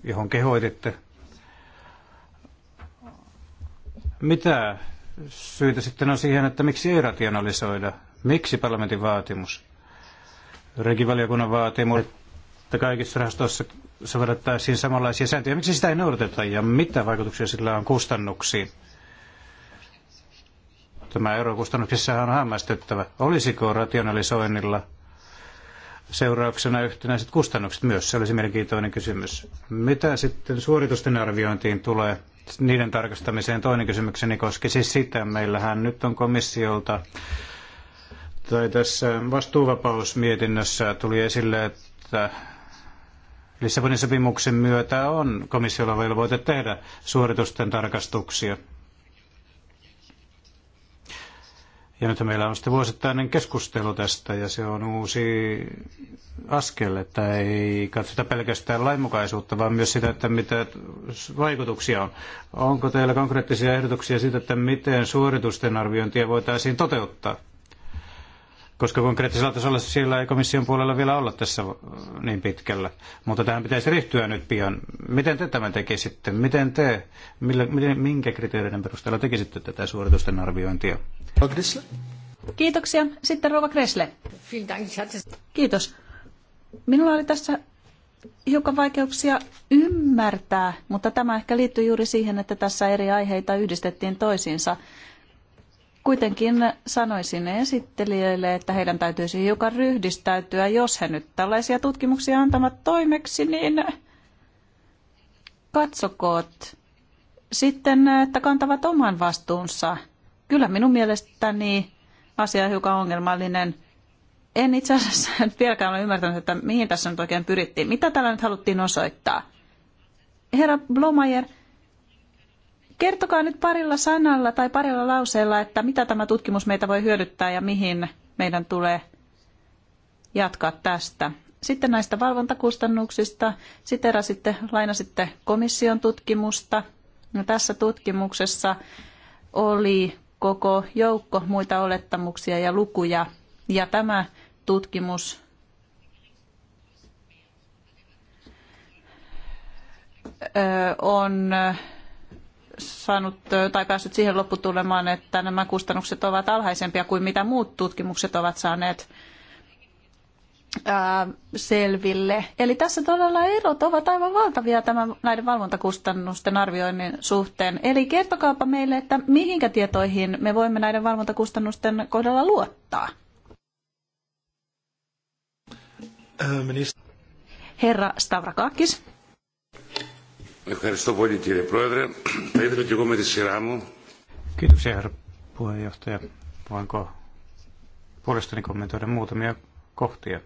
johon kehoititte. Mitä syitä sitten on siihen, että miksi ei rationalisoida? Miksi parlamentin vaatimus? Regivaliokunnan vaatimus, että kaikissa rahastoissa sovellettaisiin samanlaisia sääntöjä. Miksi sitä ei noudateta ja mitä vaikutuksia sillä on kustannuksiin? Tämä eurokustannuksissa on hämmästyttävä. Olisiko rationalisoinnilla seurauksena yhtenäiset kustannukset myös? Se olisi mielenkiintoinen kysymys. Mitä sitten suoritusten arviointiin tulee? Niiden tarkastamiseen toinen kysymykseni koski siis sitä. Meillähän nyt on komissiolta tai tässä vastuuvapausmietinnössä tuli esille, että Lissabonin sopimuksen myötä on komissiolla velvoite tehdä suoritusten tarkastuksia. Ja nyt meillä on sitten vuosittainen keskustelu tästä ja se on uusi askel, että ei katsota pelkästään lainmukaisuutta, vaan myös sitä, että mitä vaikutuksia on. Onko teillä konkreettisia ehdotuksia siitä, että miten suoritusten arviointia voitaisiin toteuttaa? koska konkreettisella tasolla siellä ei komission puolella vielä olla tässä niin pitkällä. Mutta tähän pitäisi ryhtyä nyt pian. Miten te tämän tekisitte? Miten te, millä, minkä kriteereiden perusteella tekisitte tätä suoritusten arviointia? Kiitoksia. Sitten Rova Kresle. Kiitos. Minulla oli tässä hiukan vaikeuksia ymmärtää, mutta tämä ehkä liittyy juuri siihen, että tässä eri aiheita yhdistettiin toisiinsa. Kuitenkin sanoisin esittelijöille, että heidän täytyisi hiukan ryhdistäytyä, jos he nyt tällaisia tutkimuksia antavat toimeksi, niin katsokoot sitten, että kantavat oman vastuunsa. Kyllä minun mielestäni asia on hiukan ongelmallinen. En itse asiassa [LAUGHS] vieläkään ole ymmärtänyt, että mihin tässä nyt oikein pyrittiin. Mitä tällä nyt haluttiin osoittaa? Herra Blomayer, Kertokaa nyt parilla sanalla tai parilla lauseella, että mitä tämä tutkimus meitä voi hyödyttää ja mihin meidän tulee jatkaa tästä. Sitten näistä valvontakustannuksista. Siterasitte, lainasitte komission tutkimusta. No, tässä tutkimuksessa oli koko joukko muita olettamuksia ja lukuja. Ja tämä tutkimus on saanut tai päässyt siihen lopputulemaan, että nämä kustannukset ovat alhaisempia kuin mitä muut tutkimukset ovat saaneet selville. Eli tässä todella erot ovat aivan valtavia tämän, näiden valvontakustannusten arvioinnin suhteen. Eli kertokaapa meille, että mihinkä tietoihin me voimme näiden valvontakustannusten kohdalla luottaa. Herra Stavrakakis. Ευχαριστώ πολύ κύριε Πρόεδρε. [CLEARS THROAT] Θα ήθελα και εγώ με τη σειρά μου. Kiitoksia Voinko puolestani kommentoida muutamia kohtia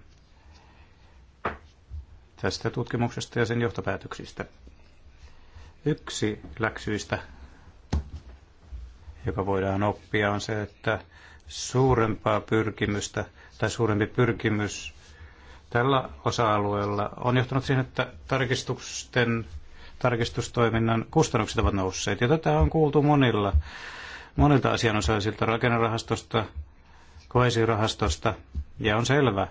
tästä tutkimuksesta ja sen johtopäätöksistä. Yksi läksyistä, joka voidaan oppia, on se, että suurempaa pyrkimystä tai suurempi pyrkimys tällä osa-alueella on johtanut siihen, että tarkistusten tarkistustoiminnan kustannukset ovat nousseet. Ja tätä on kuultu monilla, monilta asianosaisilta rakennerahastosta, koesirahastosta, ja on selvä,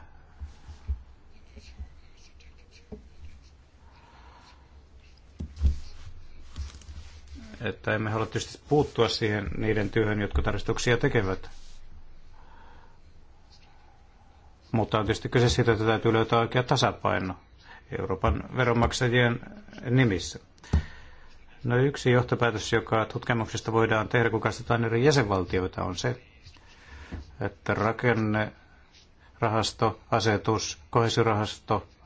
että emme halua tietysti puuttua siihen niiden työhön, jotka tarkistuksia tekevät. Mutta on tietysti kyse siitä, että täytyy löytää oikea tasapaino Euroopan veronmaksajien nimissä. No yksi johtopäätös, joka tutkimuksesta voidaan tehdä, kun katsotaan eri jäsenvaltioita, on se, että rakenne, rahastoasetus,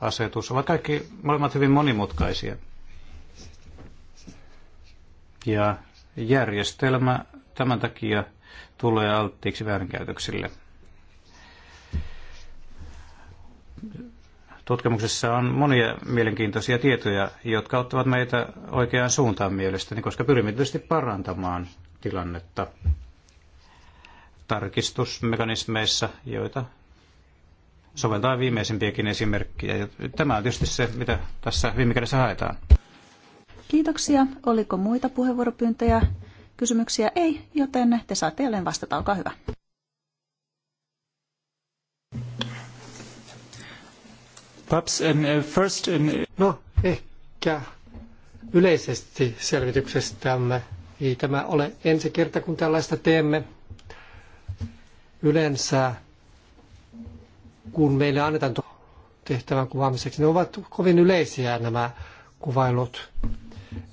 asetus ovat kaikki molemmat hyvin monimutkaisia. Ja järjestelmä tämän takia tulee alttiiksi väärinkäytöksille. Tutkimuksessa on monia mielenkiintoisia tietoja, jotka ottavat meitä oikeaan suuntaan mielestäni, koska pyrimme tietysti parantamaan tilannetta tarkistusmekanismeissa, joita soveltaa viimeisimpiäkin esimerkkejä. Tämä on tietysti se, mitä tässä viime kädessä haetaan. Kiitoksia. Oliko muita puheenvuoropyyntöjä, kysymyksiä? Ei, joten te saatte jälleen vastata. Olkaa hyvä. Perhaps, uh, first, um... No, ehkä yleisesti selvityksestämme. Ei tämä ole ensi kerta, kun tällaista teemme. Yleensä, kun meille annetaan tehtävän kuvaamiseksi, ne ovat kovin yleisiä nämä kuvailut.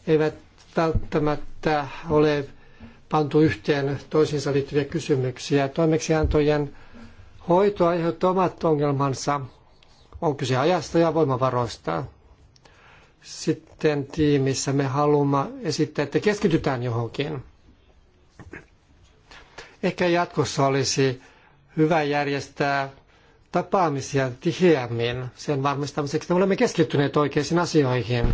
Eivät välttämättä ole pantu yhteen toisiinsa liittyviä kysymyksiä. Toimeksiantojen hoito aiheuttaa omat ongelmansa – on kyse ajasta ja voimavaroista. Sitten tiimissä me haluamme esittää, että keskitytään johonkin. Ehkä jatkossa olisi hyvä järjestää tapaamisia tiheämmin sen varmistamiseksi, että me olemme keskittyneet oikeisiin asioihin.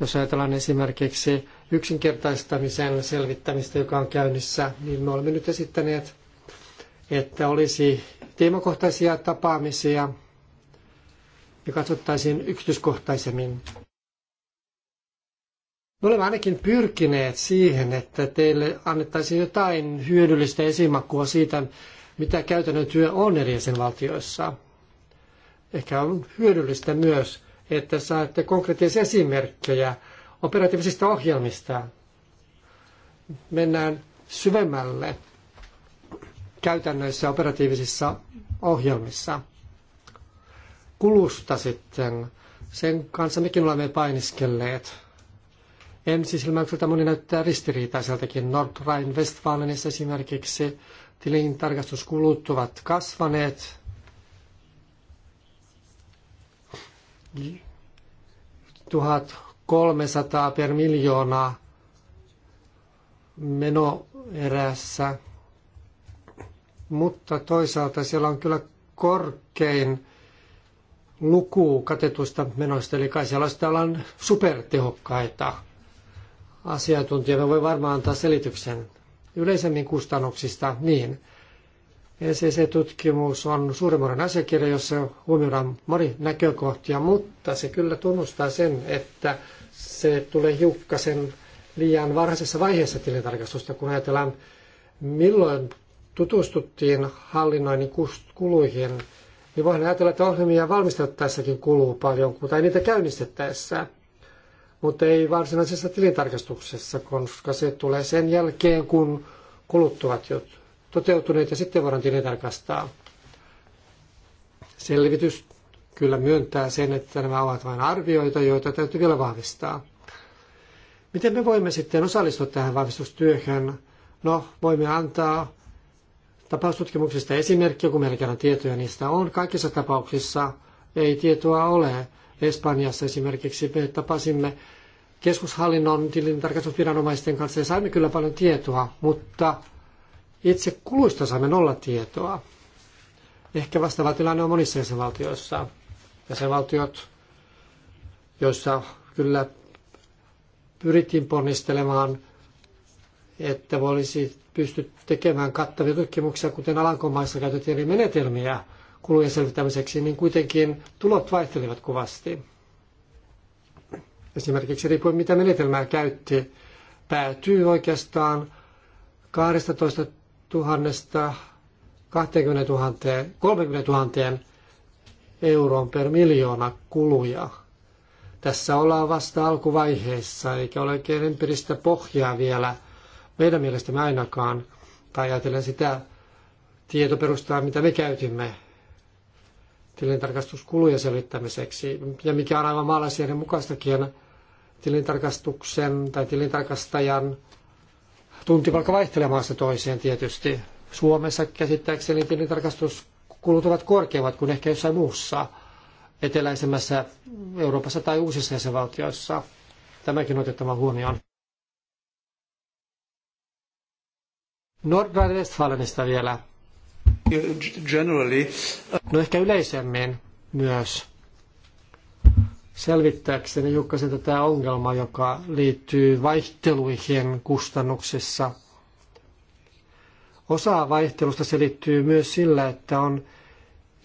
Jos ajatellaan esimerkiksi yksinkertaistamisen selvittämistä, joka on käynnissä, niin me olemme nyt esittäneet, että olisi teemakohtaisia tapaamisia ja katsottaisiin yksityiskohtaisemmin. Me olemme ainakin pyrkineet siihen, että teille annettaisiin jotain hyödyllistä esimakkua siitä, mitä käytännön työ on eri jäsenvaltioissa. Ehkä on hyödyllistä myös, että saatte konkreettisia esimerkkejä operatiivisista ohjelmista. Mennään syvemmälle käytännöissä operatiivisissa ohjelmissa kulusta sitten, sen kanssa mekin olemme painiskelleet. Ensisilmäykseltä moni näyttää ristiriitaiseltakin. rhine westfalenissa esimerkiksi tilintarkastuskulut ovat kasvaneet. Tuhat 300 per miljoonaa menoerässä. Mutta toisaalta siellä on kyllä korkein luku katetuista menoista, eli kai sellaista ollaan supertehokkaita. Asiantuntijamme voi varmaan antaa selityksen yleisemmin kustannuksista niin. ECC-tutkimus on suuremmoinen asiakirja, jossa huomioidaan moni näkökohtia, mutta se kyllä tunnustaa sen, että se tulee hiukkasen liian varhaisessa vaiheessa tilintarkastusta, kun ajatellaan, milloin tutustuttiin hallinnoinnin kuluihin niin voidaan ajatella, että ohjelmia valmistettaessakin kuluu paljon, tai niitä käynnistettäessä, mutta ei varsinaisessa tilintarkastuksessa, koska se tulee sen jälkeen, kun kuluttuvat jo toteutuneet ja sitten voidaan tilintarkastaa. Selvitys kyllä myöntää sen, että nämä ovat vain arvioita, joita täytyy vielä vahvistaa. Miten me voimme sitten osallistua tähän vahvistustyöhön? No, voimme antaa tapaustutkimuksista esimerkki, kun meillä kerran tietoja niistä on. Kaikissa tapauksissa ei tietoa ole. Espanjassa esimerkiksi me tapasimme keskushallinnon tilintarkastusviranomaisten kanssa ja saimme kyllä paljon tietoa, mutta itse kuluista saimme nolla tietoa. Ehkä vastaava tilanne on monissa jäsenvaltioissa. Jäsenvaltiot, joissa kyllä pyrittiin ponnistelemaan että olisi pysty tekemään kattavia tutkimuksia, kuten Alankomaissa käytettiin eri menetelmiä kulujen selvittämiseksi, niin kuitenkin tulot vaihtelivat kovasti. Esimerkiksi riippuen mitä menetelmää käytti, päätyy oikeastaan 12 000 20 000, 30 000 euroon per miljoona kuluja. Tässä ollaan vasta alkuvaiheessa, eikä ole oikein empiiristä pohjaa vielä meidän mielestämme ainakaan, tai ajatellen sitä tietoperustaa, mitä me käytimme tilintarkastuskulujen selvittämiseksi, ja mikä on aivan maalaisjärjen mukaistakin tilintarkastuksen tai tilintarkastajan tuntipalkka vaihtelee maassa toiseen tietysti. Suomessa käsittääkseni tilintarkastuskulut ovat korkeammat kuin ehkä jossain muussa eteläisemmässä Euroopassa tai uusissa jäsenvaltioissa. Tämäkin otettava huomioon. Nordrhein-Westfalenista vielä. Generally. Uh, no ehkä yleisemmin myös selvittääkseni hiukkasen tätä ongelmaa, joka liittyy vaihteluihin kustannuksissa. Osa vaihtelusta selittyy myös sillä, että on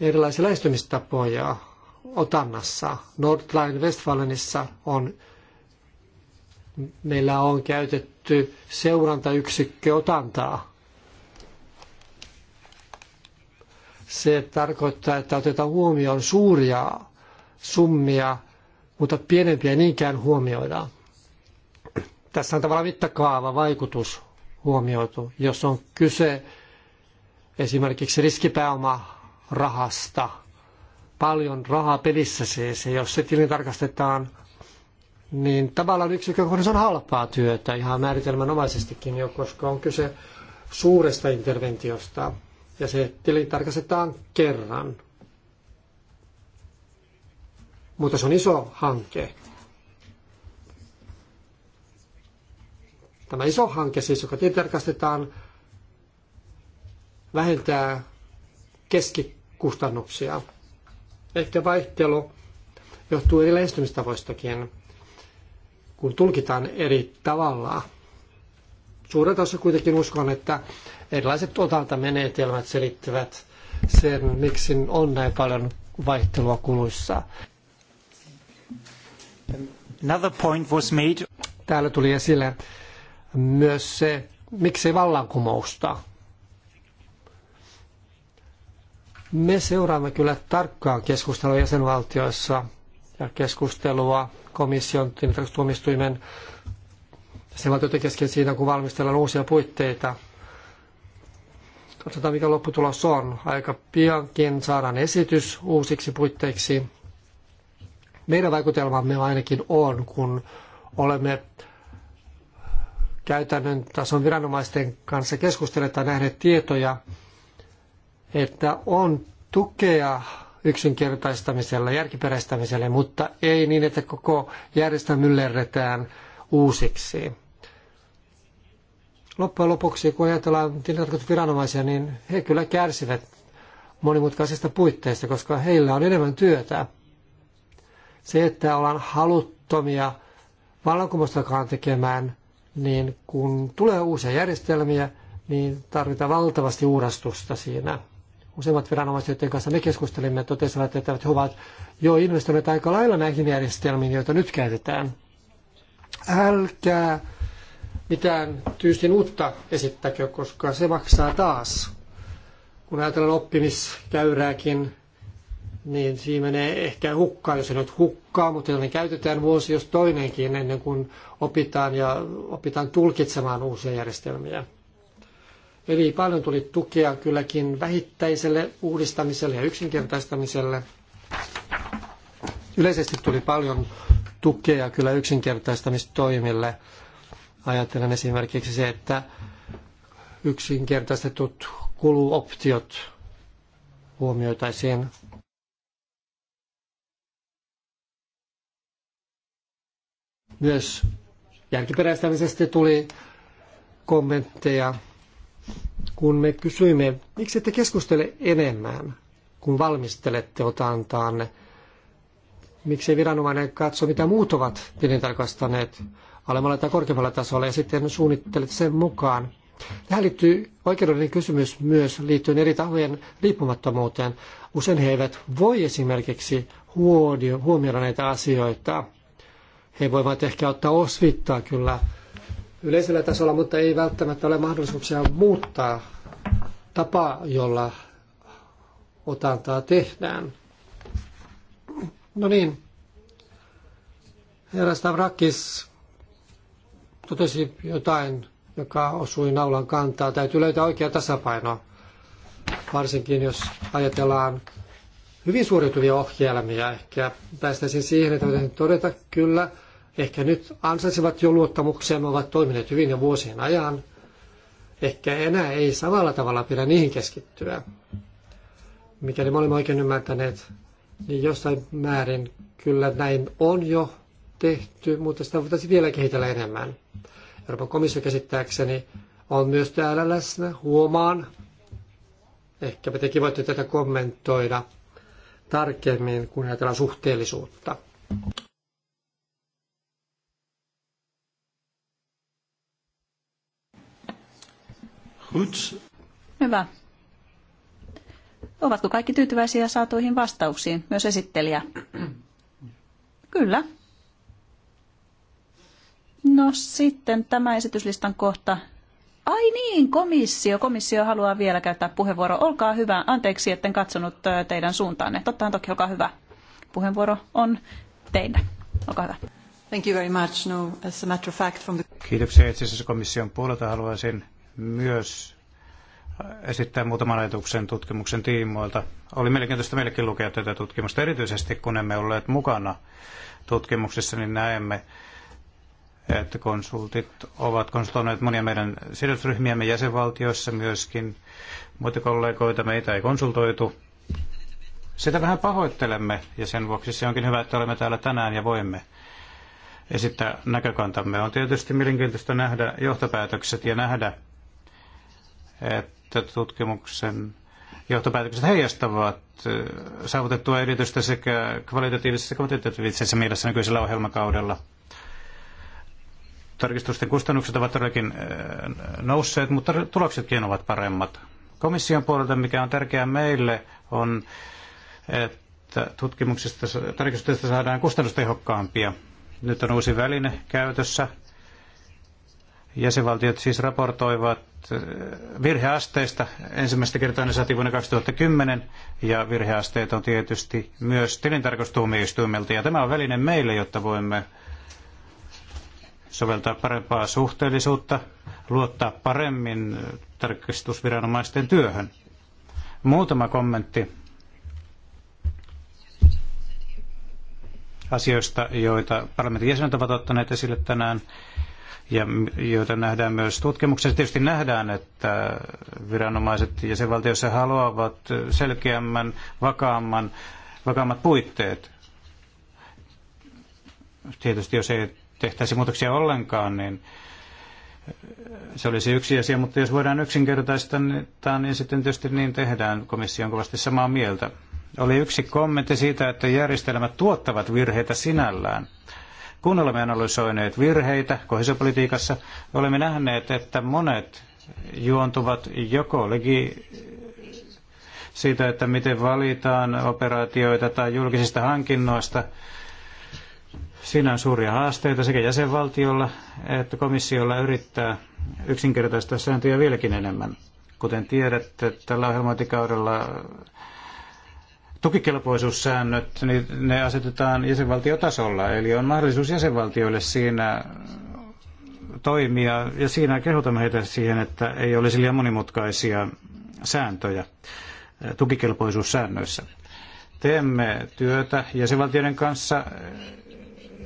erilaisia lähestymistapoja otannassa. nordrhein Westfalenissa on meillä on käytetty seurantayksikkö otantaa. Se tarkoittaa, että otetaan huomioon suuria summia, mutta pienempiä niinkään huomioidaan. Tässä on tavallaan mittakaava vaikutus huomioitu, jos on kyse esimerkiksi riskipääomarahasta. Paljon rahaa pelissä siis, ja jos se tarkastetaan niin tavallaan yksikkökohdus on halpaa työtä ihan määritelmänomaisestikin jo, koska on kyse suuresta interventiosta ja se tili tarkastetaan kerran. Mutta se on iso hanke. Tämä iso hanke siis, joka tarkastetaan, vähentää keskikustannuksia. Ehkä vaihtelu johtuu eri lähestymistavoistakin kun tulkitaan eri tavalla. Suurelta osa kuitenkin uskon, että erilaiset menetelmät selittävät sen, miksi on näin paljon vaihtelua kuluissa. Another point was made. Täällä tuli esille myös se, miksei vallankumousta. Me seuraamme kyllä tarkkaan keskustelua jäsenvaltioissa ja keskustelua komission tuomistuimen jäsenvaltioiden kesken siinä, kun valmistellaan uusia puitteita. Katsotaan, mikä lopputulos on. Aika piankin saadaan esitys uusiksi puitteiksi. Meidän vaikutelmamme ainakin on, kun olemme käytännön tason viranomaisten kanssa keskustelleet tai nähneet tietoja, että on tukea yksinkertaistamisella, järkiperäistämisellä, mutta ei niin, että koko järjestelmä myllerretään uusiksi. Loppujen lopuksi, kun ajatellaan tilintarkastusviranomaisia, niin he kyllä kärsivät monimutkaisista puitteista, koska heillä on enemmän työtä. Se, että ollaan haluttomia vallankumoustakaan tekemään, niin kun tulee uusia järjestelmiä, niin tarvitaan valtavasti uurastusta siinä – useimmat viranomaiset, joiden kanssa me keskustelimme, totesivat, että he ovat jo investoineet aika lailla näihin järjestelmiin, joita nyt käytetään. Älkää mitään tyystin uutta esittäkö, koska se maksaa taas. Kun ajatellaan oppimiskäyrääkin, niin siinä menee ehkä hukkaan, jos ei nyt hukkaa, mutta ne käytetään vuosi jos toinenkin ennen kuin opitaan ja opitaan tulkitsemaan uusia järjestelmiä. Eli paljon tuli tukea kylläkin vähittäiselle uudistamiselle ja yksinkertaistamiselle. Yleisesti tuli paljon tukea kyllä yksinkertaistamistoimille. Ajattelen esimerkiksi se, että yksinkertaistetut kuluoptiot huomioitaisiin myös jälkiperäistämisestä tuli kommentteja kun me kysyimme, miksi ette keskustele enemmän, kun valmistelette otantaanne, miksi viranomainen katso, mitä muut ovat tilintarkastaneet alemmalla tai korkeammalla tasolla ja sitten suunnittelet sen mukaan. Tähän liittyy oikeudellinen kysymys myös liittyen eri tahojen riippumattomuuteen. Usein he eivät voi esimerkiksi huomioida näitä asioita. He voivat ehkä ottaa osvittaa kyllä yleisellä tasolla, mutta ei välttämättä ole mahdollisuuksia muuttaa tapaa, jolla otantaa tehdään. No niin, herra Stavrakis totesi jotain, joka osui naulan kantaa. Täytyy löytää oikea tasapaino, varsinkin jos ajatellaan hyvin suorituvia ohjelmia ehkä. päästäisin siihen, että voitaisiin todeta kyllä, ehkä nyt ansaitsevat jo luottamuksen, ovat toimineet hyvin jo vuosien ajan. Ehkä enää ei samalla tavalla pidä niihin keskittyä. Mikäli me olemme oikein ymmärtäneet, niin jossain määrin kyllä näin on jo tehty, mutta sitä voitaisiin vielä kehitellä enemmän. Euroopan komissio käsittääkseni on myös täällä läsnä, huomaan. Ehkäpä tekin voitte tätä kommentoida tarkemmin, kun ajatellaan suhteellisuutta. Gut. Hyvä. Ovatko kaikki tyytyväisiä saatuihin vastauksiin, myös esittelijä? Kyllä. No sitten tämä esityslistan kohta. Ai niin, komissio. Komissio haluaa vielä käyttää puheenvuoro. Olkaa hyvä. Anteeksi, etten katsonut teidän suuntaanne. Totta on toki, olkaa hyvä. Puheenvuoro on teidän. Olkaa hyvä. Thank you very much. No, as a matter of fact from the... Kiitoksia. Itse asiassa komission puolelta haluaisin myös esittää muutaman ajatuksen tutkimuksen tiimoilta. Oli mielenkiintoista meillekin lukea tätä tutkimusta, erityisesti kun emme olleet mukana tutkimuksessa, niin näemme, että konsultit ovat konsultoineet monia meidän sidosryhmiämme jäsenvaltioissa myöskin. Muita kollegoita meitä ei konsultoitu. Sitä vähän pahoittelemme ja sen vuoksi se onkin hyvä, että olemme täällä tänään ja voimme esittää näkökantamme. On tietysti mielenkiintoista nähdä johtopäätökset ja nähdä, että tutkimuksen johtopäätökset heijastavat saavutettua erityistä sekä kvalitatiivisessa että kvantitatiivisessa mielessä nykyisellä ohjelmakaudella. Tarkistusten kustannukset ovat todellakin nousseet, mutta tuloksetkin ovat paremmat. Komission puolelta, mikä on tärkeää meille, on, että tutkimuksista, tarkistuksista saadaan kustannustehokkaampia. Nyt on uusi väline käytössä, Jäsenvaltiot siis raportoivat virheasteista. Ensimmäistä kertaa ne saatiin vuonna 2010 ja virheasteet on tietysti myös tilintarkastustuomioistuimelta. Ja tämä on väline meille, jotta voimme soveltaa parempaa suhteellisuutta, luottaa paremmin tarkastusviranomaisten työhön. Muutama kommentti asioista, joita parlamentin jäsenet ovat ottaneet esille tänään ja joita nähdään myös tutkimuksessa. Tietysti nähdään, että viranomaiset jäsenvaltioissa haluavat selkeämmän, vakaamman, vakaammat puitteet. Tietysti jos ei tehtäisi muutoksia ollenkaan, niin se olisi yksi asia, mutta jos voidaan yksinkertaistaa, niin sitten tietysti niin tehdään. Komissio on kovasti samaa mieltä. Oli yksi kommentti siitä, että järjestelmät tuottavat virheitä sinällään – kun olemme analysoineet virheitä kohesiopolitiikassa, olemme nähneet, että monet juontuvat joko legi- siitä, että miten valitaan operaatioita tai julkisista hankinnoista. Siinä on suuria haasteita sekä jäsenvaltiolla että komissiolla yrittää yksinkertaistaa sääntöjä vieläkin enemmän. Kuten tiedätte, tällä ohjelmointikaudella tukikelpoisuussäännöt, niin ne asetetaan jäsenvaltiotasolla, eli on mahdollisuus jäsenvaltioille siinä toimia, ja siinä kehotamme heitä siihen, että ei olisi liian monimutkaisia sääntöjä eh, tukikelpoisuussäännöissä. Teemme työtä jäsenvaltioiden kanssa eh,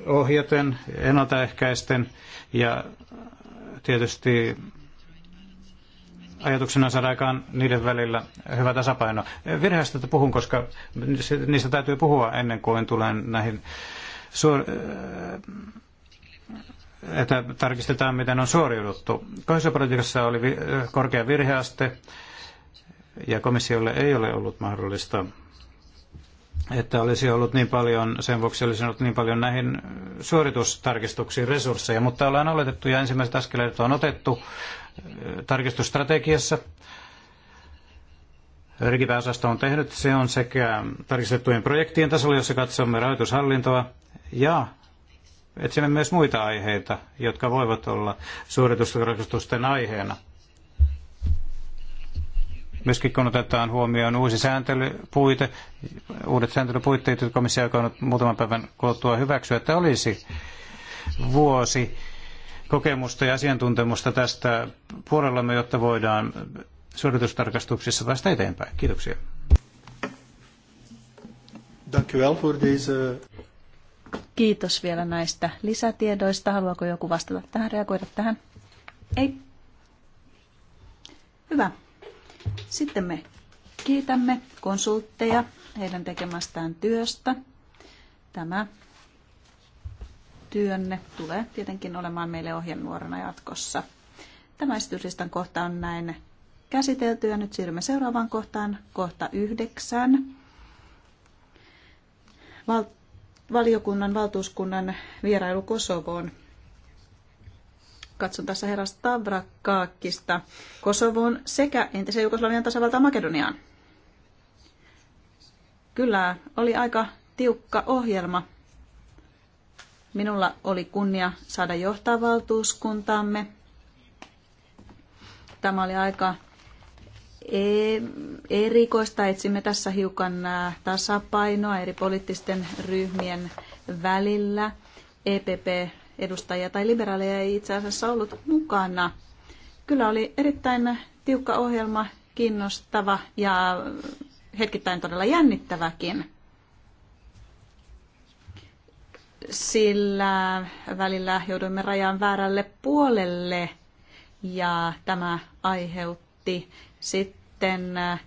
ohjaten, ennaltaehkäisten ja tietysti ajatuksena saada aikaan niiden välillä hyvä tasapaino. Virheistä puhun, koska niistä täytyy puhua ennen kuin tulen näihin suor- äh, että tarkistetaan, miten on suoriuduttu. Kohdassa oli vi- äh, korkea virheaste ja komissiolle ei ole ollut mahdollista että olisi ollut niin paljon, sen vuoksi olisi ollut niin paljon näihin suoritustarkistuksiin resursseja, mutta ollaan oletettu ja ensimmäiset askeleet on otettu tarkistusstrategiassa. Rigipääosasto on tehnyt. Se on sekä tarkistettujen projektien tasolla, jossa katsomme rahoitushallintoa, ja etsimme myös muita aiheita, jotka voivat olla suoritustarkastusten aiheena. Myöskin kun otetaan huomioon uusi sääntelypuite, uudet sääntelypuitteet, jotka komissio on muutaman päivän kuluttua hyväksyä, että olisi vuosi kokemusta ja asiantuntemusta tästä puolellamme, jotta voidaan suoritustarkastuksissa päästä eteenpäin. Kiitoksia. Kiitos vielä näistä lisätiedoista. Haluaako joku vastata tähän, reagoida tähän? Ei. Hyvä. Sitten me kiitämme konsultteja heidän tekemästään työstä. Tämä työnne tulee tietenkin olemaan meille ohjenuorana jatkossa. Tämä esityslistan kohta on näin käsitelty ja nyt siirrymme seuraavaan kohtaan, kohta yhdeksän. Val- valiokunnan valtuuskunnan vierailu Kosovoon. Katson tässä herra Stavrakaakkista Kosovoon sekä entisen Jugoslavian tasavalta Makedoniaan. Kyllä, oli aika tiukka ohjelma Minulla oli kunnia saada johtaa valtuuskuntaamme. Tämä oli aika erikoista. Etsimme tässä hiukan tasapainoa eri poliittisten ryhmien välillä. EPP-edustajia tai liberaaleja ei itse asiassa ollut mukana. Kyllä oli erittäin tiukka ohjelma, kiinnostava ja hetkittäin todella jännittäväkin. sillä välillä jouduimme rajan väärälle puolelle ja tämä aiheutti sitten äh,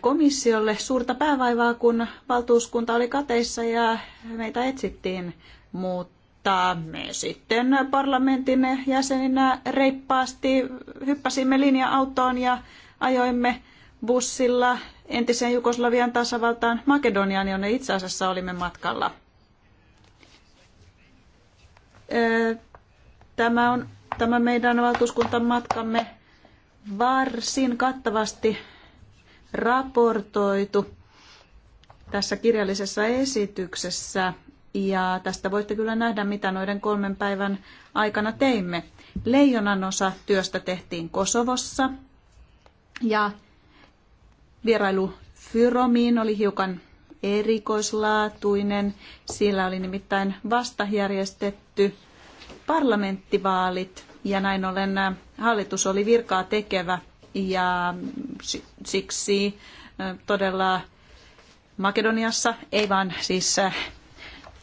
komissiolle suurta päävaivaa, kun valtuuskunta oli kateissa ja meitä etsittiin, mutta me sitten parlamentin jäseninä reippaasti hyppäsimme linja-autoon ja ajoimme bussilla entiseen Jugoslavian tasavaltaan Makedoniaan, jonne itse asiassa olimme matkalla – Tämä on tämä meidän matkamme varsin kattavasti raportoitu tässä kirjallisessa esityksessä. Ja tästä voitte kyllä nähdä, mitä noiden kolmen päivän aikana teimme. Leijonan osa työstä tehtiin Kosovossa ja vierailu Fyromiin oli hiukan erikoislaatuinen. Siellä oli nimittäin vasta järjestetty parlamenttivaalit ja näin ollen äh, hallitus oli virkaa tekevä ja siksi äh, todella Makedoniassa, ei vaan siis äh,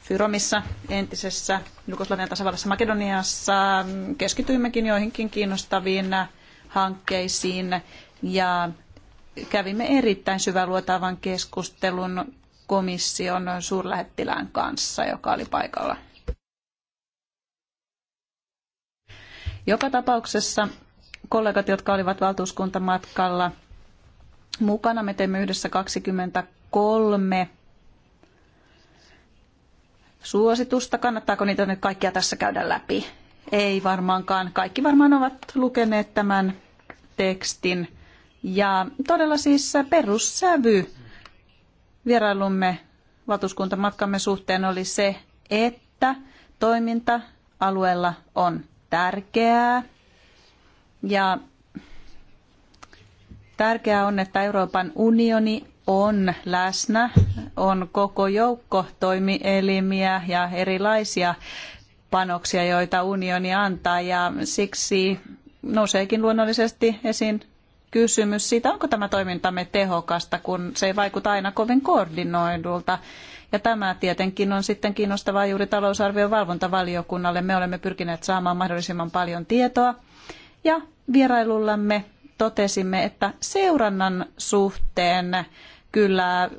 Fyromissa, entisessä Jugoslavian tasavallassa Makedoniassa, mm, keskityimmekin joihinkin kiinnostaviin hankkeisiin ja kävimme erittäin syväluotaavan keskustelun komission suurlähettilään kanssa, joka oli paikalla. Joka tapauksessa kollegat, jotka olivat valtuuskuntamatkalla mukana, me teimme yhdessä 23 suositusta. Kannattaako niitä nyt kaikkia tässä käydä läpi? Ei varmaankaan. Kaikki varmaan ovat lukeneet tämän tekstin. Ja todella siis perussävy vierailumme valtuuskuntamatkamme suhteen oli se, että toiminta alueella on tärkeää. Ja tärkeää on, että Euroopan unioni on läsnä, on koko joukko toimielimiä ja erilaisia panoksia, joita unioni antaa ja siksi nouseekin luonnollisesti esiin kysymys siitä, onko tämä toimintamme tehokasta, kun se ei vaikuta aina kovin koordinoidulta. Ja tämä tietenkin on sitten kiinnostavaa juuri talousarvion valvontavaliokunnalle. Me olemme pyrkineet saamaan mahdollisimman paljon tietoa ja vierailullamme totesimme, että seurannan suhteen kyllä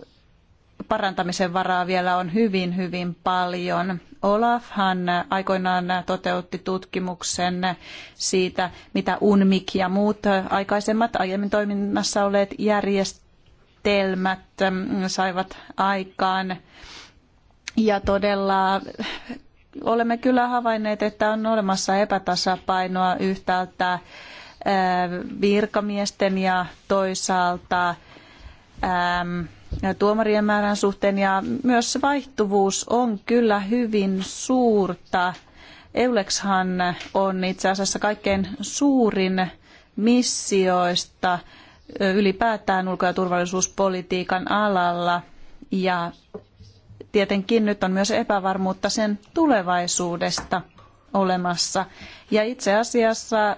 parantamisen varaa vielä on hyvin, hyvin paljon. Olafhan aikoinaan toteutti tutkimuksen siitä, mitä UNMIK ja muut aikaisemmat aiemmin toiminnassa olleet järjestelmät mm, saivat aikaan. Ja todella olemme kyllä havainneet, että on olemassa epätasapainoa yhtäältä äh, virkamiesten ja toisaalta ähm, tuomarien määrän suhteen ja myös vaihtuvuus on kyllä hyvin suurta. Eulexhan on itse asiassa kaikkein suurin missioista ylipäätään ulko- ja turvallisuuspolitiikan alalla ja tietenkin nyt on myös epävarmuutta sen tulevaisuudesta olemassa. Ja itse asiassa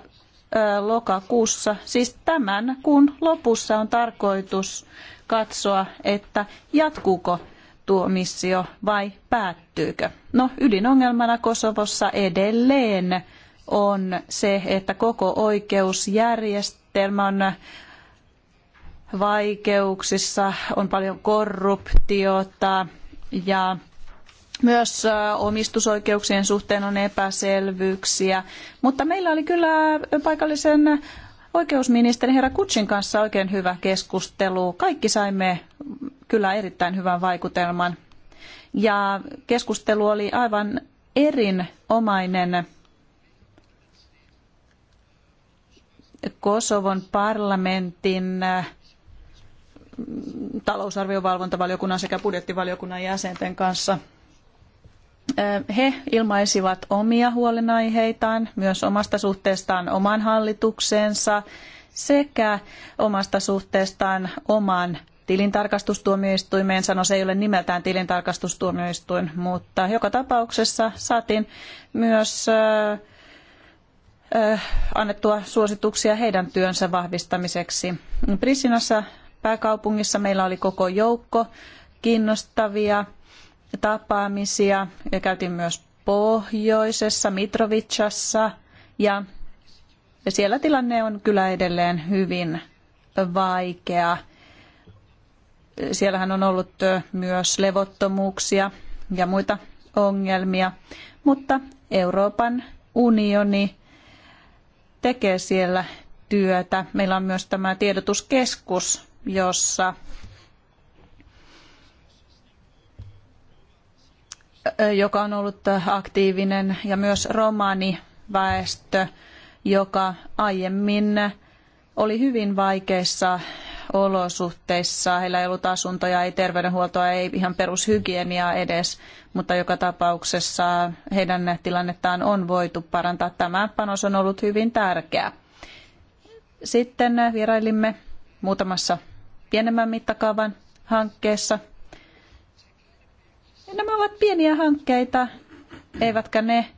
lokakuussa, siis tämän kuun lopussa on tarkoitus katsoa, että jatkuuko tuo missio vai päättyykö. No ydinongelmana Kosovossa edelleen on se, että koko oikeusjärjestelmä on vaikeuksissa, on paljon korruptiota ja myös omistusoikeuksien suhteen on epäselvyyksiä, mutta meillä oli kyllä paikallisen oikeusministeri herra Kutsin kanssa oikein hyvä keskustelu. Kaikki saimme kyllä erittäin hyvän vaikutelman. Ja keskustelu oli aivan erinomainen Kosovon parlamentin äh, talousarviovalvontavaliokunnan sekä budjettivaliokunnan jäsenten kanssa he ilmaisivat omia huolenaiheitaan myös omasta suhteestaan omaan hallitukseensa sekä omasta suhteestaan omaan tilintarkastustuomioistuimeen. Sano, se ei ole nimeltään tilintarkastustuomioistuin, mutta joka tapauksessa saatiin myös annettua suosituksia heidän työnsä vahvistamiseksi. Prisinassa pääkaupungissa meillä oli koko joukko kiinnostavia tapaamisia. Käytiin myös pohjoisessa, Mitrovicassa ja siellä tilanne on kyllä edelleen hyvin vaikea. Siellähän on ollut myös levottomuuksia ja muita ongelmia, mutta Euroopan unioni tekee siellä työtä. Meillä on myös tämä tiedotuskeskus, jossa joka on ollut aktiivinen, ja myös romaniväestö, joka aiemmin oli hyvin vaikeissa olosuhteissa. Heillä ei ollut asuntoja, ei terveydenhuoltoa, ei ihan perushygieniaa edes, mutta joka tapauksessa heidän tilannettaan on voitu parantaa. Tämä panos on ollut hyvin tärkeä. Sitten vierailimme muutamassa pienemmän mittakaavan hankkeessa ja nämä ovat pieniä hankkeita, eivätkä ne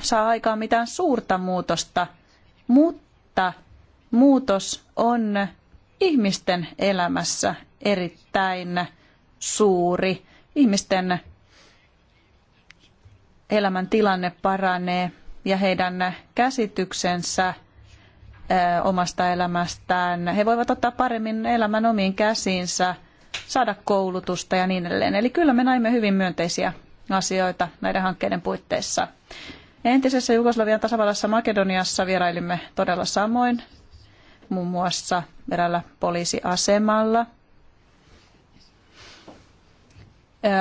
saa aikaan mitään suurta muutosta, mutta muutos on ihmisten elämässä erittäin suuri. Ihmisten elämän tilanne paranee ja heidän käsityksensä omasta elämästään. He voivat ottaa paremmin elämän omiin käsiinsä saada koulutusta ja niin edelleen. Eli kyllä me näimme hyvin myönteisiä asioita näiden hankkeiden puitteissa. Entisessä Jugoslavian tasavallassa Makedoniassa vierailimme todella samoin, muun muassa eräällä poliisiasemalla.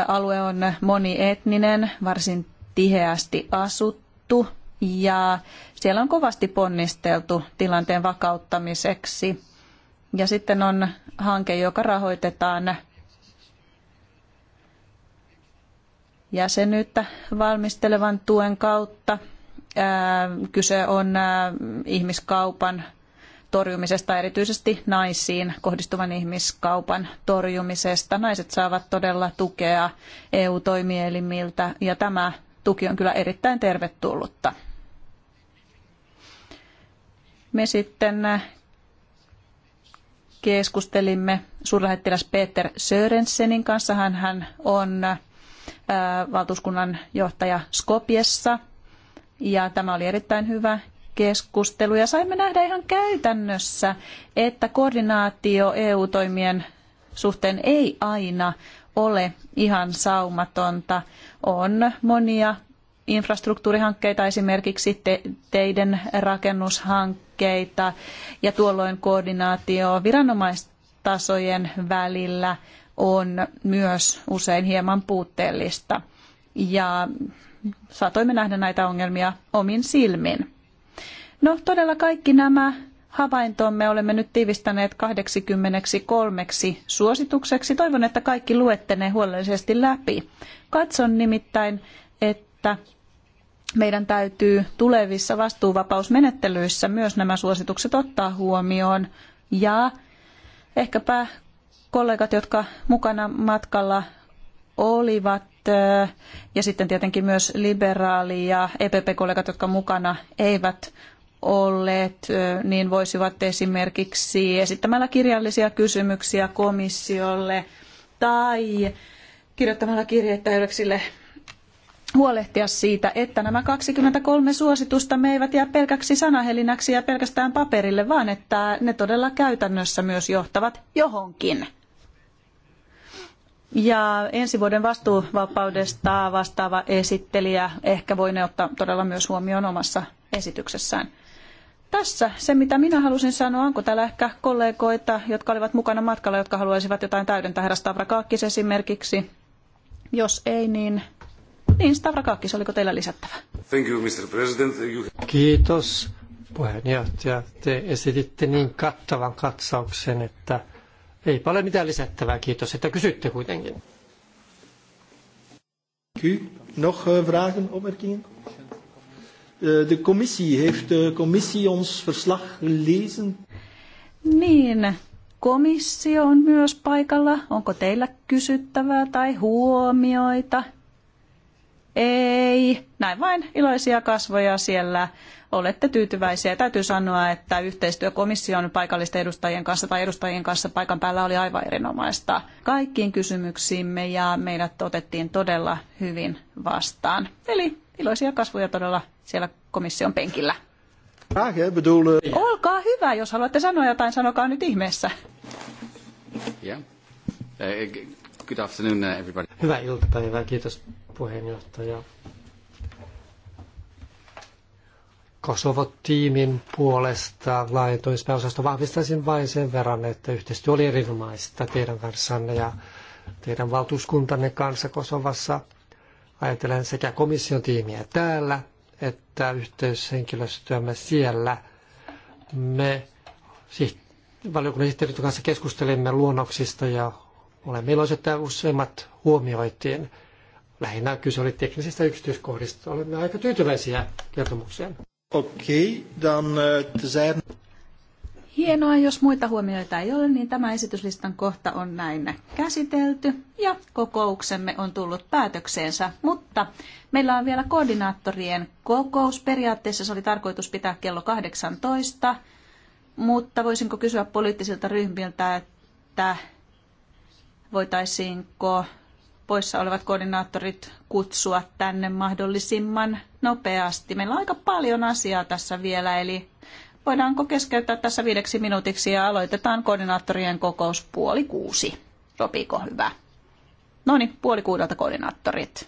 Alue on monietninen, varsin tiheästi asuttu ja siellä on kovasti ponnisteltu tilanteen vakauttamiseksi. Ja sitten on hanke, joka rahoitetaan jäsenyyttä valmistelevan tuen kautta. Kyse on ihmiskaupan torjumisesta, erityisesti naisiin kohdistuvan ihmiskaupan torjumisesta. Naiset saavat todella tukea EU-toimielimiltä ja tämä tuki on kyllä erittäin tervetullutta. Me sitten keskustelimme suurlähettiläs Peter Sörensenin kanssa. Hän, hän on äh, valtuuskunnan johtaja Skopjessa. Ja tämä oli erittäin hyvä keskustelu ja saimme nähdä ihan käytännössä, että koordinaatio EU-toimien suhteen ei aina ole ihan saumatonta. On monia infrastruktuurihankkeita, esimerkiksi teiden rakennushankkeita ja tuolloin koordinaatio viranomaistasojen välillä on myös usein hieman puutteellista. Ja saatoimme nähdä näitä ongelmia omin silmin. No todella kaikki nämä havaintomme olemme nyt tiivistäneet 83 suositukseksi. Toivon, että kaikki luette ne huolellisesti läpi. Katson nimittäin, että meidän täytyy tulevissa vastuuvapausmenettelyissä myös nämä suositukset ottaa huomioon. Ja ehkäpä kollegat, jotka mukana matkalla olivat, eh, ja sitten tietenkin myös liberaali- ja EPP-kollegat, jotka mukana eivät olleet, eh, niin voisivat esimerkiksi esittämällä kirjallisia kysymyksiä komissiolle tai kirjoittamalla kirjeitä yleksille huolehtia siitä, että nämä 23 suositusta me eivät jää pelkäksi sanahelinäksi ja pelkästään paperille, vaan että ne todella käytännössä myös johtavat johonkin. Ja ensi vuoden vastuuvapaudesta vastaava esittelijä ehkä voi ne ottaa todella myös huomioon omassa esityksessään. Tässä se, mitä minä halusin sanoa, onko täällä ehkä kollegoita, jotka olivat mukana matkalla, jotka haluaisivat jotain täydentää herra Stavrakakis esimerkiksi. Jos ei, niin niin, Stavrakakis, oliko teillä lisättävä? Thank you, Mr. President. You... Kiitos, puheenjohtaja. Te esititte niin kattavan katsauksen, että ei ole mitään lisättävää. Kiitos, että kysytte kuitenkin. Ky, nog eh, vragen, opmerkingen? Eh, de commissie, heeft de eh, commissie ons verslag gelezen? Niin, komissio on myös paikalla. Onko teillä kysyttävää tai huomioita? ei. Näin vain iloisia kasvoja siellä. Olette tyytyväisiä. Täytyy sanoa, että yhteistyö komission paikallisten edustajien kanssa tai edustajien kanssa paikan päällä oli aivan erinomaista kaikkiin kysymyksiimme ja meidät otettiin todella hyvin vastaan. Eli iloisia kasvoja todella siellä komission penkillä. Eh, Olkaa hyvä, jos haluatte sanoa jotain, sanokaa nyt ihmeessä. Yeah. Eh, good afternoon, eh, everybody. Hyvää iltapäivää, kiitos puheenjohtaja. Kosovo-tiimin puolesta laajentumispääosasto vahvistaisin vain sen verran, että yhteistyö oli erinomaista teidän kanssanne ja teidän valtuuskuntanne kanssa Kosovassa. Ajatellen sekä komission tiimiä täällä että yhteyshenkilöstöämme siellä. Me valiokunnan sihteerin kanssa keskustelimme luonnoksista ja olemme iloiset, että useimmat huomioitiin lähinnä kyse oli teknisistä yksityiskohdista. Olemme aika tyytyväisiä kertomukseen. Okei, okay, eh, then zijn... Hienoa, jos muita huomioita ei ole, niin tämä esityslistan kohta on näin käsitelty ja kokouksemme on tullut päätökseensä, mutta meillä on vielä koordinaattorien kokous. Periaatteessa se oli tarkoitus pitää kello 18, mutta voisinko kysyä poliittisilta ryhmiltä, että voitaisiinko poissa olevat koordinaattorit kutsua tänne mahdollisimman nopeasti. Meillä on aika paljon asiaa tässä vielä, eli voidaanko keskeyttää tässä viideksi minuutiksi ja aloitetaan koordinaattorien kokous puoli kuusi. Sopiiko hyvä? No niin, puoli kuudelta koordinaattorit.